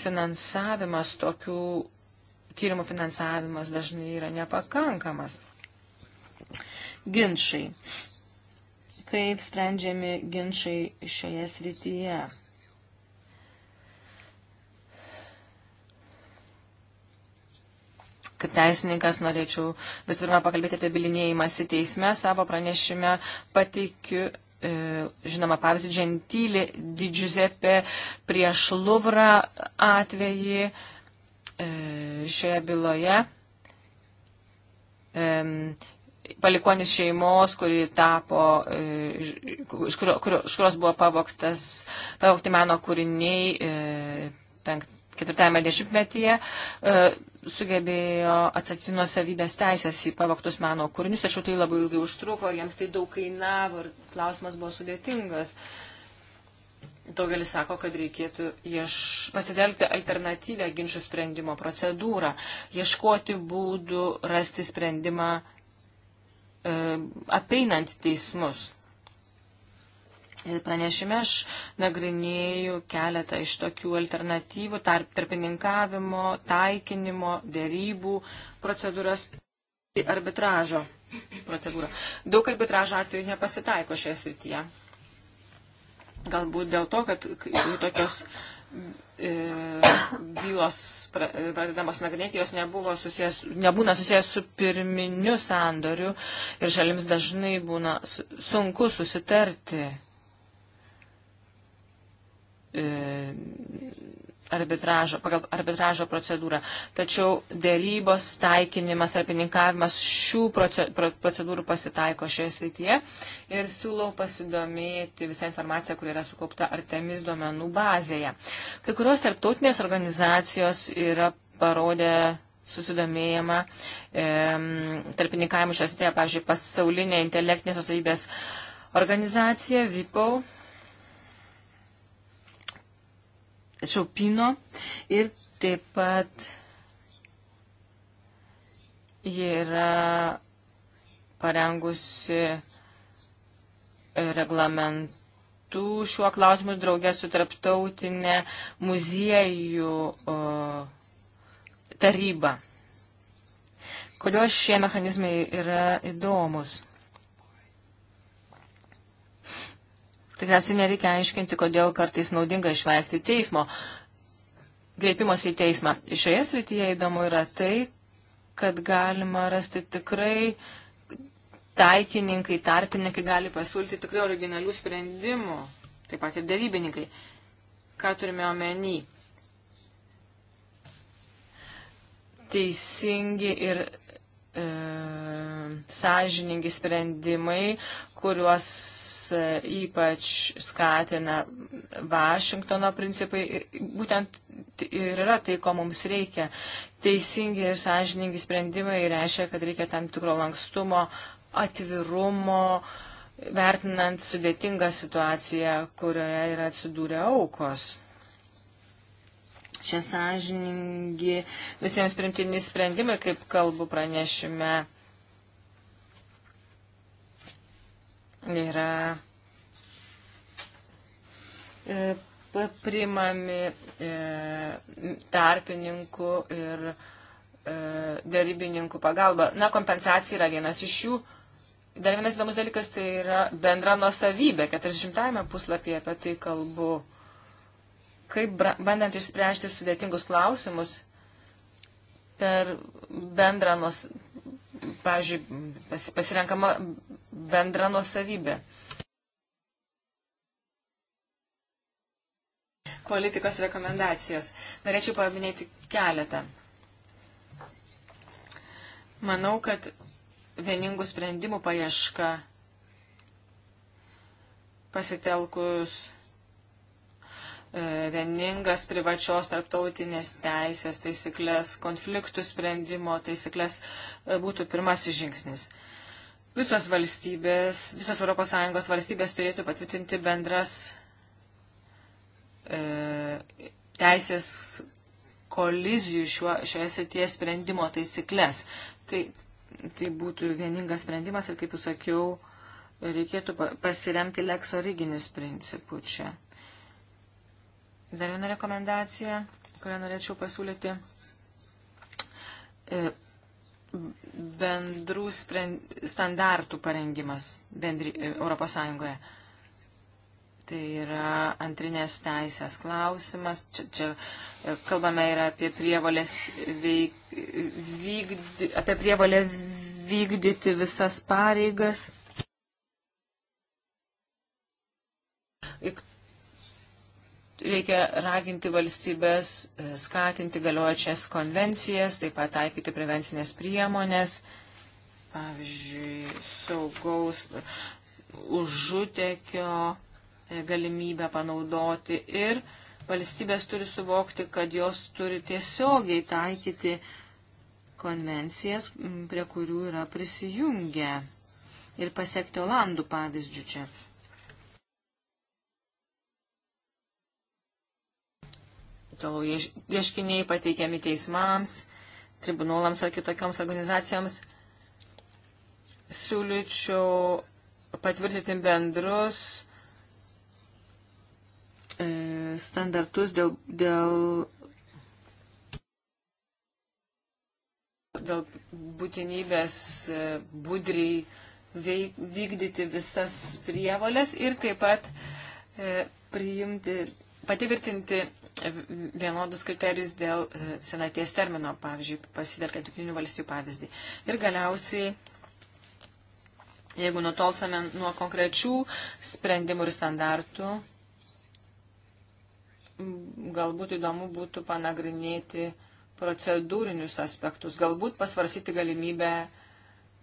finansavimas tokių tyrimų finansavimas dažnai yra nepakankamas. Ginčiai. Kaip sprendžiami ginčiai šioje srityje? Kaip teisininkas norėčiau vis pirma pakalbėti apie bilinėjimąsi teisme. Savo pranešime pateikiu, e, žinoma, pavyzdį Džentilį Didžiuzepė prieš Luvrą atvejį e, šioje byloje. E, palikonis šeimos, kuri tapo, e, iš, kurio, kurio, iš kurios buvo pavoktas, pavokti meno kūriniai e, penk, ketvirtajame dešimtmetyje. E, sugebėjo atsakyti nuosavybės teisės į pavaktus meno kūrinius, tačiau tai labai ilgai užtruko ir jiems tai daug kainavo ir klausimas buvo sudėtingas. Daugelis sako, kad reikėtų ieš... pasitelkti alternatyvę ginčių sprendimo procedūrą, ieškoti būdų rasti sprendimą e, apeinant teismus. Pranešime aš nagrinėjau keletą iš tokių alternatyvų, tarp tarpininkavimo, taikinimo, dėrybų, procedūras arbitražo procedūrą. Daug arbitražo atveju nepasitaiko šioje srityje. Galbūt dėl to, kad tokios e, bylos pradedamos nagrinėti, jos susijęs, nebūna susijęs su pirminiu sandoriu ir šalims dažnai būna sunku susitarti E, arbitražo, pagal arbitražo procedūrą. Tačiau dėrybos, taikinimas, arpininkavimas šių procedūrų pasitaiko šioje srityje ir siūlau pasidomėti visą informaciją, kuri yra sukaupta Artemis duomenų bazėje. Kai kurios tarptautinės organizacijos yra parodę susidomėjimą e, tarpininkavimu šios srityje, pavyzdžiui, pasaulinė intelektinės osavybės organizacija VIPO Šaupino ir taip pat jie yra parengusi e, reglamentų šiuo klausimu draugė su tarptautinė muziejų taryba. Kodėl šie mechanizmai yra įdomus? Tikriausiai nereikia aiškinti, kodėl kartais naudinga išvengti teismo. Kreipimas į teismą. Šioje srityje įdomu yra tai, kad galima rasti tikrai taikininkai, tarpininkai gali pasiūlyti tikrai originalių sprendimų, taip pat ir dėrybininkai. Ką turime omeny? Teisingi ir e, sąžiningi sprendimai, kuriuos ypač skatina Vašingtono principai, būtent ir yra tai, ko mums reikia. Teisingi ir sąžiningi sprendimai reiškia, kad reikia tam tikro lankstumo, atvirumo, vertinant sudėtingą situaciją, kurioje yra atsidūrę aukos čia sąžiningi visiems primtini sprendimai, kaip kalbu pranešime, yra e, primami e, tarpininkų ir e, darybininkų pagalba. Na, kompensacija yra vienas iš jų. Dar vienas įdomus dalykas tai yra bendra nuosavybė. 40 puslapyje apie tai kalbu. Kaip bandant išspręsti sudėtingus klausimus per bendrą nuosavybę pavyzdžiui, pas, pasirenkama bendra nuosavybė. Politikos rekomendacijos. Norėčiau paminėti keletą. Manau, kad vieningų sprendimų paieška pasitelkus E, vieningas privačios tarptautinės teisės taisyklės, konfliktų sprendimo taisyklės e, būtų pirmasis žingsnis. Visos valstybės, visos ES valstybės turėtų patvirtinti bendras e, teisės kolizijų šiuo, šioje srityje sprendimo taisyklės. Tai, tai būtų vieningas sprendimas ir, kaip jau sakiau, reikėtų pasiremti leks originis principų čia. Dar viena rekomendacija, kurią norėčiau pasiūlyti. E, bendrų sprend, standartų parengimas bendri, e, Europos Sąjungoje. Tai yra antrinės teisės klausimas. Čia, čia e, kalbame ir apie prievalės veik, vykdy, apie prievalę vykdyti visas pareigas reikia raginti valstybės e, skatinti galiojančias konvencijas, taip pat taikyti prevencinės priemonės, pavyzdžiui, saugaus e, užutekio e, galimybę panaudoti ir valstybės turi suvokti, kad jos turi tiesiogiai taikyti konvencijas, prie kurių yra prisijungę ir pasiekti Olandų pavyzdžių čia. toliau ieškiniai pateikiami teismams, tribunolams ar kitokioms organizacijoms. Siūlyčiau patvirtinti bendrus e, standartus dėl, dėl, dėl būtinybės e, budriai veik, vykdyti visas prievolės ir taip pat e, priimti, patvirtinti vienodus kriterijus dėl e, senaties termino, pavyzdžiui, pasitelkiant tikrinių valstybių pavyzdį. Ir galiausiai, jeigu nutolsame nuo konkrečių sprendimų ir standartų, galbūt įdomu būtų panagrinėti procedūrinius aspektus, galbūt pasvarsyti galimybę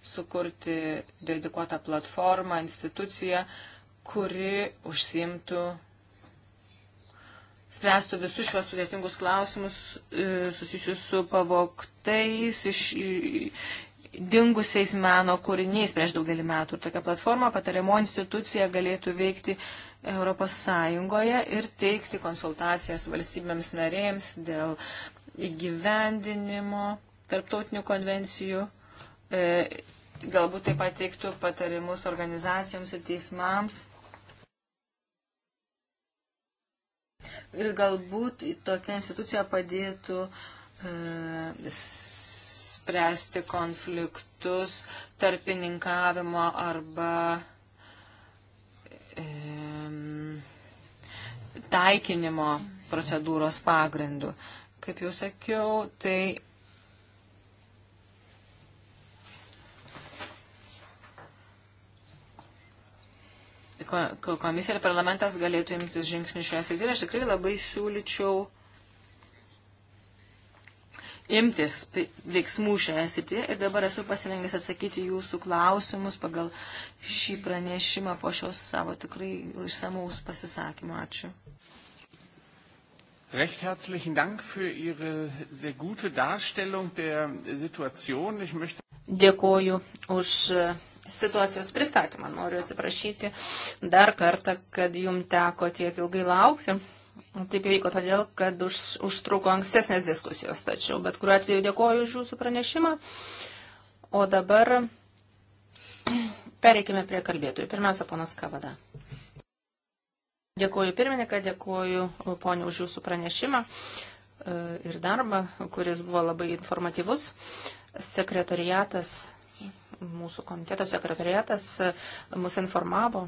sukurti dedikuotą platformą, instituciją, kuri užsimtų spręstų visus šios sudėtingus klausimus e, susijusius su pavoktais, iš, dingusiais meno kūriniais prieš daugelį metų. Ir tokia platforma, patariamo institucija galėtų veikti ES ir teikti konsultacijas valstybėms narėms dėl įgyvendinimo tarptautinių konvencijų. E, galbūt taip pat teiktų patarimus organizacijoms ir teismams Ir galbūt tokia institucija padėtų e, spręsti konfliktus, tarpininkavimo arba e, taikinimo procedūros pagrindu. Kaip jau sakiau, tai komisija ir parlamentas galėtų imtis žingsnių šioje srityje. Aš tikrai labai siūlyčiau imtis veiksmų šioje srityje ir dabar esu pasirengęs atsakyti jūsų klausimus pagal šį pranešimą po šios savo tikrai išsamaus pasisakymą. Ačiū. Recht herzlichen Dank für Ihre sehr gute Darstellung der Situation. Ich möchte Dėkoju už situacijos pristatymą. Noriu atsiprašyti dar kartą, kad jum teko tiek ilgai laukti. Taip įvyko todėl, kad už, užtruko ankstesnės diskusijos, tačiau bet kuriuo atveju dėkoju už jūsų pranešimą. O dabar pereikime prie kalbėtojų. Pirmiausia, ponas Kavada. Dėkuoju pirmininką, dėkuoju ponė už jūsų pranešimą e, ir darbą, kuris buvo labai informatyvus. Sekretariatas Mūsų komiteto sekretariatas mus informavo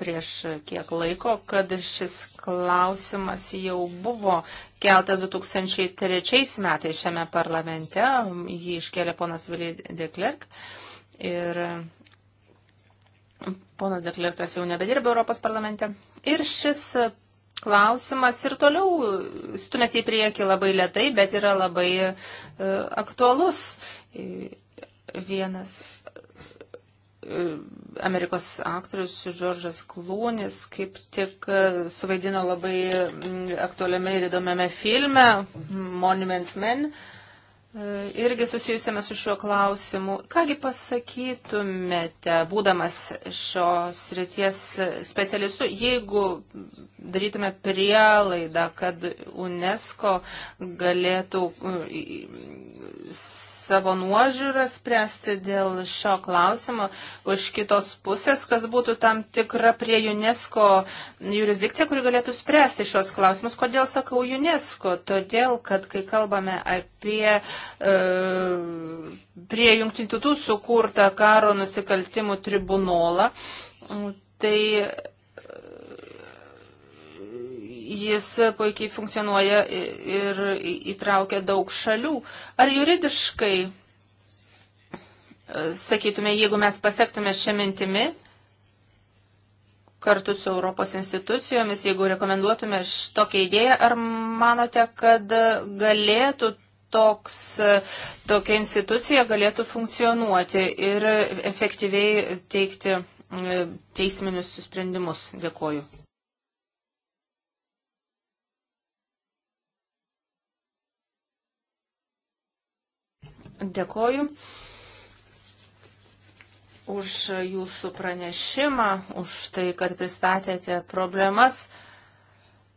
prieš kiek laiko, kad šis klausimas jau buvo keltas 2003 metais šiame parlamente. Jį iškėlė ponas Vili Deklerk. Ir ponas Deklerkas jau nebedirba Europos parlamente. Ir šis klausimas ir toliau stumės į priekį labai lietai, bet yra labai e, aktualus vienas e, Amerikos aktorius Džordžas Klūnis kaip tik e, suvaidino labai aktualiame ir įdomiame filme Monuments Men. Uh, irgi susijusiame su šiuo klausimu. Kągi pasakytumėte, būdamas šios ryties specialistu, jeigu darytume prielaidą, kad UNESCO galėtų e, savo nuožiūrą spręsti dėl šio klausimo, už kitos pusės, kas būtų tam tikra prie UNESCO jurisdikcija, kuri galėtų spręsti šios klausimus. Kodėl sakau UNESCO? Todėl, kad kai kalbame apie E, prie jungtinių tautų sukurtą karo nusikaltimų tribunolą. Tai e, jis puikiai funkcionuoja ir įtraukia daug šalių. Ar juridiškai, e, sakytume, jeigu mes pasiektume šią mintimį kartu su Europos institucijomis, jeigu rekomenduotume tokią idėją, ar manote, kad galėtų toks, tokia institucija galėtų funkcionuoti ir efektyviai teikti e, teisminius sprendimus. Dėkoju. Dėkoju už jūsų pranešimą, už tai, kad pristatėte problemas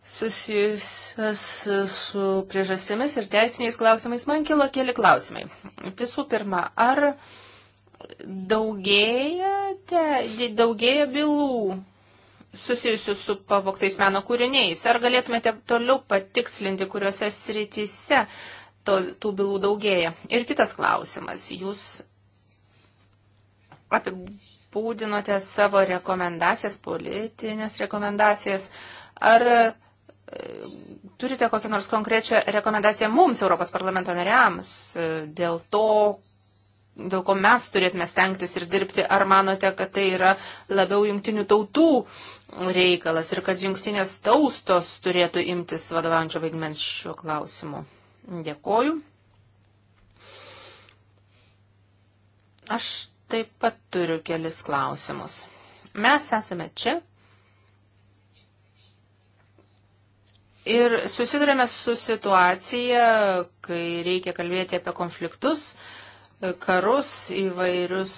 susijusias su priežastimis ir teisiniais klausimais, man kilo keli klausimai. Visų pirma, ar daugėja, te, daugėja bylų susijusių su pavoktais meno kūriniais? Ar galėtumėte toliau patikslinti, kuriuose srityse to, tų bylų daugėja? Ir kitas klausimas. Jūs apibūdinote savo rekomendacijas, politinės rekomendacijas. Ar turite kokią nors konkrečią rekomendaciją mums, Europos parlamento nariams, e, dėl to, dėl ko mes turėtume stengtis ir dirbti, ar manote, kad tai yra labiau jungtinių tautų reikalas ir kad jungtinės taustos turėtų imtis vadovaujančio vaidmens šiuo klausimu? Dėkoju. Aš taip pat turiu kelis klausimus. Mes esame čia Ir susidurėme su situacija, kai reikia kalbėti apie konfliktus, karus, įvairius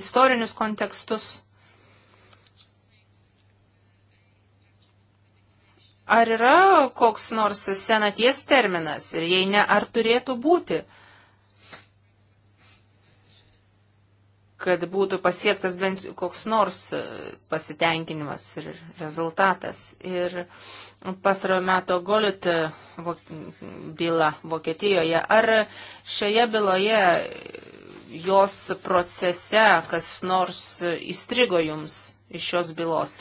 istorinius kontekstus. Ar yra koks nors senaties terminas ir jei ne, ar turėtų būti? kad būtų pasiektas bent koks nors e, pasitenkinimas ir rezultatas. Ir pastarojo meto Golit e, byla Vokietijoje. Ar šioje byloje jos procese kas nors įstrigo jums iš šios bylos?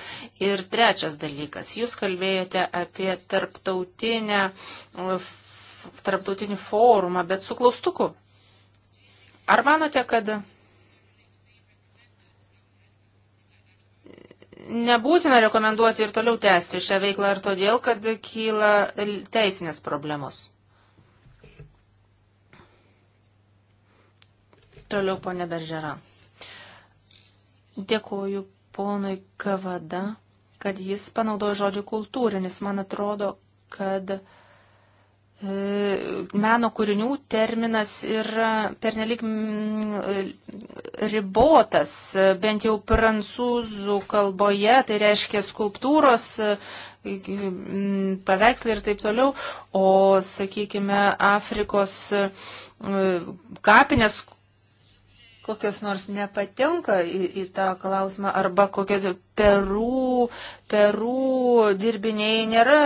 Ir trečias dalykas. Jūs kalbėjote apie tarptautinę, e, tarptautinį forumą, bet su klaustuku. Ar manote, kad nebūtina rekomenduoti ir toliau tęsti šią veiklą ir todėl, kad kyla teisinės problemos. Toliau ponė Beržera. Dėkuoju ponui Kavada, kad jis panaudojo žodį kultūrinis. Man atrodo, kad uh, E, meno kūrinių terminas yra pernelik mm, ribotas, bent jau prancūzų kalboje, tai reiškia skulptūros, e, mm, paveikslai ir taip toliau, o, sakykime, Afrikos e, kapinės kokios nors nepatenka į, į tą klausimą, arba kokie perų, perų dirbiniai nėra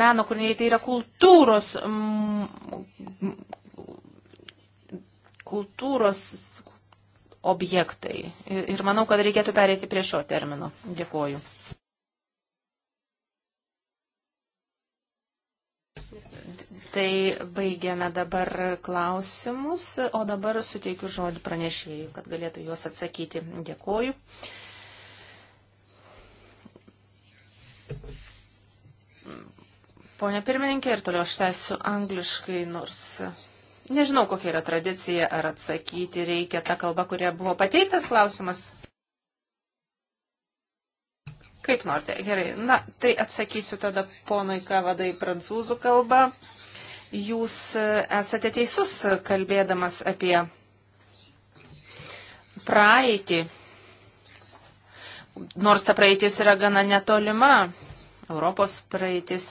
meno kūriniai, tai yra kultūros, mm, kultūros objektai. Ir manau, kad reikėtų perėti prie šio termino. Dėkuoju. Tai baigiame dabar klausimus, o dabar suteikiu žodį pranešėjų, kad galėtų juos atsakyti. Dėkoju. Pone pirmininkė, ir toliau aš tęsiu angliškai, nors nežinau, kokia yra tradicija, ar atsakyti reikia tą kalbą, kurie buvo pateiktas klausimas. Kaip norite, gerai. Na, tai atsakysiu tada ponui Kavadai prancūzų kalbą. Jūs e, esate teisus, kalbėdamas apie praeitį, nors ta praeitis yra gana netolima. Europos praeitis.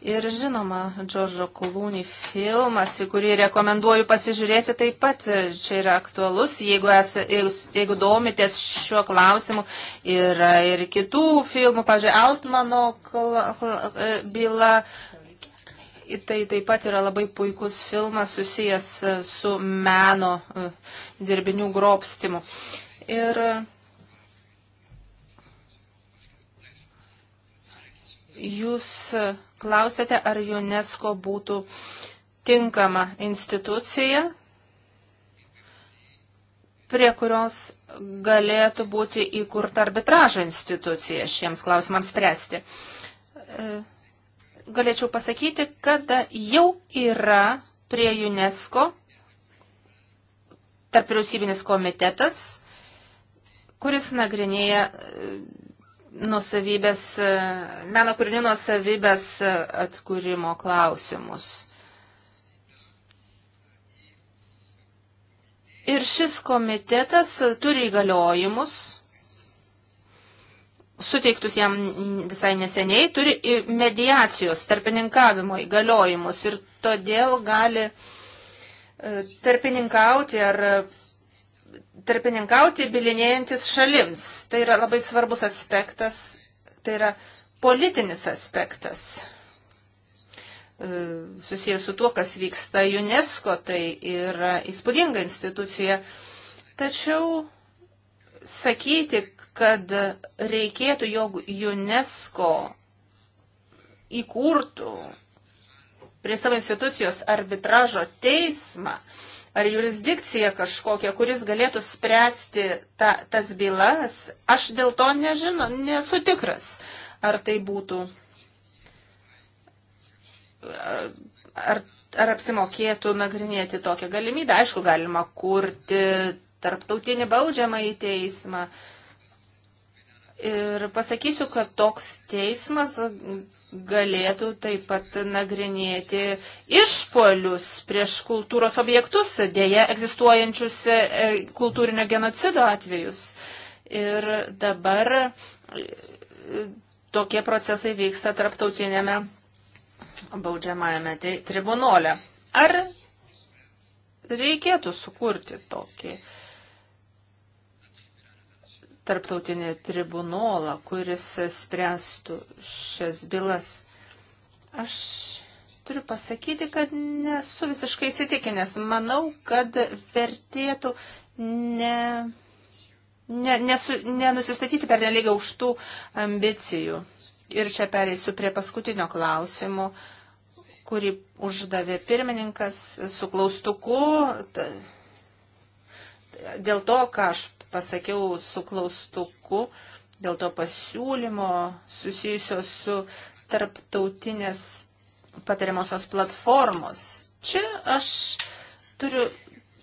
Ir žinoma, Džordžo Kulūnį filmas, į kurį rekomenduoju pasižiūrėti taip pat. Čia yra aktualus, jeigu, es, jeigu domitės šiuo klausimu. Yra ir kitų filmų, pažiūrėjau, Altmano e, byla, Tai taip pat yra labai puikus filmas susijęs e, su meno e, dirbinių grobstimu. Ir e, jūs klausėte, ar UNESCO būtų tinkama institucija, prie kurios galėtų būti įkurta arbitražo institucija šiems klausimams spręsti. E, galėčiau pasakyti, kad jau yra prie UNESCO tarp vyriausybinis komitetas, kuris nagrinėja e, nusavybės, e, meno kūrinių nusavybės e, atkūrimo klausimus. Ir šis komitetas turi įgaliojimus suteiktus jam visai neseniai, turi mediacijos, tarpininkavimo įgaliojimus ir todėl gali e, tarpininkauti ar e, tarpininkauti bilinėjantis šalims. Tai yra labai svarbus aspektas, tai yra politinis aspektas e, susijęs su tuo, kas vyksta UNESCO, tai yra įspūdinga institucija. Tačiau sakyti, kad reikėtų, jog UNESCO įkurtų prie savo institucijos arbitražo teismą ar jurisdikciją kažkokią, kuris galėtų spręsti ta, tas bylas, aš dėl to nežinau, nesu tikras, ar tai būtų, ar, ar apsimokėtų nagrinėti tokią galimybę. Aišku, galima kurti tarptautinį baudžiamą į teismą. Uh, Ir pasakysiu, kad toks teismas galėtų taip pat nagrinėti išpolius prieš kultūros objektus, dėja egzistuojančius e, kultūrinio genocido atvejus. Ir dabar e, tokie procesai vyksta tarptautinėme baudžiamajame tribunole. Ar reikėtų sukurti tokį? Uh, tarptautinį tribunolą, kuris spręstų šias bylas. Aš turiu pasakyti, kad nesu visiškai įsitikinęs. Manau, kad vertėtų ne, ne, nesu, nenusistatyti per nelygą už tų ambicijų. Ir čia pereisiu prie paskutinio klausimo, kurį uždavė pirmininkas su klaustuku. Ta, dėl to, ką aš pasakiau su klaustuku dėl to pasiūlymo susijusios su tarptautinės patariamosios platformos. Čia aš turiu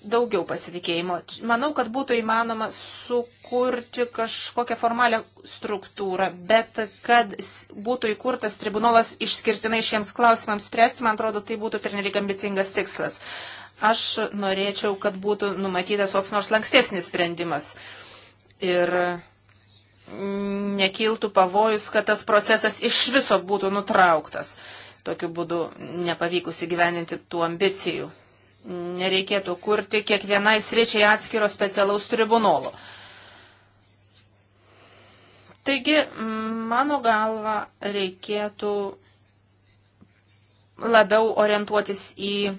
daugiau pasitikėjimo. Manau, kad būtų įmanoma sukurti kažkokią formalią struktūrą, bet kad būtų įkurtas tribunolas išskirtinai šiems klausimams spręsti, man atrodo, tai būtų pernelyg ambicingas tikslas. Aš norėčiau, kad būtų numatytas koks nors lankstesnis sprendimas. Ir nekiltų pavojus, kad tas procesas iš viso būtų nutrauktas. Tokiu būdu nepavykus įgyveninti tų ambicijų. Nereikėtų kurti kiekvienai sričiai atskiro specialaus tribunolo. Taigi, mano galva, reikėtų labiau orientuotis į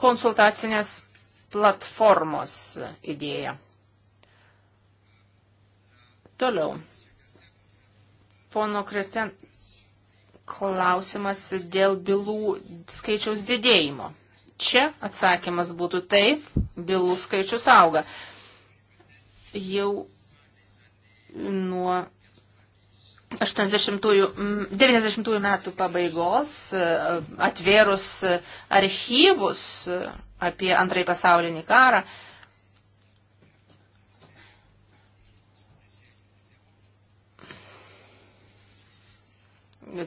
konsultacinės platformos idėja. Toliau. Pono Kristian, klausimas dėl bylų skaičiaus didėjimo. Čia atsakymas būtų taip, bylų skaičius auga. Jau nuo 90-ųjų metų pabaigos, e, atvėrus archyvus e, apie antrąjį pasaulinį karą,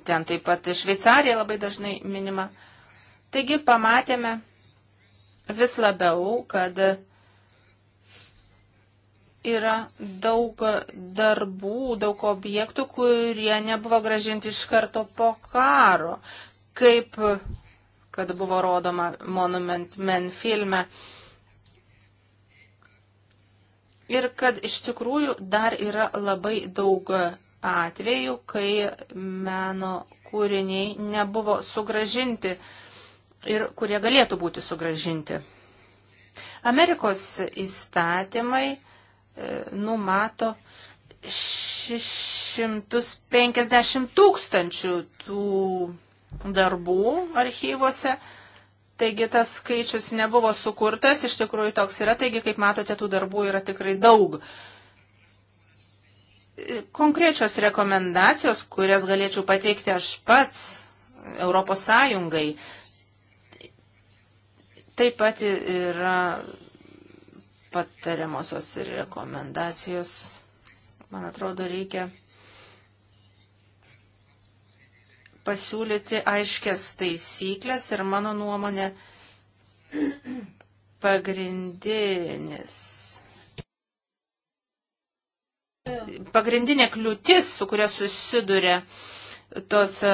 ten taip pat Šveicarija labai dažnai minima. Taigi pamatėme vis labiau, kad yra daug darbų, daug objektų, kurie nebuvo gražinti iš karto po karo, kaip kad buvo rodoma Monument Men filme. Ir kad iš tikrųjų dar yra labai daug atvejų, kai meno kūriniai nebuvo sugražinti ir kurie galėtų būti sugražinti. Amerikos įstatymai E, numato 650 tūkstančių tų darbų archyvuose. Taigi tas skaičius nebuvo sukurtas, iš tikrųjų toks yra, taigi kaip matote, tų darbų yra tikrai daug. Konkrečios rekomendacijos, kurias galėčiau pateikti aš pats Europos Sąjungai, taip pat yra patariamosios ir rekomendacijos, man atrodo, reikia pasiūlyti aiškias taisyklės ir mano nuomonė pagrindinis. Pagrindinė kliūtis, su kuria susiduria tos e,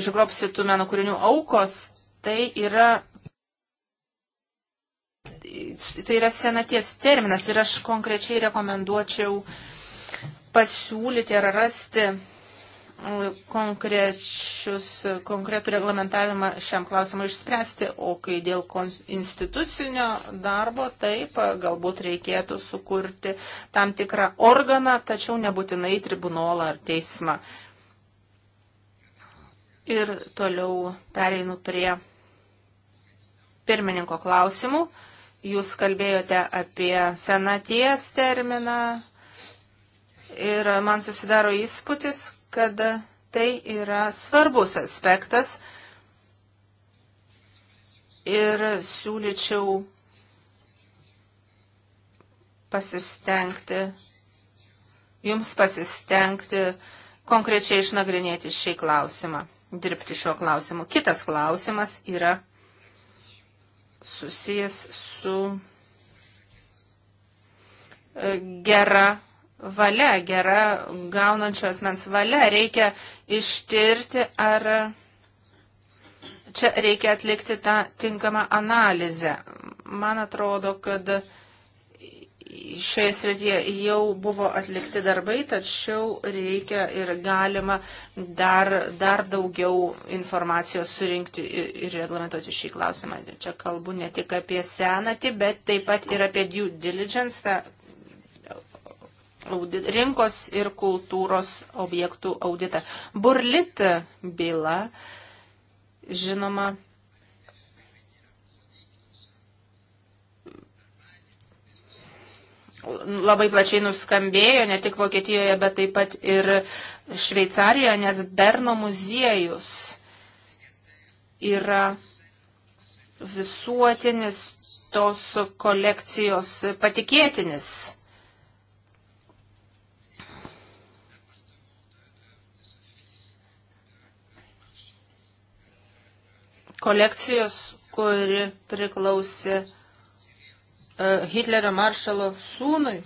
išgrobsitų meno kūrinių aukos, tai yra tai yra senaties terminas ir aš konkrečiai rekomenduočiau pasiūlyti ar rasti e, e, konkretų reglamentavimą šiam klausimui išspręsti, o kai dėl institucinio darbo, taip, e, galbūt reikėtų sukurti tam tikrą organą, tačiau nebūtinai tribunolą ar teismą. Ir toliau pereinu prie pirmininko klausimų. Jūs kalbėjote apie senaties terminą ir man susidaro įspūdis, kad tai yra svarbus aspektas ir siūlyčiau pasistengti, jums pasistengti konkrečiai išnagrinėti šį klausimą, dirbti šiuo klausimu. Kitas klausimas yra susijęs su e, gera valia, gera gaunančio asmens valia. Reikia ištirti, ar čia reikia atlikti tą tinkamą analizę. Man atrodo, kad šioje srityje jau buvo atlikti darbai, tačiau reikia ir galima dar, dar daugiau informacijos surinkti ir, ir reglamentuoti šį klausimą. Čia kalbu ne tik apie senatį, bet taip pat ir apie due diligence, tą rinkos ir kultūros objektų auditą. Burlit byla, žinoma, labai plačiai nuskambėjo ne tik Vokietijoje, bet taip pat ir Šveicarijoje, nes Berno muziejus yra visuotinis tos kolekcijos patikėtinis. Kolekcijos, kuri priklausė E, Hitlerio maršalo sūnui.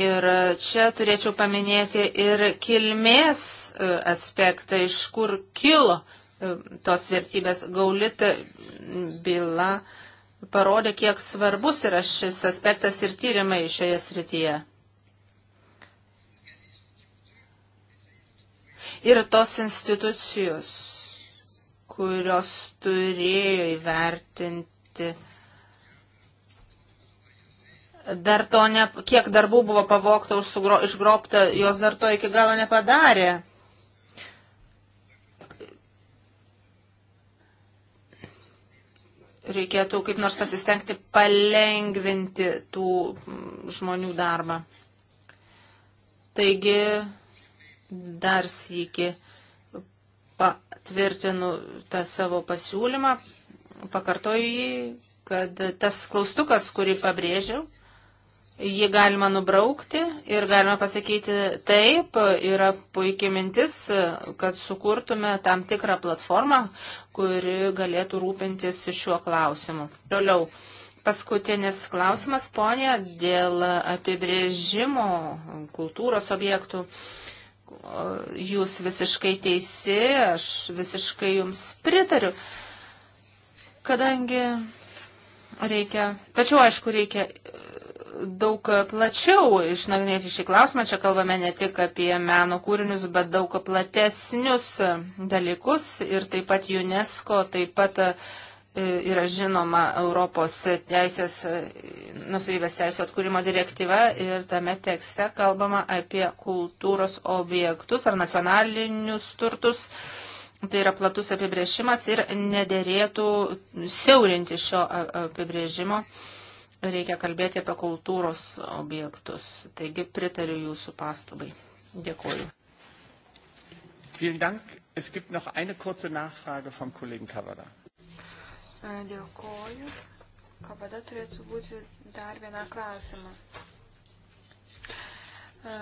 Ir čia turėčiau paminėti ir kilmės e, aspektą, iš kur kilo e, tos vertybės. Gaulita byla parodė, kiek svarbus yra šis aspektas ir tyrimai šioje srityje. Ir tos institucijos kurios turėjo įvertinti. Dar to, ne, kiek darbų buvo pavokta, sugro, išgrobta, jos dar to iki galo nepadarė. Reikėtų kaip nors pasistengti palengvinti tų žmonių darbą. Taigi, dar sėki patvirtinu tą savo pasiūlymą, pakartoju jį, kad tas klaustukas, kurį pabrėžiau, jį galima nubraukti ir galima pasakyti taip, yra puikiai mintis, kad sukurtume tam tikrą platformą, kuri galėtų rūpintis šiuo klausimu. Toliau. Paskutinis klausimas, ponė, dėl apibrėžimo kultūros objektų. Uh, jūs visiškai teisi, aš visiškai jums pritariu, kadangi reikia, tačiau aišku, reikia e, daug plačiau išnagrinėti šį klausimą. Čia kalbame ne tik apie meno kūrinius, bet daug platesnius dalykus ir taip pat UNESCO, taip pat e, E, yra žinoma Europos teisės, e, nusavybės teisų atkūrimo direktyva ir tame tekste kalbama apie kultūros objektus ar nacionalinius turtus. Tai yra platus apibrėžimas ir nederėtų siaurinti šio apibrėžimo. Reikia kalbėti apie kultūros objektus. Taigi pritariu jūsų pastabai. Dėkuoju. Vielen Dank. Es gibt noch eine kurze Nachfrage vom Kollegen Kavada. E, dėkoju. Kabada turėtų būti dar viena klausimą. E,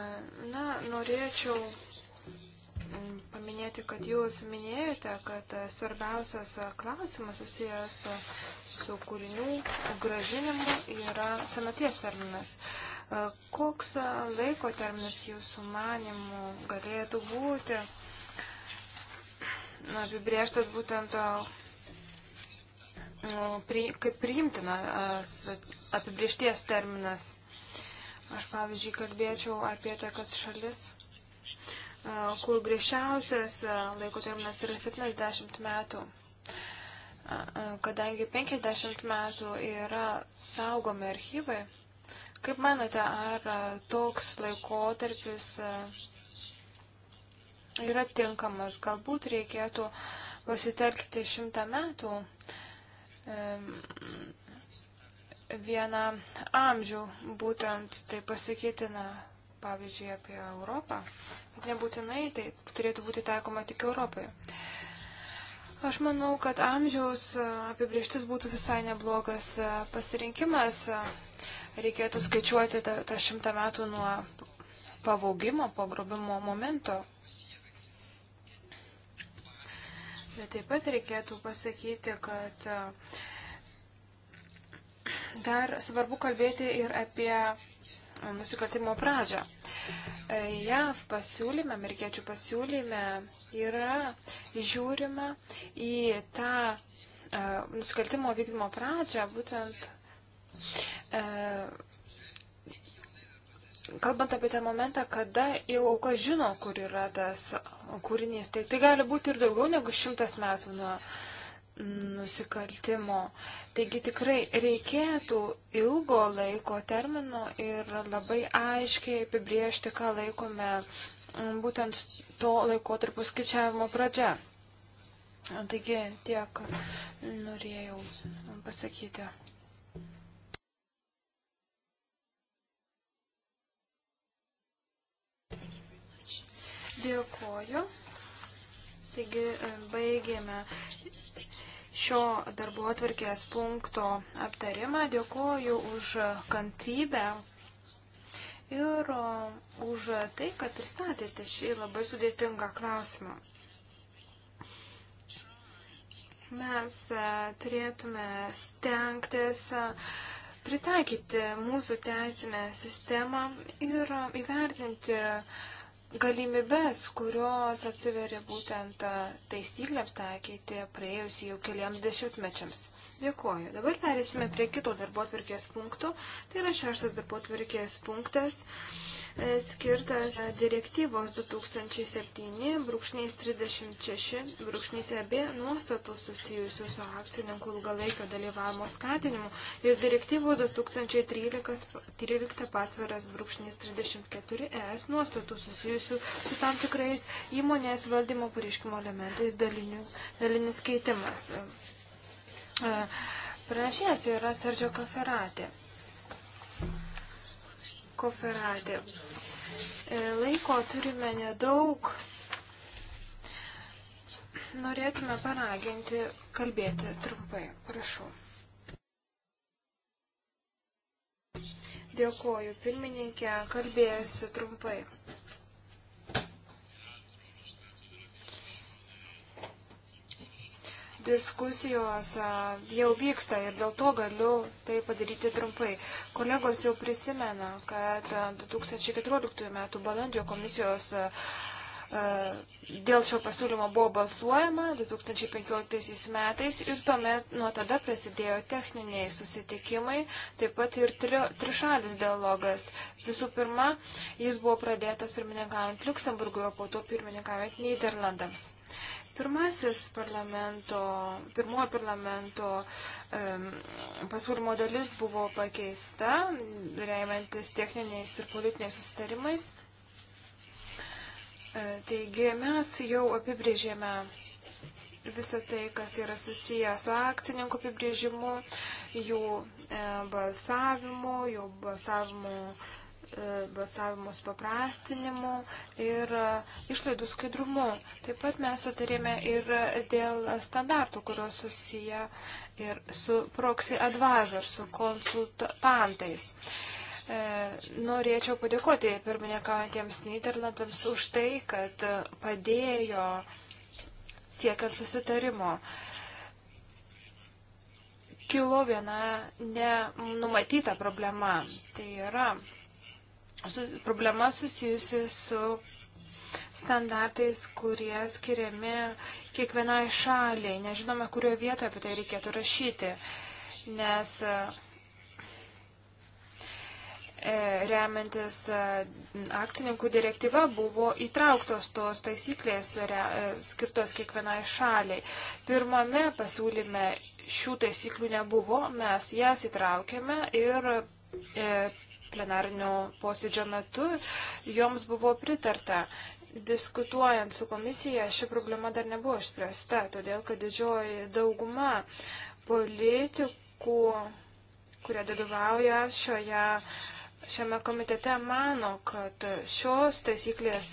na, norėčiau mm, paminėti, kad jūs minėjote, kad svarbiausias klausimas susijęs su kūrinių gražinimu yra senaties terminas. E, koks laiko terminas jūsų manimų galėtų būti apibrėžtas būtent kaip priimtinas apibriešties terminas. Aš pavyzdžiui kalbėčiau apie tokias tai, šalis, kur griežčiausias laiko terminas yra 70 metų, kadangi 50 metų yra saugomi archyvai. Kaip manote, ar toks laikotarpis yra tinkamas? Galbūt reikėtų pasitelkti šimtą metų vieną amžių, būtent tai pasakytina, pavyzdžiui, apie Europą, bet nebūtinai tai turėtų būti taikoma tik Europai. Aš manau, kad amžiaus e, apibrieštis būtų visai neblogas e, pasirinkimas. Reikėtų skaičiuoti tą šimtą metų nuo pavaugimo, pagrobimo momento. Bet taip pat reikėtų pasakyti, kad e, dar svarbu kalbėti ir apie nusikaltimo pradžią. E, JAV pasiūlyme, amerikiečių pasiūlyme yra žiūrima į tą e, nusikaltimo vykdymo pradžią būtent kalbant apie tą momentą, kada jau auka žino, kur yra tas kūrinys, tai tai gali būti ir daugiau negu šimtas metų nuo nusikaltimo. Taigi tikrai reikėtų ilgo laiko termino ir labai aiškiai apibriežti, ką laikome mm, būtent to laiko tarp skaičiavimo pradžia. Taigi tiek norėjau pasakyti. Dėkoju. Taigi e, baigėme šio darbo atvarkės punkto aptarimą. Dėkoju už kantrybę ir e, už tai, kad pristatėte šį labai sudėtingą klausimą. Mes e, turėtume stengtis pritaikyti mūsų teisinę sistemą ir įvertinti uh, galimybes, kurios atsiveria būtent taisyklėms taikyti praėjus jau keliams dešimtmečiams. Dėkuoju. Dabar perėsime prie kito darbo atvirkės punktų. Tai yra šeštas darbo atvirkės punktas. Uh, E, skirtas direktyvos 2007-36-EB nuostatų susijusių su akcininkų ilgalaikio dalyvavimo skatinimu ir direktyvos 2013 pasvaras 34-ES e nuostatų susijusių su tam tikrais įmonės valdymo pareiškimo elementais daliniu, dalinis keitimas. E, pranešėjas yra Sergio Kaferatė. Koferatė. E, laiko turime nedaug. Norėtume paraginti kalbėti trumpai. Prašau. Dėkuoju, pirmininkė, kalbėsiu trumpai. diskusijos jau vyksta ir dėl to galiu tai padaryti trumpai. Kolegos jau prisimena, kad 2014 m. balandžio komisijos dėl šio pasiūlymo buvo balsuojama 2015 metais ir tuomet nuo tada prasidėjo techniniai susitikimai, taip pat ir tri, trišalis dialogas. Visų pirma, jis buvo pradėtas pirmininkaujant Luksemburgui, o po to pirmininkaujant Niderlandams. Pirmasis parlamento, pirmojo parlamento um, pasiūlymo dalis buvo pakeista, remiantis techniniais ir politiniais sustarimais. E, taigi mes jau apibrėžėme visą tai, kas yra susiję su akcininkų apibrėžimu, jų e, balsavimu, jų balsavimu E, balsavimo supaprastinimu ir e, išlaidų skaidrumu. Taip pat mes sutarėme ir dėl standartų, kurios susiję ir su proxy advisor, su konsultantais. E, norėčiau padėkoti pirmininkaujantiems Niderlandams už tai, kad padėjo siekiant susitarimo kilo viena nenumatyta problema. Tai yra problema susijusi su standartais, kurie skiriami kiekvienai šaliai. Nežinome, kurioje vietoje apie tai reikėtų rašyti, nes e, remiantis e, akcininkų direktyva buvo įtrauktos tos taisyklės re, e, skirtos kiekvienai šaliai. Pirmame pasiūlyme šių taisyklių nebuvo, mes jas įtraukėme ir e, plenarnio posėdžio metu joms buvo pritarta. Diskutuojant su komisija, ši problema dar nebuvo išspręsta, todėl kad didžioji dauguma politikų, kurie dalyvauja šioje šiame komitete mano, kad šios taisyklės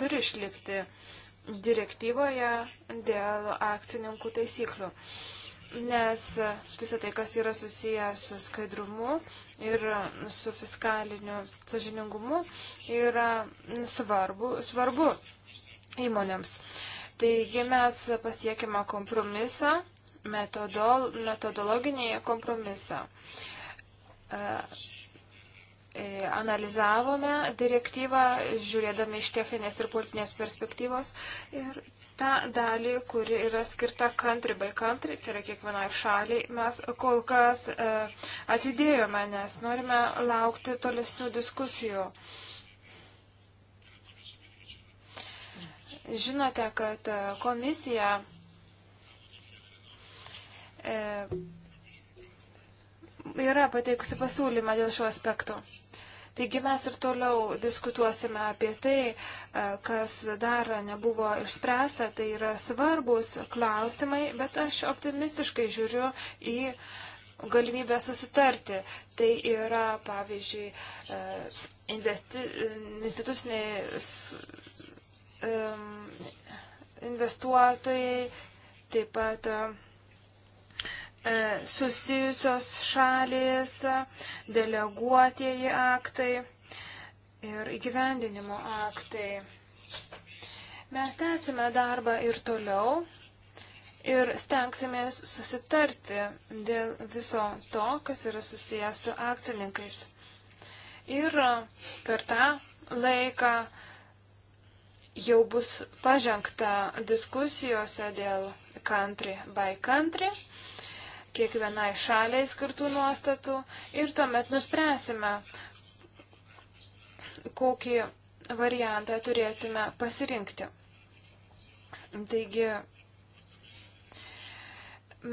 turi išlikti direktyvoje dėl akcininkų taisyklių, nes visą tai, kas yra susijęs su skaidrumu, ir su fiskaliniu sažiningumu yra svarbu, svarbu įmonėms. Taigi mes pasiekime kompromisą, metodol, metodologinį kompromisą. E, e, analizavome direktyvą, žiūrėdami iš techninės ir politinės perspektyvos ir tą dalį, kuri yra skirta country by country, tai yra kiekvienai šaliai, mes kol kas e, atidėjome, nes norime laukti tolesnių diskusijų. Žinote, kad e, komisija e, yra pateikusi pasiūlymą dėl šio aspekto. Taigi mes ir toliau diskutuosime apie tai, e, kas dar nebuvo išspręsta, tai yra svarbus klausimai, bet aš optimistiškai žiūriu į galimybę susitarti. Tai yra, pavyzdžiui, e, investi, instituciniais investuotojai, taip pat E, susijusios šalys, deleguotieji aktai ir įgyvendinimo aktai. Mes tęsime darbą ir toliau ir stengsimės susitarti dėl viso to, kas yra susijęs su akcininkais. Ir per tą laiką jau bus pažengta diskusijose dėl country by country kiekvienai šaliai skirtų nuostatų ir tuomet nuspręsime, kokį variantą turėtume pasirinkti. Taigi,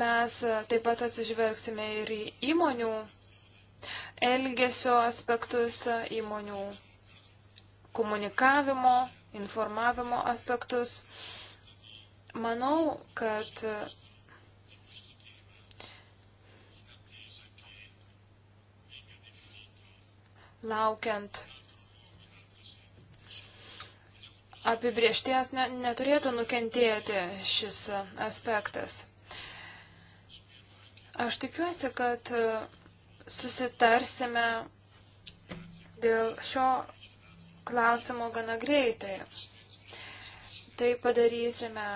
mes taip pat atsižvelgsime ir į įmonių elgesio aspektus, įmonių komunikavimo, informavimo aspektus. Manau, kad laukiant apibriešties ne, neturėtų nukentėti šis aspektas. Aš tikiuosi, kad e, susitarsime dėl šio klausimo gana greitai. Tai padarysime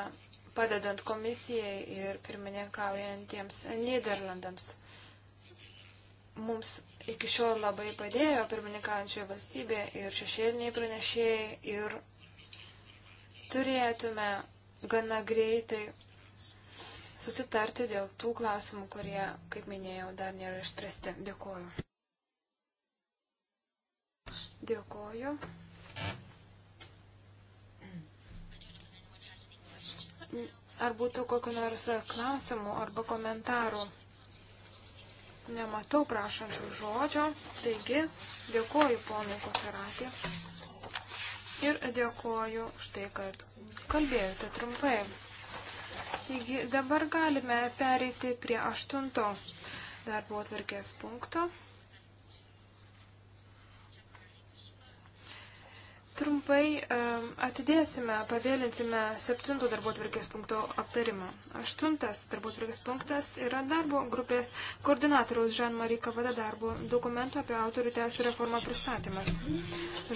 padedant komisijai ir pirmininkaujantiems Niderlandams. Mums iki šiol labai padėjo pirmininkaujančioje valstybėje ir šešėliniai pranešėjai ir turėtume gana greitai susitarti dėl tų klausimų, kurie, kaip minėjau, dar nėra išspręsti. Dėkuoju. Dėkuoju. Ar būtų kokiu nors klausimu arba komentaru? Nematau prašančių žodžio, taigi dėkoju ponui Koferatį ir dėkoju už tai, kad kalbėjote trumpai. Taigi dabar galime pereiti prie aštunto darbo atvarkės punkto. Trumpai atidėsime, pavėlinsime septinto darbo tvarkės punkto aptarimą. Aštuntas darbo tvarkės punktas yra darbo grupės koordinatoriaus Žan-Marie Kavada darbo dokumento apie autorių teisų reformą pristatymas.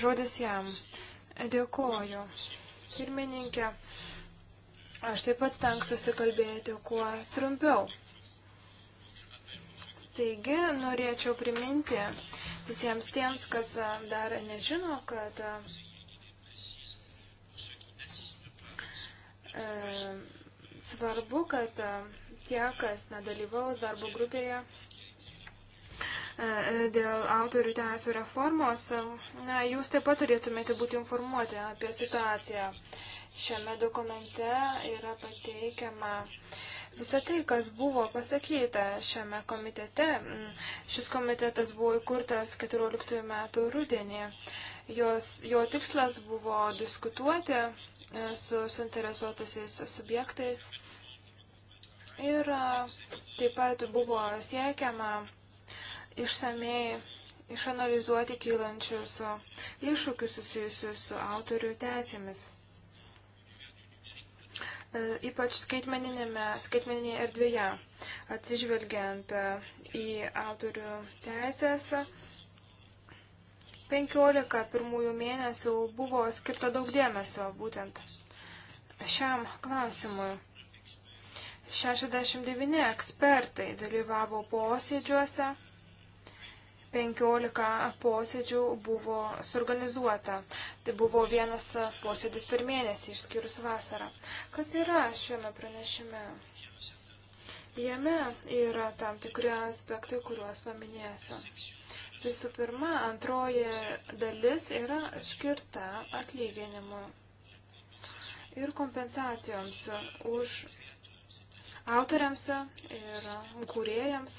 Žodis jam. Dėkoju. Pirmininkė, aš taip pat stengsiuosi kalbėti kuo trumpiau. Taigi, norėčiau priminti visiems tiems, kas dar nežino, kad E, svarbu, kad e, tie, kas nedalyvaus darbo grupėje e, dėl autorių teisų reformos, na, jūs taip pat turėtumėte būti informuoti apie situaciją. Šiame dokumente yra pateikiama visą tai, kas buvo pasakyta šiame komitete. Šis komitetas buvo įkurtas 14 metų rudenį. Jos, jo tikslas buvo diskutuoti su suinteresuotaisiais subjektais. Ir taip pat buvo siekiama išsamei išanalizuoti kylančius iššūkius susijusius su autorių teisėmis. E, ypač skaitmeninėje erdvėje, atsižvelgiant į autorių teisės 15 pirmųjų mėnesių buvo skirta daug dėmesio būtent šiam klausimui. 69 ekspertai dalyvavo posėdžiuose. 15 posėdžių buvo suorganizuota. Tai buvo vienas posėdis per mėnesį, išskyrus vasarą. Kas yra šiame pranešime? Jame yra tam tikri aspektai, kuriuos paminėsiu. Visų pirma, antroji dalis yra skirta atlyginimu ir kompensacijoms už autoriams ir kūrėjams.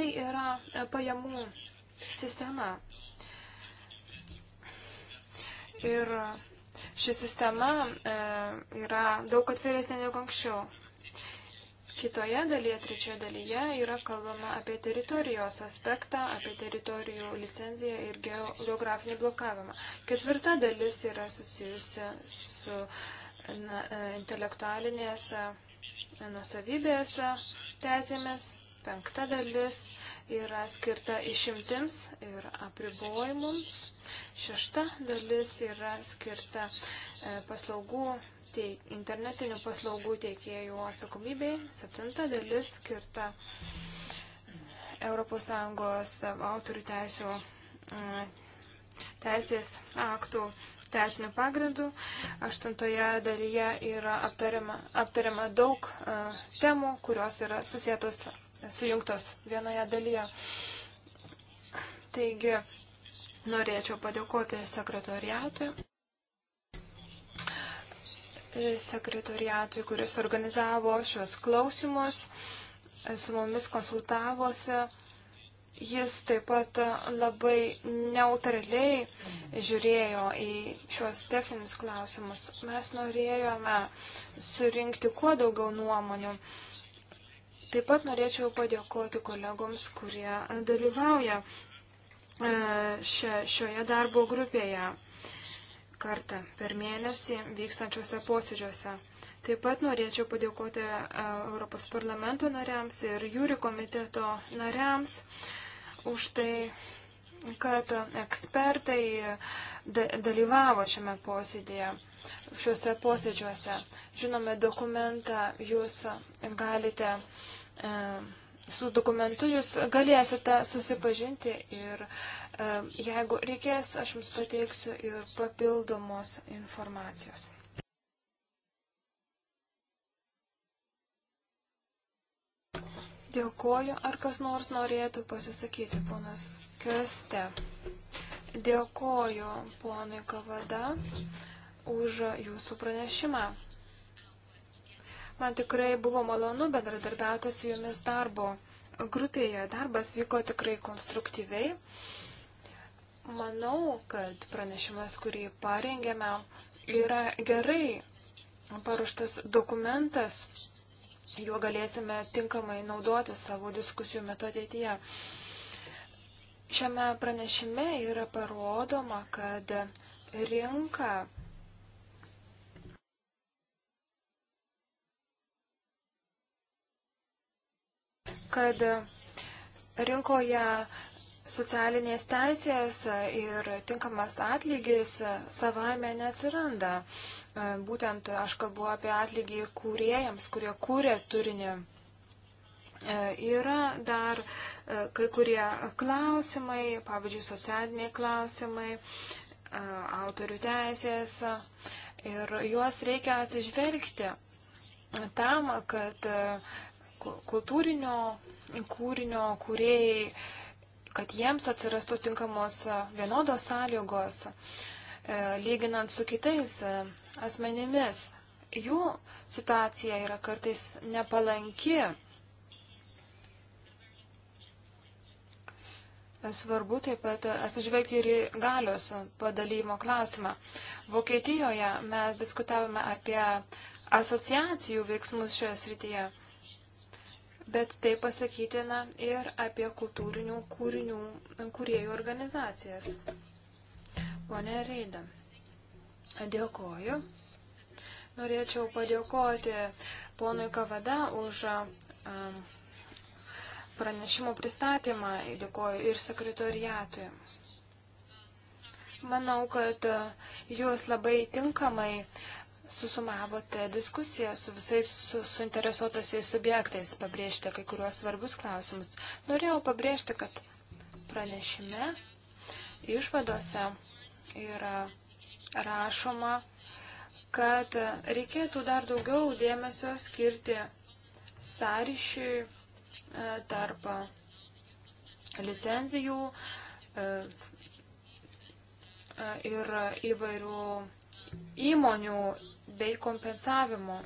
Tai yra pajamų sistema. Ir ši sistema e, yra daug atviresnė negu anksčiau. Kitoje dalyje, trečioje dalyje yra kalbama apie teritorijos aspektą, apie teritorijų licenciją ir geografinį blokavimą. Ketvirta dalis yra susijusi su na, e, intelektualinės e, nusavybės e, teisėmis. Penkta dalis yra skirta išimtims ir apribojimams. Šešta dalis yra skirta paslaugų teik, internetinių paslaugų teikėjų atsakomybei. Septinta dalis skirta ES autorių teisų, mm, teisės aktų teisinių pagrindų. Aštuntoje dalyje yra aptariama, aptariama daug uh, temų, kurios yra susijėtos, sujungtos vienoje dalyje. Taigi, norėčiau padėkoti sekretoriatui sekretoriatui, kuris organizavo šios klausimus, su mumis konsultavosi. Jis taip pat labai neutraliai žiūrėjo į šios techninius klausimus. Mes norėjome surinkti kuo daugiau nuomonių. Taip pat norėčiau padėkoti kolegoms, kurie dalyvauja e, šioje darbo grupėje kartą per mėnesį vykstančiuose posėdžiuose. Taip pat norėčiau padėkoti e, Europos parlamento nariams ir jūri komiteto nariams už tai, kad ekspertai dalyvavo šiame posėdėje šiuose posėdžiuose. Žinome, dokumentą jūs galite e, su dokumentu jūs galėsite susipažinti ir e, jeigu reikės, aš jums pateiksiu ir papildomos informacijos. Dėkoju, ar kas nors norėtų pasisakyti, ponas Kioste. Dėkoju ponui Kavada už jūsų pranešimą. Man tikrai buvo malonu bendradarbiauti su jumis darbo grupėje. Darbas vyko tikrai konstruktyviai. Manau, kad pranešimas, kurį parengėme, yra gerai paruoštas dokumentas. Juo galėsime tinkamai naudoti savo diskusijų metu ateityje. Šiame pranešime yra parodoma, kad rinka kad rinkoje socialinės teisės ir tinkamas atlygis savaime neatsiranda. Būtent aš kalbu apie atlygį kūrėjams, kurie kūrė turinį. Yra dar e, kai kurie klausimai, pavyzdžiui, socialiniai klausimai, e, autorių teisės ir juos reikia atsižvelgti tam, kad e, kultūrinio kūrinio kūrėjai, kad jiems atsirastų tinkamos vienodos sąlygos, lyginant su kitais asmenimis. Jų situacija yra kartais nepalanki. Svarbu taip pat atsižvelgti ir į galios padalymo klausimą. Vokietijoje mes diskutavome apie asociacijų veiksmus šioje srityje bet tai pasakytina ir apie kultūrinių kūrinių kuriejų organizacijas. Pone Reida, dėkoju. Norėčiau padėkoti ponui Kavada už um, pranešimo pristatymą, dėkoju ir sekretoriatui. Manau, kad uh, jūs labai tinkamai uh, susumavote diskusiją su visais su, suinteresuotosiais subjektais, pabrėžti kai kuriuos svarbus klausimus. Norėjau pabrėžti, kad pranešime išvadose yra rašoma, kad reikėtų dar daugiau dėmesio skirti sąryšiui e, tarp e, licenzijų e, ir įvairių įmonių bei kompensavimo.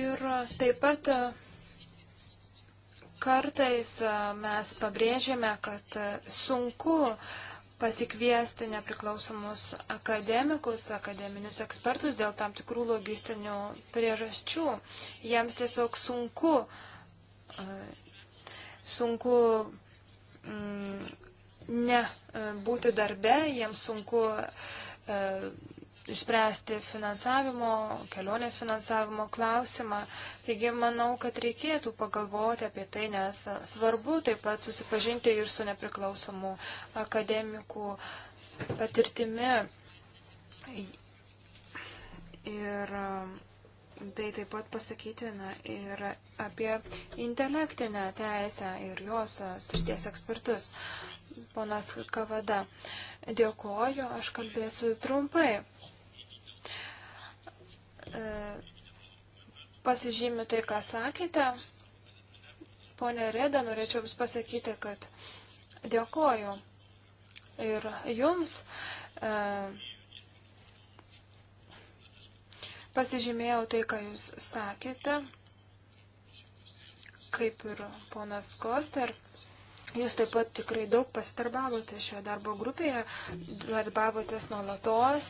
Ir taip pat e, kartais e, mes pabrėžėme, kad e, sunku pasikviesti nepriklausomus akademikus, akademinius ekspertus dėl tam tikrų logistinių priežasčių. Jiems tiesiog sunku sunku mm, ne e, būti darbe, jiems sunku e, išspręsti finansavimo, kelionės finansavimo klausimą. Taigi manau, kad reikėtų pagalvoti apie tai, nes svarbu taip pat susipažinti ir su nepriklausomų akademikų patirtimi. Ir tai taip pat pasakytina ir apie intelektinę teisę ir jos srities ekspertus. Ponas Kavada, dėkoju, aš kalbėsiu trumpai. E, pasižymiu tai, ką sakėte. Pone Reda, norėčiau Jums pasakyti, kad dėkoju ir Jums. Uh, Pasižymėjau tai, ką Jūs sakėte, kaip ir ponas Koster. Jūs taip pat tikrai daug pasitarbavote šioje darbo grupėje, darbavotės nuolatos,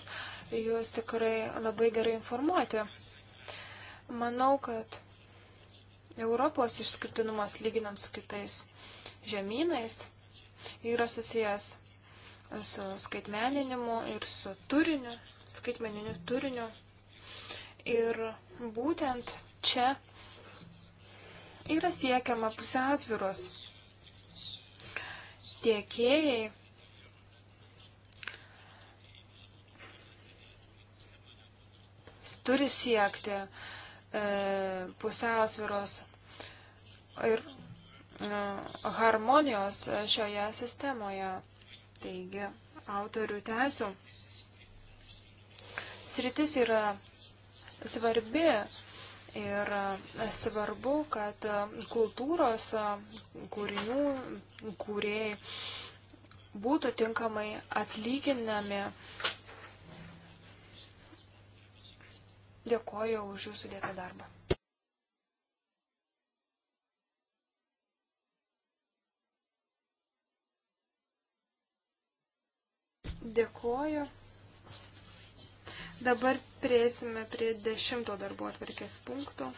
jūs tikrai labai gerai informuoti. Manau, kad Europos išskirtinumas lyginant su kitais žemynais yra susijęs su skaitmeninimu ir su turiniu, skaitmeniniu turiniu. Ir būtent čia yra siekiama pusiausviros. Tiekėjai turi siekti e, pusiausviros ir e, harmonijos šioje sistemoje. Taigi, autorių teisų sritis yra svarbi. Ir svarbu, kad kultūros kūrinių kūrėjai būtų tinkamai atlyginami. Dėkoju už jūsų dėtą darbą. Dėkoju. Dabar prieisime prie dešimto darbo atvarkės punkto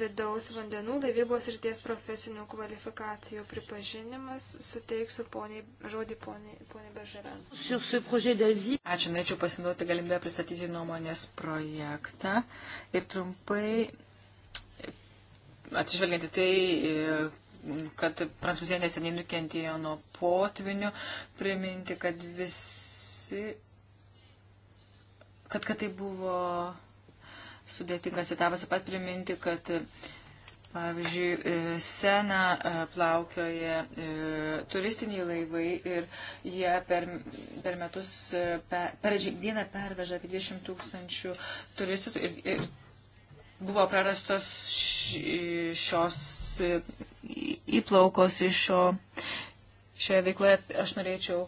vidaus vandenų laivybos ir ties profesinių kvalifikacijų pripažinimas. Suteiksiu poniai, žodį poniai, poniai Bežeran. Ačiū, norėčiau pasinaudoti galimybę pristatyti nuomonės projektą ir trumpai atsižvelgiant į tai, kad Prancūzija neseniai nukentėjo nuo potvinių, priminti, kad visi kad, kad tai buvo sudėtingas etapas. Pat priminti, kad Pavyzdžiui, e, Sena e, plaukioja e, turistiniai laivai ir jie per, per metus, per, per dieną perveža apie 20 tūkstančių turistų ir, ir buvo prarastos šios įplaukos iš šio, šioje veikloje. Aš norėčiau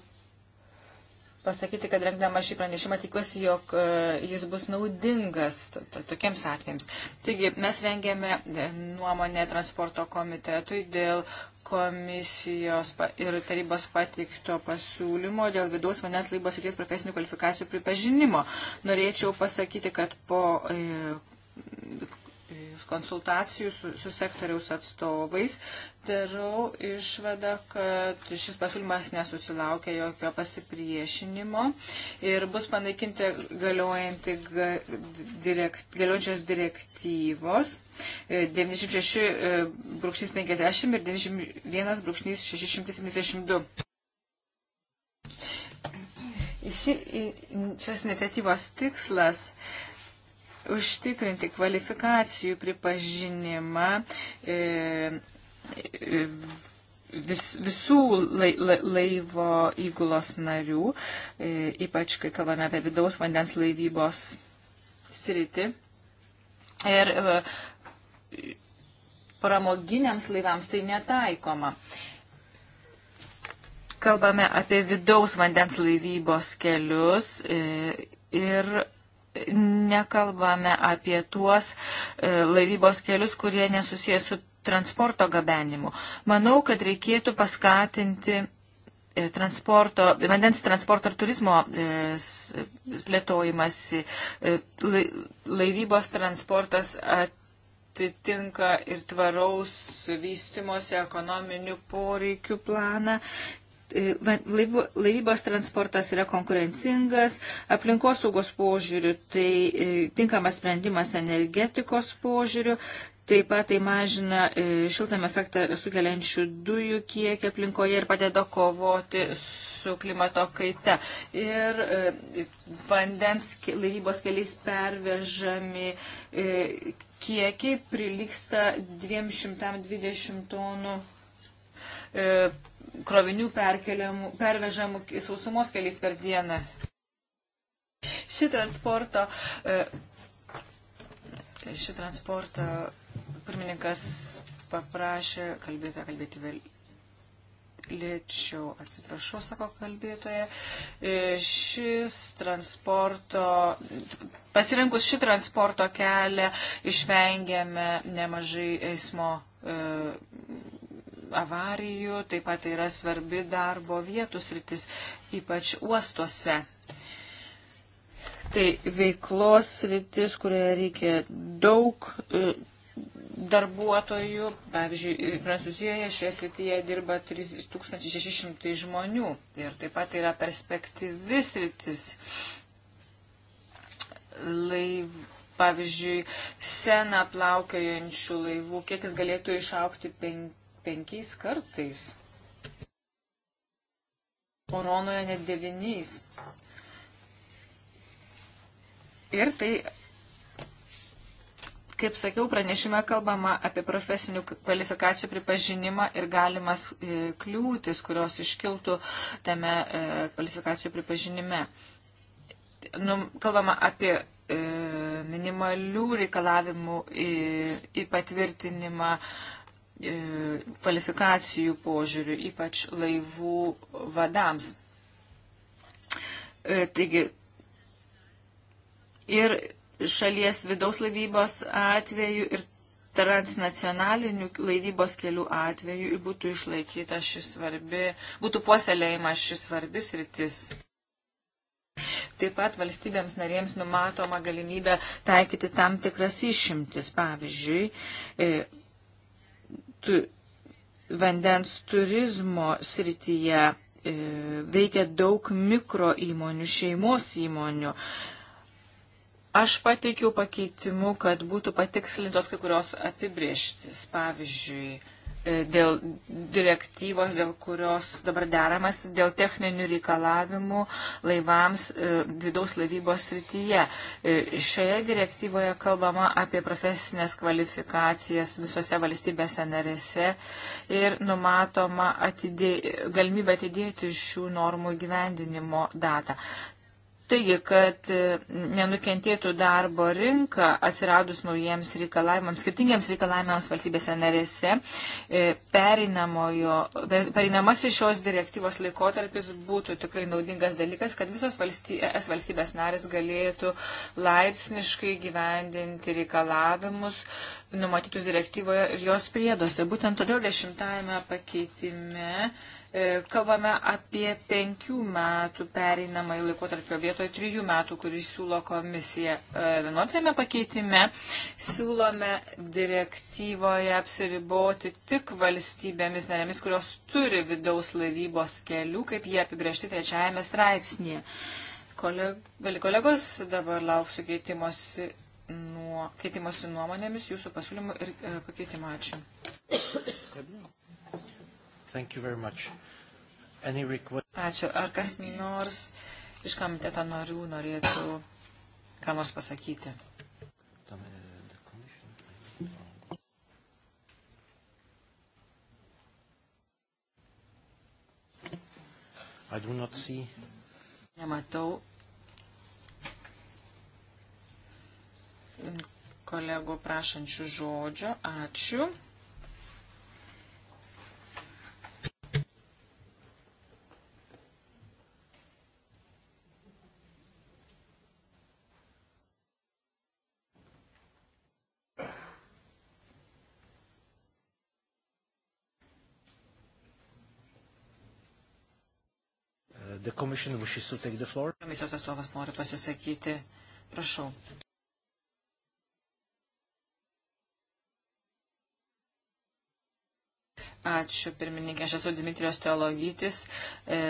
pasakyti, kad rengdama šį pranešimą tikiuosi, jog e, jis bus naudingas tokiems atvejams. Taigi, mes rengėme e, nuomonę transporto komitetui dėl komisijos ir tarybos patikto pasiūlymo dėl vidaus vandens laivybos ir ties profesinių kvalifikacijų pripažinimo. Norėčiau pasakyti, kad po e, konsultacijų su, su sektoriaus atstovais, darau išvadą, kad šis pasiūlymas nesusilaukė jokio pasipriešinimo ir bus panaikinti galiojanti direkt, galiojančios direktyvos 96.50 e, e, ir 91.672. Ši, šios iniciatyvos tikslas uh, užtikrinti kvalifikacijų pripažinimą e, e, vis, visų lai, la, laivo įgulos narių, e, ypač kai kalbame apie vidaus vandens laivybos sritį. Ir pramoginiams laivams tai netaikoma. Kalbame apie vidaus vandens laivybos kelius ir nekalbame apie tuos e, laivybos kelius, kurie nesusijęs su transporto gabenimu. Manau, kad reikėtų paskatinti e, transporto, vandens transporto ir turizmo e, plėtojimas, laivybos transportas atitinka ir tvaraus vystimosi ekonominių poreikių planą E, laivybos transportas yra konkurencingas, aplinkosaugos požiūrių, tai e, tinkamas sprendimas energetikos požiūrių, Taip pat tai mažina e, šiltam efektą sukeliančių dujų kiekį aplinkoje ir padeda kovoti su klimato kaita. Ir vandens laivybos keliais pervežami kiekiai priliksta 220 tonų krovinių pervežamų sausumos keliais per dieną. Ši transporto, e, ši transporto pirmininkas paprašė kalbėtoją kalbėti vėl. Lėčiau, atsiprašau, sako kalbėtoja. E, šis transporto, pasirinkus šį transporto kelią, išvengėme nemažai eismo e, avarijų, taip pat tai yra svarbi darbo vietų sritis, ypač uostuose. Tai veiklos sritis, kurioje reikia daug e, darbuotojų, pavyzdžiui, Prancūzijoje šioje srityje dirba 3600 žmonių ir taip pat yra perspektyvis sritis. Laiv, pavyzdžiui, seną plaukiojančių laivų, kiek jis galėtų išaukti penk, penkiais kartais. Koronoje net devyniais. Ir tai, kaip sakiau, pranešime kalbama apie profesinių kvalifikacijų pripažinimą ir galimas e, kliūtis, kurios iškiltų tame e, kvalifikacijų pripažinime. Nu, kalbama apie e, minimalių reikalavimų į, į patvirtinimą, E, kvalifikacijų požiūrių, ypač laivų vadams. E, taigi, ir šalies vidaus laivybos atveju, ir transnacionalinių laivybos kelių atveju būtų išlaikyta šis svarbi, būtų puoselėjama šis svarbis rytis. Taip pat valstybėms narėms numatoma galimybė taikyti tam tikras išimtis, pavyzdžiui, e, tu, vandens turizmo srityje e, veikia daug mikro įmonių, šeimos įmonių. Aš pateikiau pakeitimu, kad būtų patikslintos kai kurios apibrieštis. Pavyzdžiui, E, dėl direktyvos, dėl kurios dabar deramas, dėl techninių reikalavimų laivams e, vidaus laivybos srityje. E, šioje direktyvoje kalbama apie profesinės kvalifikacijas visose valstybėse narėse ir numatoma atidė, galimybė atidėti šių normų gyvendinimo datą. Taigi, kad e, nenukentėtų darbo rinka atsiradus naujiems reikalavimams, skirtingiems reikalavimams valstybėse narėse, e, perinamas iš šios direktyvos laikotarpis būtų tikrai naudingas dalykas, kad visos valstybės, valstybės narės galėtų laipsniškai gyvendinti reikalavimus numatytus direktyvoje ir jos prieduose. Būtent todėl dešimtajame pakeitime E, kalbame apie penkių metų pereinamąjį laikotarpio vietoje trijų metų, kurį siūlo komisija. E, Vienuotame pakeitime siūlome direktyvoje apsiriboti tik valstybėmis narėmis, kurios turi vidaus laivybos kelių, kaip jie apibriešti trečiajame straipsnėje. Koleg... Vėli kolegos, dabar lauksiu keitimosi, nuo... keitimosi nuomonėmis, jūsų pasiūlymų ir e, pakeitimo. Ačiū. Thank you very much. Any request? Ačiū. Ar kas nors iš komiteto narių norėtų ką nors pasakyti? E, I do not see. Nematau kolegų prašančių žodžio. Ačiū. Komisijos atstovas nori pasisakyti. Prašau. Ačiū, pirmininkė. Aš esu Dimitrijos teologytis. E,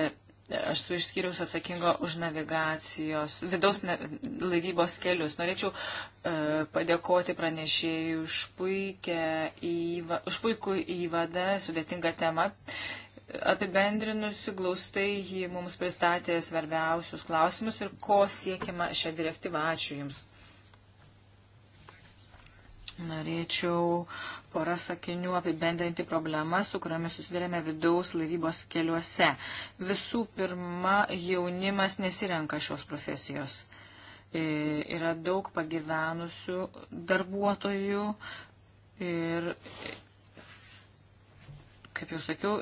aš su išskyriaus atsakingo už navigacijos, vidaus laivybos kelius. Norėčiau e, padėkoti pranešėjui už, įva, už puikų įvadą, sudėtingą temą apibendrinusi glaustai jį mums pristatė svarbiausius klausimus ir ko siekiama šią direktyvą. Ačiū Jums. Norėčiau porą sakinių apibendrinti problemą, su kuriomis susidurėme vidaus laivybos keliuose. Visų pirma, jaunimas nesirenka šios profesijos. E, yra daug pagyvenusių darbuotojų ir kaip jau sakiau,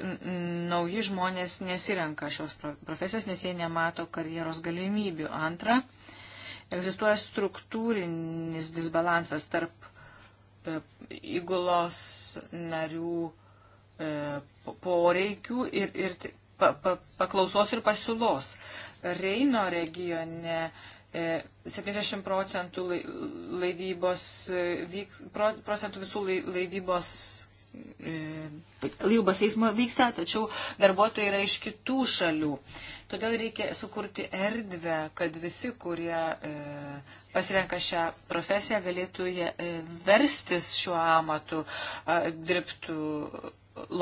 nauji žmonės nesirenka šios profesijos, nes jie nemato karjeros galimybių. Antra, egzistuoja struktūrinis disbalansas tarp e, įgulos narių e, poreikių ir, ir pa, pa, paklausos ir pasiūlos. Reino regione e, 70 procentų laivybos, e, vyk, procentų visų laivybos e, Lybos eismo vyksta, tačiau darbuotojai yra iš kitų šalių. Todėl reikia sukurti erdvę, kad visi, kurie e, pasirenka šią profesiją, galėtų e, verstis šiuo amatu, e, dirbtų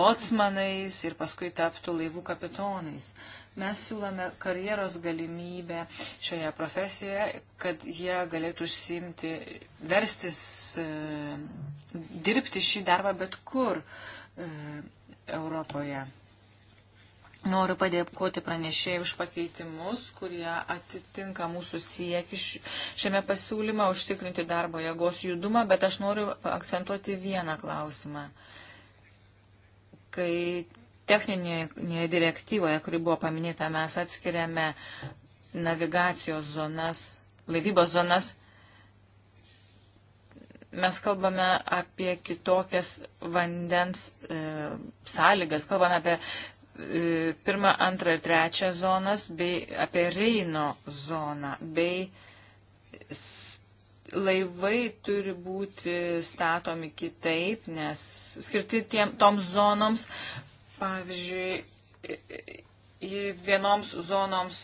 lotsmanais ir paskui taptų laivų kapitonais. Mes siūlome karjeros galimybę šioje profesijoje, kad jie galėtų užsimti, verstis, e, dirbti šį darbą bet kur. E, E, Europoje. Noriu padėkoti pranešėjai už pakeitimus, kurie atitinka mūsų siekį šiame pasiūlyme užtikrinti darbo jėgos judumą, bet aš noriu akcentuoti vieną klausimą. Kai techninėje direktyvoje, kuri buvo paminėta, mes atskiriame navigacijos zonas, laivybos zonas mes kalbame apie kitokias vandens e, sąlygas, kalbame apie e, pirmą, antrą ir trečią zonas, bei apie Reino zoną, bei laivai turi būti statomi kitaip, nes skirti tiem, toms zonoms, pavyzdžiui, vienoms zonoms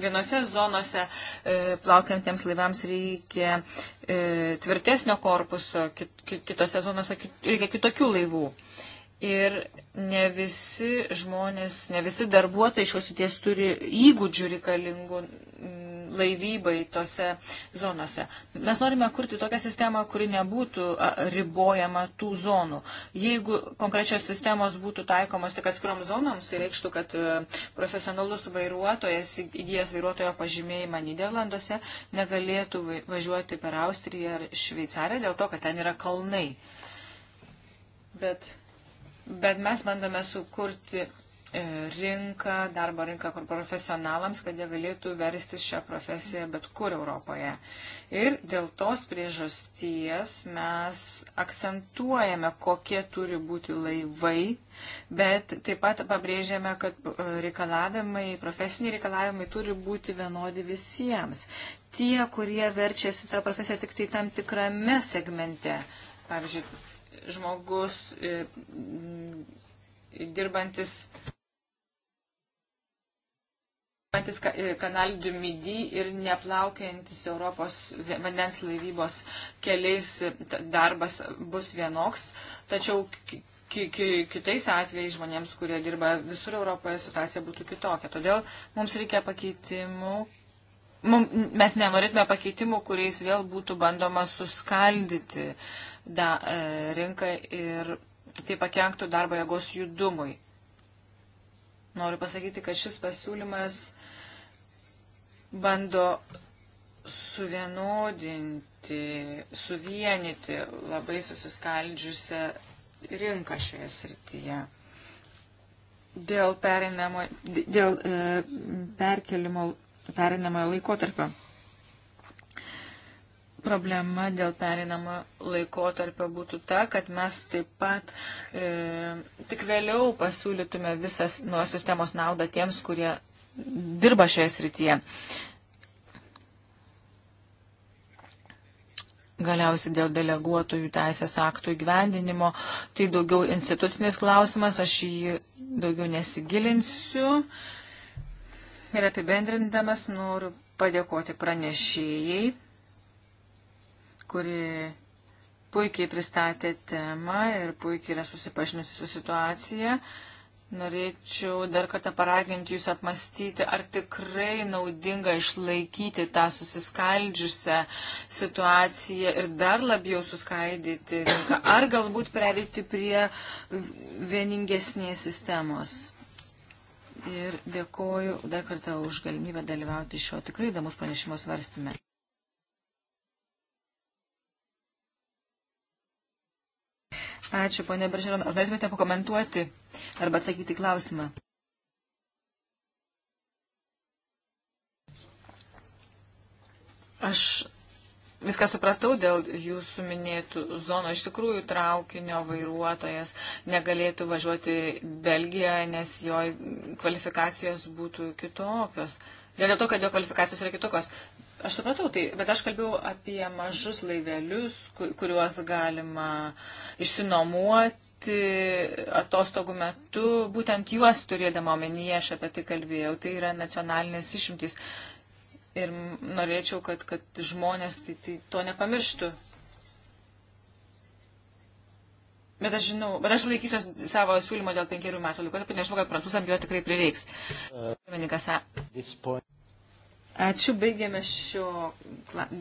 vienose zonose e, plaukiantiems laivams reikia e, tvirtesnio korpuso, kit, kitose zonose kit, reikia kitokių laivų. Ir ne visi žmonės, ne visi darbuotojai šios įties turi įgūdžių reikalingų laivybai tose zonose. Mes norime kurti tokią sistemą, kuri nebūtų ribojama tų zonų. Jeigu konkrečios sistemos būtų taikomos tik atskirom zonoms, tai reikštų, kad e, profesionalus vairuotojas, įgyjęs vairuotojo pažymėjimą Niderlanduose, negalėtų važiuoti per Austriją ar Šveicariją dėl to, kad ten yra kalnai. Bet, bet mes bandome sukurti E, rinką, darbo rinką kur profesionalams, kad jie galėtų verstis šią profesiją bet kur Europoje. Ir dėl tos priežasties mes akcentuojame, kokie turi būti laivai, bet taip pat pabrėžiame, kad e, reikalavimai, profesiniai reikalavimai turi būti vienodi visiems. Tie, kurie verčiasi tą profesiją tik tai tam tikrame segmente, pavyzdžiui, žmogus e, dirbantis Patys e, kanal du midi ir neplaukiantis Europos vandens laivybos keliais e, darbas bus vienoks, tačiau ki, ki, kitais atvejais žmonėms, kurie dirba visur Europoje, situacija būtų kitokia. Todėl mums reikia pakeitimų. Mums, mes nenorėtume pakeitimų, kuriais vėl būtų bandoma suskaldyti da, e, rinką ir tai pakenktų darbo jėgos judumui. Noriu pasakyti, kad šis pasiūlymas bando suvienodinti, suvienyti labai susiskaldžiusią rinką šioje srityje. Dėl, perinamo, dėl e, perkelimo, perinamojo laikotarpio. Problema dėl perinamo laikotarpio būtų ta, kad mes taip pat e, tik vėliau pasiūlytume visas nuo sistemos naudą tiems, kurie dirba šioje srityje. Galiausiai dėl deleguotojų teisės aktų įgyvendinimo, tai daugiau institucinis klausimas, aš jį daugiau nesigilinsiu. Ir apibendrindamas noriu padėkoti pranešėjai, kuri puikiai pristatė temą ir puikiai yra susipažinusi su situacija. Uh, Norėčiau dar kartą paraginti Jūs apmastyti, ar tikrai naudinga išlaikyti tą susiskaldžiusią situaciją ir dar labiau suskaidyti rinką, ar galbūt perėti prie vieningesnės sistemos. Ir dėkoju dar kartą už galimybę dalyvauti šio tikrai įdomus pranešimo svarstymę. Ačiū, ponė Beržeron. Ar norėtumėte pakomentuoti arba atsakyti klausimą? Aš viską supratau dėl jūsų minėtų zonų. Iš tikrųjų, traukinio vairuotojas negalėtų važiuoti Belgijoje, nes jo kvalifikacijos būtų kitokios. Dėl to, kad jo kvalifikacijos yra kitokios. Aš supratau tai, bet aš kalbėjau apie mažus laivelius, kuriuos galima išsinomuoti atostogų metu, būtent juos turėdama omenyje, aš apie tai kalbėjau, tai yra nacionalinės išimtys. Ir norėčiau, kad, kad žmonės tai, tai to nepamirštų. Bet aš žinau, bet aš laikysiuos savo siūlymo dėl penkerių metų laikotarpio, nežinau, kad prancūzam jo tikrai prireiks. Pirmininkas, ačiū, baigėme šio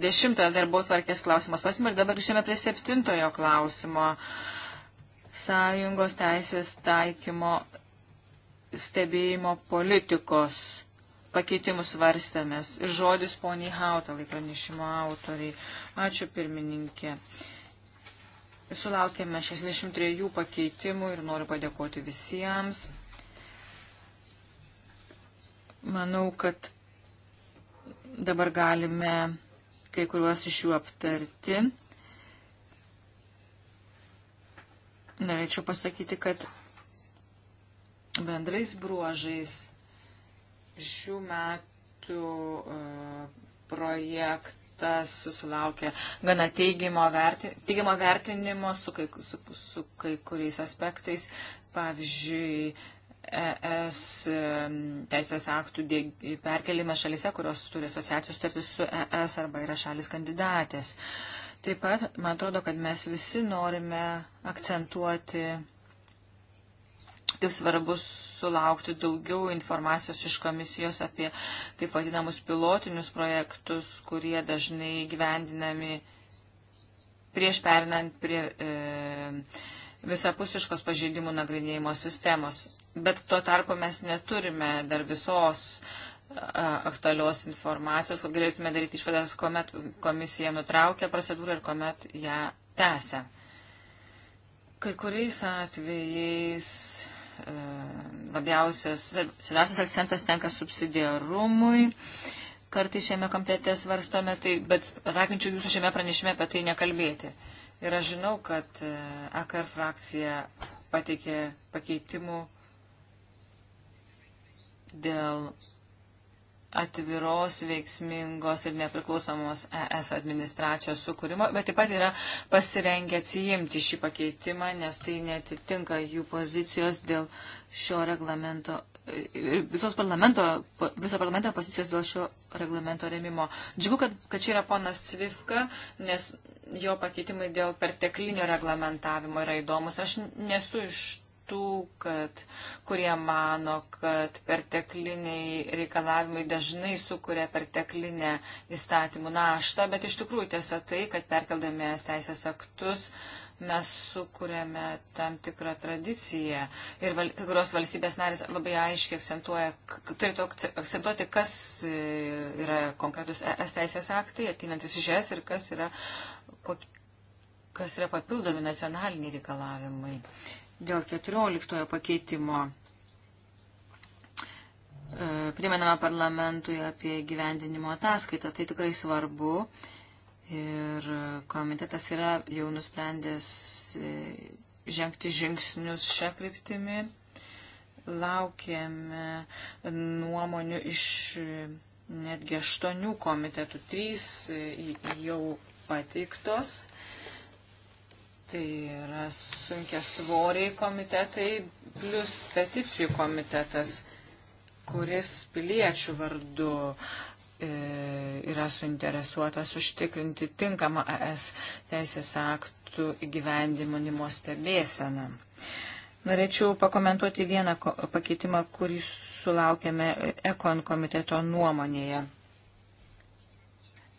dešimtojo darbo tvarkės klausimos pasimą ir dabar grįžtame prie septintojo klausimo. Sąjungos teisės taikymo stebėjimo politikos pakeitimus varstėmės. Ir žodis poniai Hautalai pranešimo autoriai. Ačiū pirmininkė. Sulaukėme 63 pakeitimų ir noriu padėkoti visiems. Manau, kad dabar galime kai kuriuos iš jų aptarti. Norėčiau pasakyti, kad bendrais bruožais Šių metų e, projektas susilaukė gana teigiamo, verti, teigiamo vertinimo su kai, su, su kai kuriais aspektais. Pavyzdžiui, ES e, teisės aktų perkelimas šalise, kurios turi asociacijos sutartis su ES arba yra šalis kandidatės. Taip pat, man atrodo, kad mes visi norime akcentuoti Taip svarbu sulaukti daugiau informacijos iš komisijos apie taip vadinamus pilotinius projektus, kurie dažnai gyvendinami prieš perinant prie e, visapusiškos pažeidimų nagrinėjimo sistemos. Bet tuo tarpu mes neturime dar visos e, aktualios informacijos, kad galėtume daryti išvadas, kuomet komisija nutraukia procedūrą ir kuomet ją tęsia. Kai kuriais atvejais labiausias, svarbiausias akcentas tenka subsidiarumui. Kartai šiame komitete svarstome tai, bet raginčiau jūsų šiame pranešime apie tai nekalbėti. Ir aš žinau, kad e, AKR frakcija pateikė pakeitimų dėl atviros, veiksmingos ir nepriklausomos ES administracijos sukūrimo, bet taip pat yra pasirengę atsijimti šį pakeitimą, nes tai netitinka jų pozicijos dėl šio reglamento. E, visos parlamento, viso parlamento pozicijos dėl šio reglamento remimo. Džiugu, kad, kad čia yra ponas Cvifka, nes jo pakeitimai dėl perteklinio reglamentavimo yra įdomus. Aš nesu iš tų, kad, kurie mano, kad pertekliniai reikalavimai dažnai sukuria perteklinę įstatymų naštą, bet iš tikrųjų tiesa tai, kad perkeldami teisės aktus mes sukūrėme tam tikrą tradiciją ir val, kai kurios valstybės narės labai aiškiai akcentuoja, turėtų akcentuoti, kas e, yra konkretus ES teisės aktai, atinantis iš ES ir kas yra, kok, kas yra papildomi nacionaliniai reikalavimai. Dėl 14 pakeitimo e, primename parlamentui apie gyvendinimo ataskaitą. Tai tikrai svarbu. Ir komitetas yra jau nusprendęs e, žengti žingsnius šią kryptimį. Laukiame nuomonių iš e, netgi aštuonių komitetų. Trys jau pateiktos. Tai yra sunkia svoriai komitetai, plus peticijų komitetas, kuris piliečių vardu e, yra suinteresuotas užtikrinti tinkamą ES teisės aktų įgyvendinimo stebėseną. Norėčiau pakomentuoti vieną pakeitimą, kurį sulaukėme Ekon komiteto nuomonėje.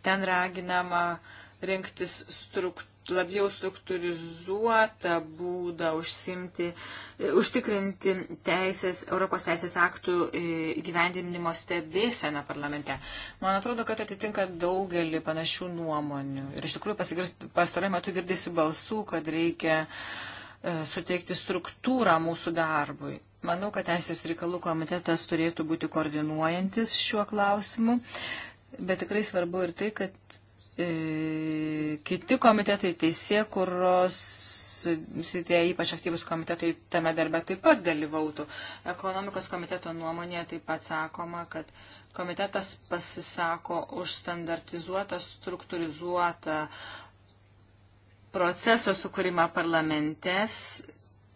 Ten raginama rinktis struktūrą labiau struktūrizuotą būdą užsimti, e, užtikrinti teisės, Europos teisės aktų e, gyvendinimo stebėseną parlamente. Man atrodo, kad atitinka daugelį panašių nuomonių. Ir iš tikrųjų pastaruoju metu girdisi balsų, kad reikia e, suteikti struktūrą mūsų darbui. Manau, kad Teisės reikalų komitetas turėtų būti koordinuojantis šiuo klausimu, bet tikrai svarbu ir tai, kad e, kiti komitetai, teisėkuros tie ypač aktyvus komitetai tame darbe taip pat dalyvautų. Ekonomikos komiteto nuomonėje taip pat sakoma, kad komitetas pasisako už standartizuotą, struktūrizuotą proceso sukūrimą parlamentes,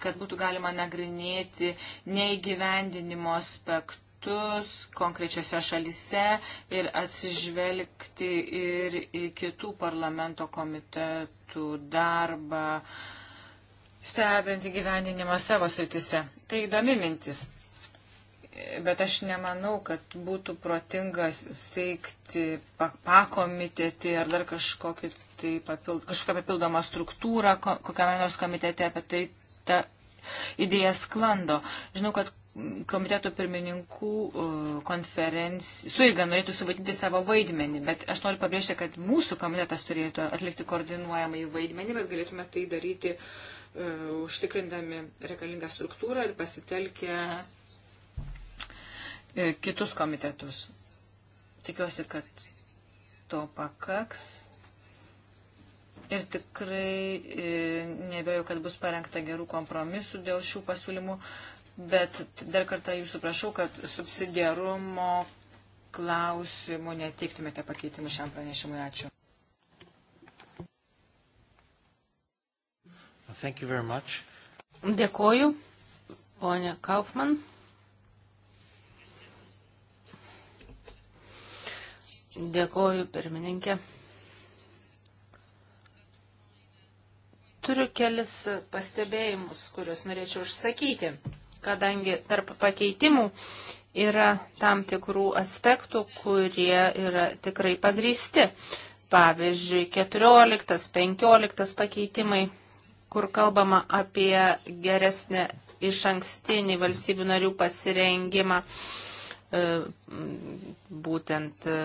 kad būtų galima nagrinėti neįgyvendinimo aspektų aspektus konkrečiose šalise ir atsižvelgti ir į kitų parlamento komitetų darbą, stebint įgyvendinimą savo sritise. Tai įdomi mintis. Bet aš nemanau, kad būtų protingas steigti pakomitetį ar dar kažkokį tai papild, kažkokią papildomą struktūrą kokiame nors komitete apie tai ta idėja sklando. Žinau, kad komiteto pirmininkų e, konferencija, suiga norėtų suvaidinti savo vaidmenį, bet aš noriu pabrėžti, kad mūsų komitetas turėtų atlikti koordinuojamą į vaidmenį, bet galėtume tai daryti uh, užtikrindami reikalingą struktūrą ir pasitelkę uh, kitus komitetus. Tikiuosi, kad to pakaks. Ir tikrai nebejoju, kad bus parengta gerų kompromisų dėl šių pasiūlymų. Uh, Bet dar kartą jūsų prašau, kad subsidiarumo klausimų neteiktumėte pakeitimų šiam pranešimui. Ačiū. Thank you very much. Dėkoju, ponė Kaufman. Dėkoju, pirmininkė. Turiu kelis pastebėjimus, kuriuos norėčiau užsakyti kadangi tarp pakeitimų yra tam tikrų aspektų, kurie yra tikrai pagrysti. Pavyzdžiui, 14-15 pakeitimai, kur kalbama apie geresnę iš ankstinį valstybių narių pasirengimą e, būtent e,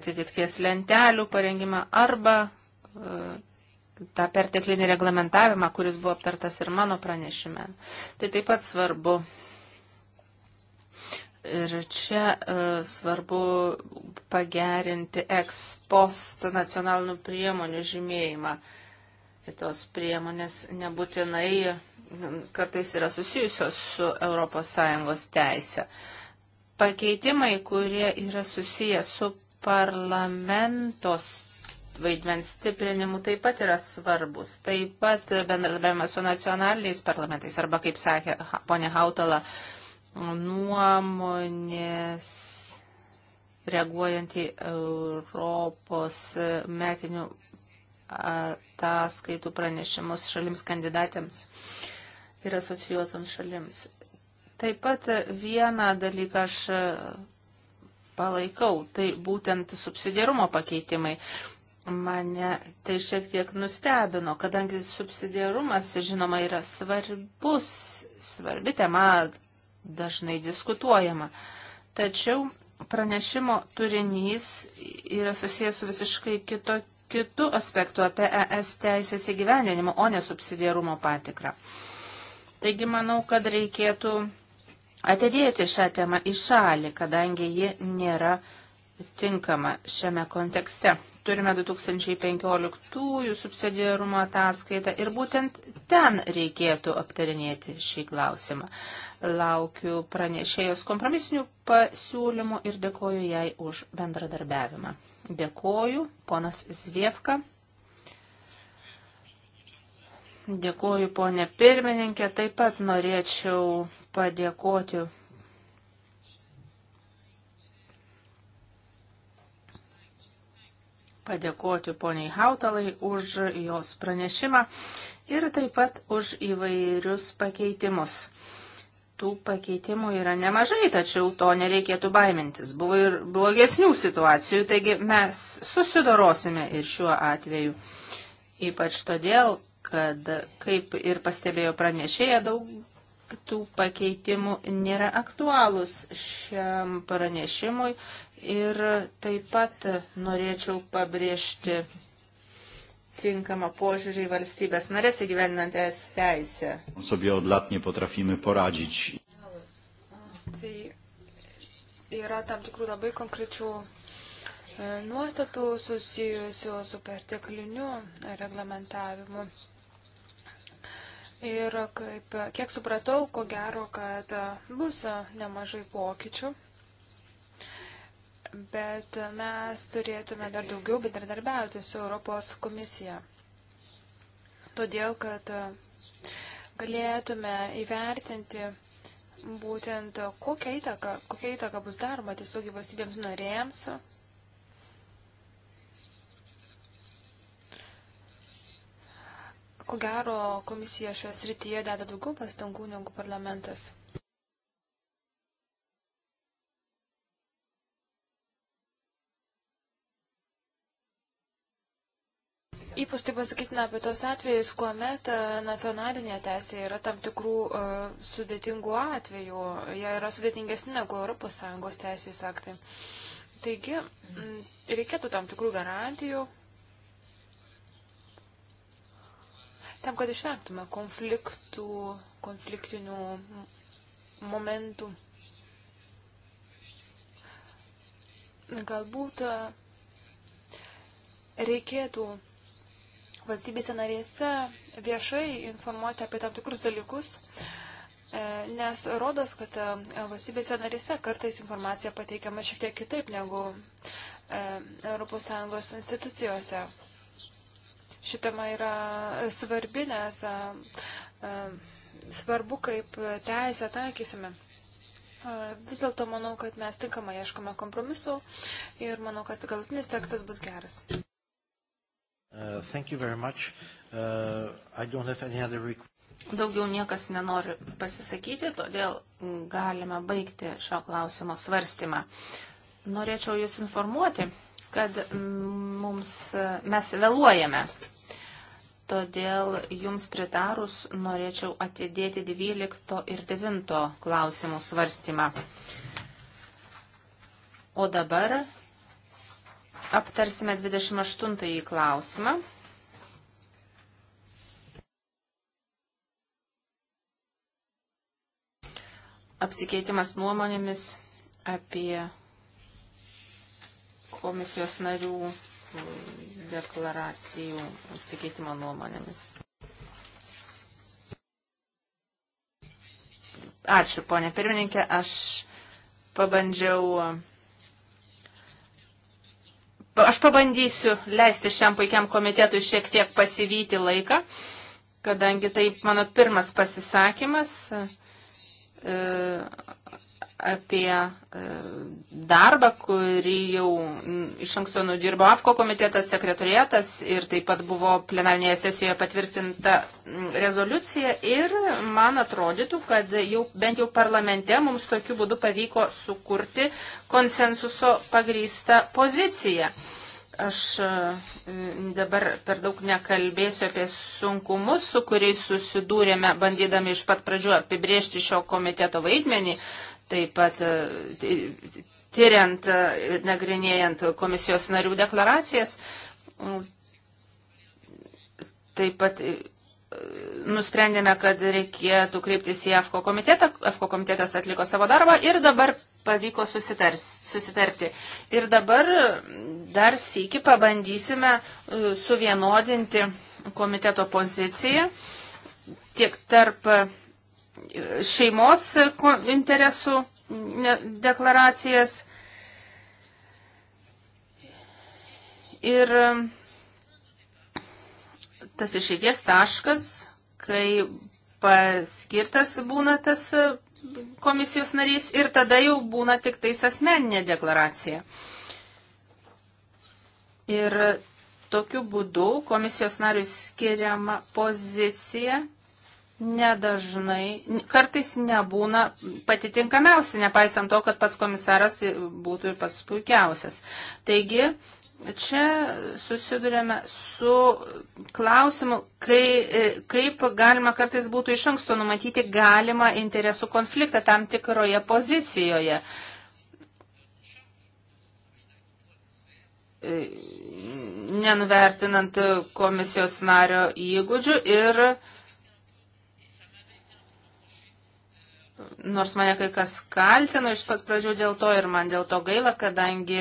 atitikties lentelių parengimą arba e, tą perteklinį reglamentavimą, kuris buvo aptartas ir mano pranešime. Tai taip pat svarbu. Ir čia uh, svarbu pagerinti ekspost nacionalinių priemonių žymėjimą. Ir tos priemonės nebūtinai kartais yra susijusios su ES teise. Pakeitimai, kurie yra susiję su parlamentos vaidmens stiprinimu taip pat yra svarbus. Taip pat bendradarbiavimas su nacionaliniais parlamentais arba, kaip sakė ponė Hautala, nuomonės reaguojant į Europos metinių ataskaitų pranešimus šalims kandidatėms ir asocijuotams šalims. Taip pat vieną dalyką aš palaikau, tai būtent subsidiarumo pakeitimai. Mane tai šiek tiek nustebino, kadangi subsidiarumas, žinoma, yra svarbus, svarbi tema, dažnai diskutuojama. Tačiau pranešimo turinys yra susijęs su visiškai kito, kitu aspektu apie ES teisės įgyvendinimą, o ne subsidiarumo patikrą. Taigi manau, kad reikėtų atidėti šią temą į šalį, kadangi ji nėra tinkama šiame kontekste turime 2015 subsidiarumo ataskaitą ir būtent ten reikėtų aptarinėti šį klausimą. Laukiu pranešėjos kompromisinių pasiūlymų ir dėkoju jai už bendradarbiavimą. Dėkoju, ponas Zviefka. Dėkoju, ponė pirmininkė. Taip pat norėčiau padėkoti padėkoti poniai Hautalai už jos pranešimą ir taip pat už įvairius pakeitimus. Tų pakeitimų yra nemažai, tačiau to nereikėtų baimintis. Buvo ir blogesnių situacijų, taigi mes susidorosime ir šiuo atveju. Ypač todėl, kad, kaip ir pastebėjo pranešėja, daug tų pakeitimų nėra aktualūs šiam pranešimui Ir taip pat norėčiau pabrėžti tinkamą požiūrį į valstybės narės įgyvendinant es teisę. Sobie od lat nie potrafimy poradzić. Tai yra tam tikrų labai konkrečių e, nuostatų susijusių su pertekliniu reglamentavimu. Ir kaip, kiek supratau, ko gero, kad bus nemažai pokyčių bet mes turėtume dar daugiau bendradarbiauti su Europos komisija. Todėl, kad galėtume įvertinti būtent kokią įtaką, kokią įtaką bus daroma tiesiog valstybėms narėms. Ko gero, komisija šioje srityje deda daugiau pastangų negu parlamentas. Ypač tai pasakytina apie tos atvejus, kuomet e, nacionalinė teisė yra tam tikrų uh, sudėtingų atvejų, jie yra sudėtingesni negu ES teisės aktai. Taigi, m, reikėtų tam tikrų garantijų tam, kad išvengtume konfliktų, konfliktinių momentų. Galbūt e, reikėtų valstybėse narėse viešai informuoti apie tam tikrus dalykus, e, nes rodos, kad e, valstybėse narėse kartais informacija pateikiama šiek tiek kitaip negu e, ES institucijose. Ši tema yra svarbi, nes svarbu, kaip teisę taikysime. Vis dėlto manau, kad mes tinkamai ieškome kompromisu ir manau, kad galutinis tekstas bus geras. Uh, thank you very much. Uh, I don't have any other request. Daugiau niekas nenori pasisakyti, todėl galime baigti šio klausimo svarstymą. Norėčiau Jūs informuoti, kad mm, mums, mes vėluojame. Todėl Jums pritarus norėčiau atidėti 12 ir 9 klausimų svarstymą. O dabar Aptarsime 28 klausimą. Apsikeitimas nuomonėmis apie komisijos narių mm, deklaracijų apsikeitimo nuomonėmis. Ačiū, ponė pirmininkė. Aš pabandžiau Aš pabandysiu leisti šiam puikiam komitetui šiek tiek pasivyti laiką, kadangi tai mano pirmas pasisakymas. E, apie e, darbą, kurį jau iš anksto nudirbo AFKO komitetas, sekretorietas ir taip pat buvo plenarinėje sesijoje patvirtinta rezoliucija ir man atrodytų, kad jau bent jau parlamente mums tokiu būdu pavyko sukurti konsensuso pagrįstą poziciją. Aš e, dabar per daug nekalbėsiu apie sunkumus, su kuriais susidūrėme, bandydami iš pat pradžių apibriežti šio komiteto vaidmenį, taip pat e, tyriant, e, nagrinėjant komisijos narių deklaracijas, taip pat e, nusprendėme, kad reikėtų kreiptis į EFKO komitetą. EFKO komitetas atliko savo darbą ir dabar pavyko susitars, susitarti. Ir dabar dar sėki pabandysime suvienodinti komiteto poziciją tiek tarp šeimos e, interesų deklaracijas. Ir e, tas išeities taškas, kai paskirtas būna tas e, komisijos narys ir tada jau būna tik tais asmeninė deklaracija. Ir tokiu būdu komisijos narius skiriama pozicija nedažnai, kartais nebūna pati tinkamiausia, nepaisant to, kad pats komisaras būtų ir pats puikiausias. Taigi, čia susidurėme su klausimu, kai, kaip galima kartais būtų iš anksto numatyti galimą interesų konfliktą tam tikroje pozicijoje. Nenuvertinant komisijos nario įgūdžių ir uh, nors mane kai kas kaltino iš pat pradžių dėl to ir man dėl to gaila, kadangi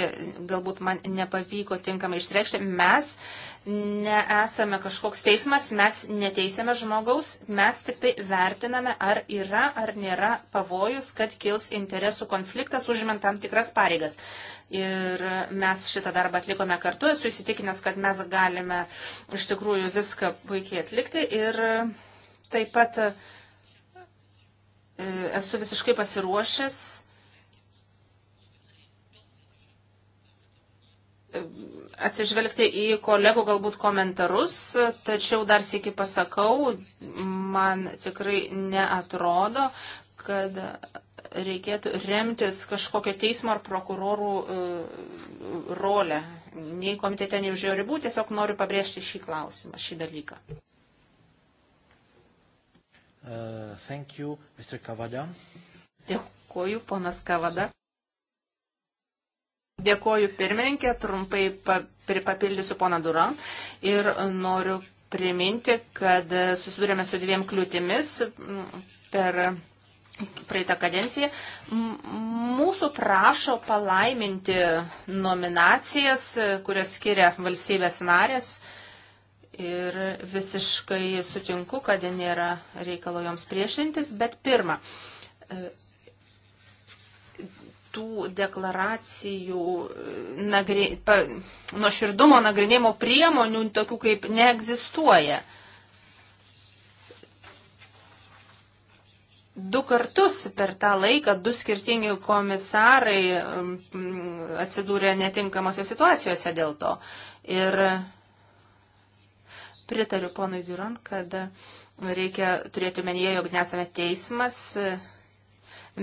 galbūt man nepavyko tinkamai išreikšti, mes nesame kažkoks teismas, mes neteisėme žmogaus, mes tik tai vertiname, ar yra ar nėra pavojus, kad kils interesų konfliktas užimant tam tikras pareigas. Ir mes šitą darbą atlikome kartu, esu įsitikinęs, kad mes galime iš tikrųjų viską puikiai atlikti ir taip pat uh, esu visiškai pasiruošęs atsižvelgti į kolegų galbūt komentarus, tačiau dar sėki pasakau, man tikrai neatrodo, kad reikėtų remtis kažkokio teismo ar prokurorų e, rolę. Nei komitete, nei už jo ribų, tiesiog noriu pabrėžti šį klausimą, šį dalyką. Uh, thank you, Mr. Kavada. Dėkuoju, ponas Kavada. Dėkuoju pirmininkė, trumpai papildysiu poną Duran ir noriu priminti, kad susidurėme su dviem kliūtimis per praeitą kadenciją. Mūsų prašo palaiminti nominacijas, kurias skiria valstybės narės Ir visiškai sutinku, kad nėra reikalo joms priešintis, bet pirma, tų deklaracijų e, nagri, pa, nuoširdumo nagrinėjimo priemonių tokių kaip neegzistuoja. Du kartus per tą laiką du skirtingi komisarai atsidūrė netinkamose situacijose dėl to. Ir Pritariu ponui Durant, kad reikia turėti menyje, jog nesame teismas,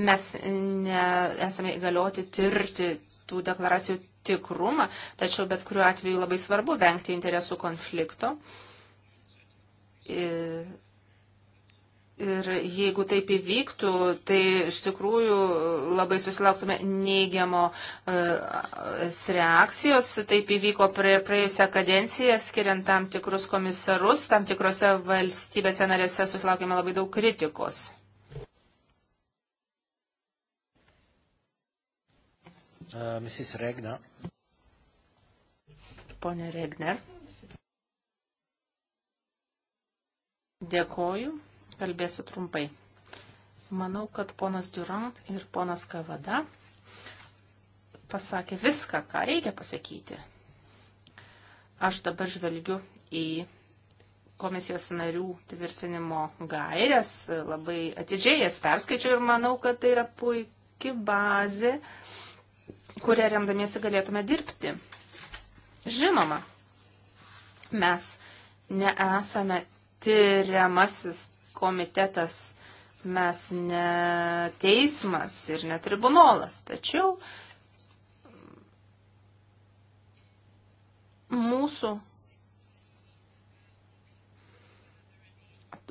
mes nesame įgalioti tirti tų deklaracijų tikrumą, tačiau bet kuriuo atveju labai svarbu vengti interesų konflikto. Ir Ir jeigu taip įvyktų, tai iš tikrųjų labai susilauktume neigiamo e, reakcijos. Taip įvyko praėjusią kadenciją, skiriant tam tikrus komisarus, tam tikrose valstybėse narėse susilaukėme labai daug kritikos. Uh, Mrs. Regner. Pone Regner. Dėkoju. Kalbėsiu trumpai. Manau, kad ponas Durant ir ponas Kavada pasakė viską, ką reikia pasakyti. Aš dabar žvelgiu į komisijos narių tvirtinimo gairias, labai atidžiai jas perskaičiau ir manau, kad tai yra puikia bazė, kurią remdamiesi galėtume dirbti. Žinoma, mes nesame tyriamasis komitetas mes ne teismas ir ne tribunolas, tačiau mūsų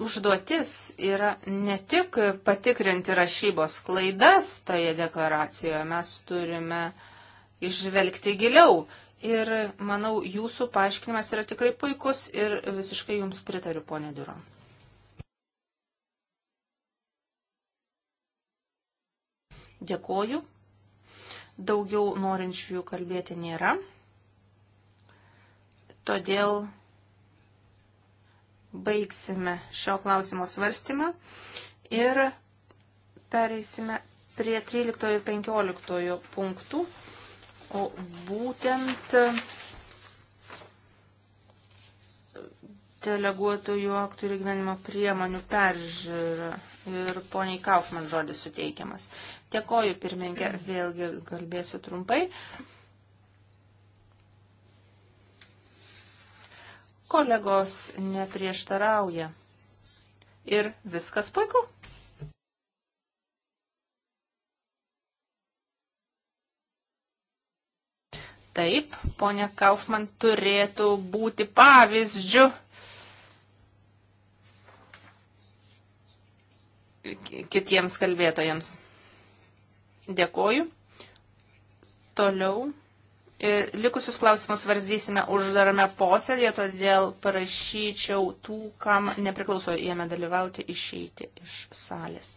užduotis yra ne tik patikrinti rašybos klaidas toje deklaracijoje, mes turime išvelgti giliau. Ir manau, jūsų paaiškinimas yra tikrai puikus ir visiškai jums pritariu, ponė Duram. Dėkoju. Daugiau norinčiųjų kalbėti nėra. Todėl baigsime šio klausimo svarstymą ir pereisime prie 13 ir 15 punktų, o būtent deleguotojų aktų ir gyvenimo priemonių peržiūra ir poniai Kaufman žodis suteikiamas. Dėkoju, pirmininkė, vėlgi kalbėsiu trumpai. Kolegos neprieštarauja. Ir viskas puiku. Taip, ponia Kaufman turėtų būti pavyzdžių. kitiems kalbėtojams. Dėkoju. Toliau. E, likusius klausimus svarstysime uždarame posėdėje, todėl parašyčiau tų, kam nepriklauso jame dalyvauti, išeiti iš salės.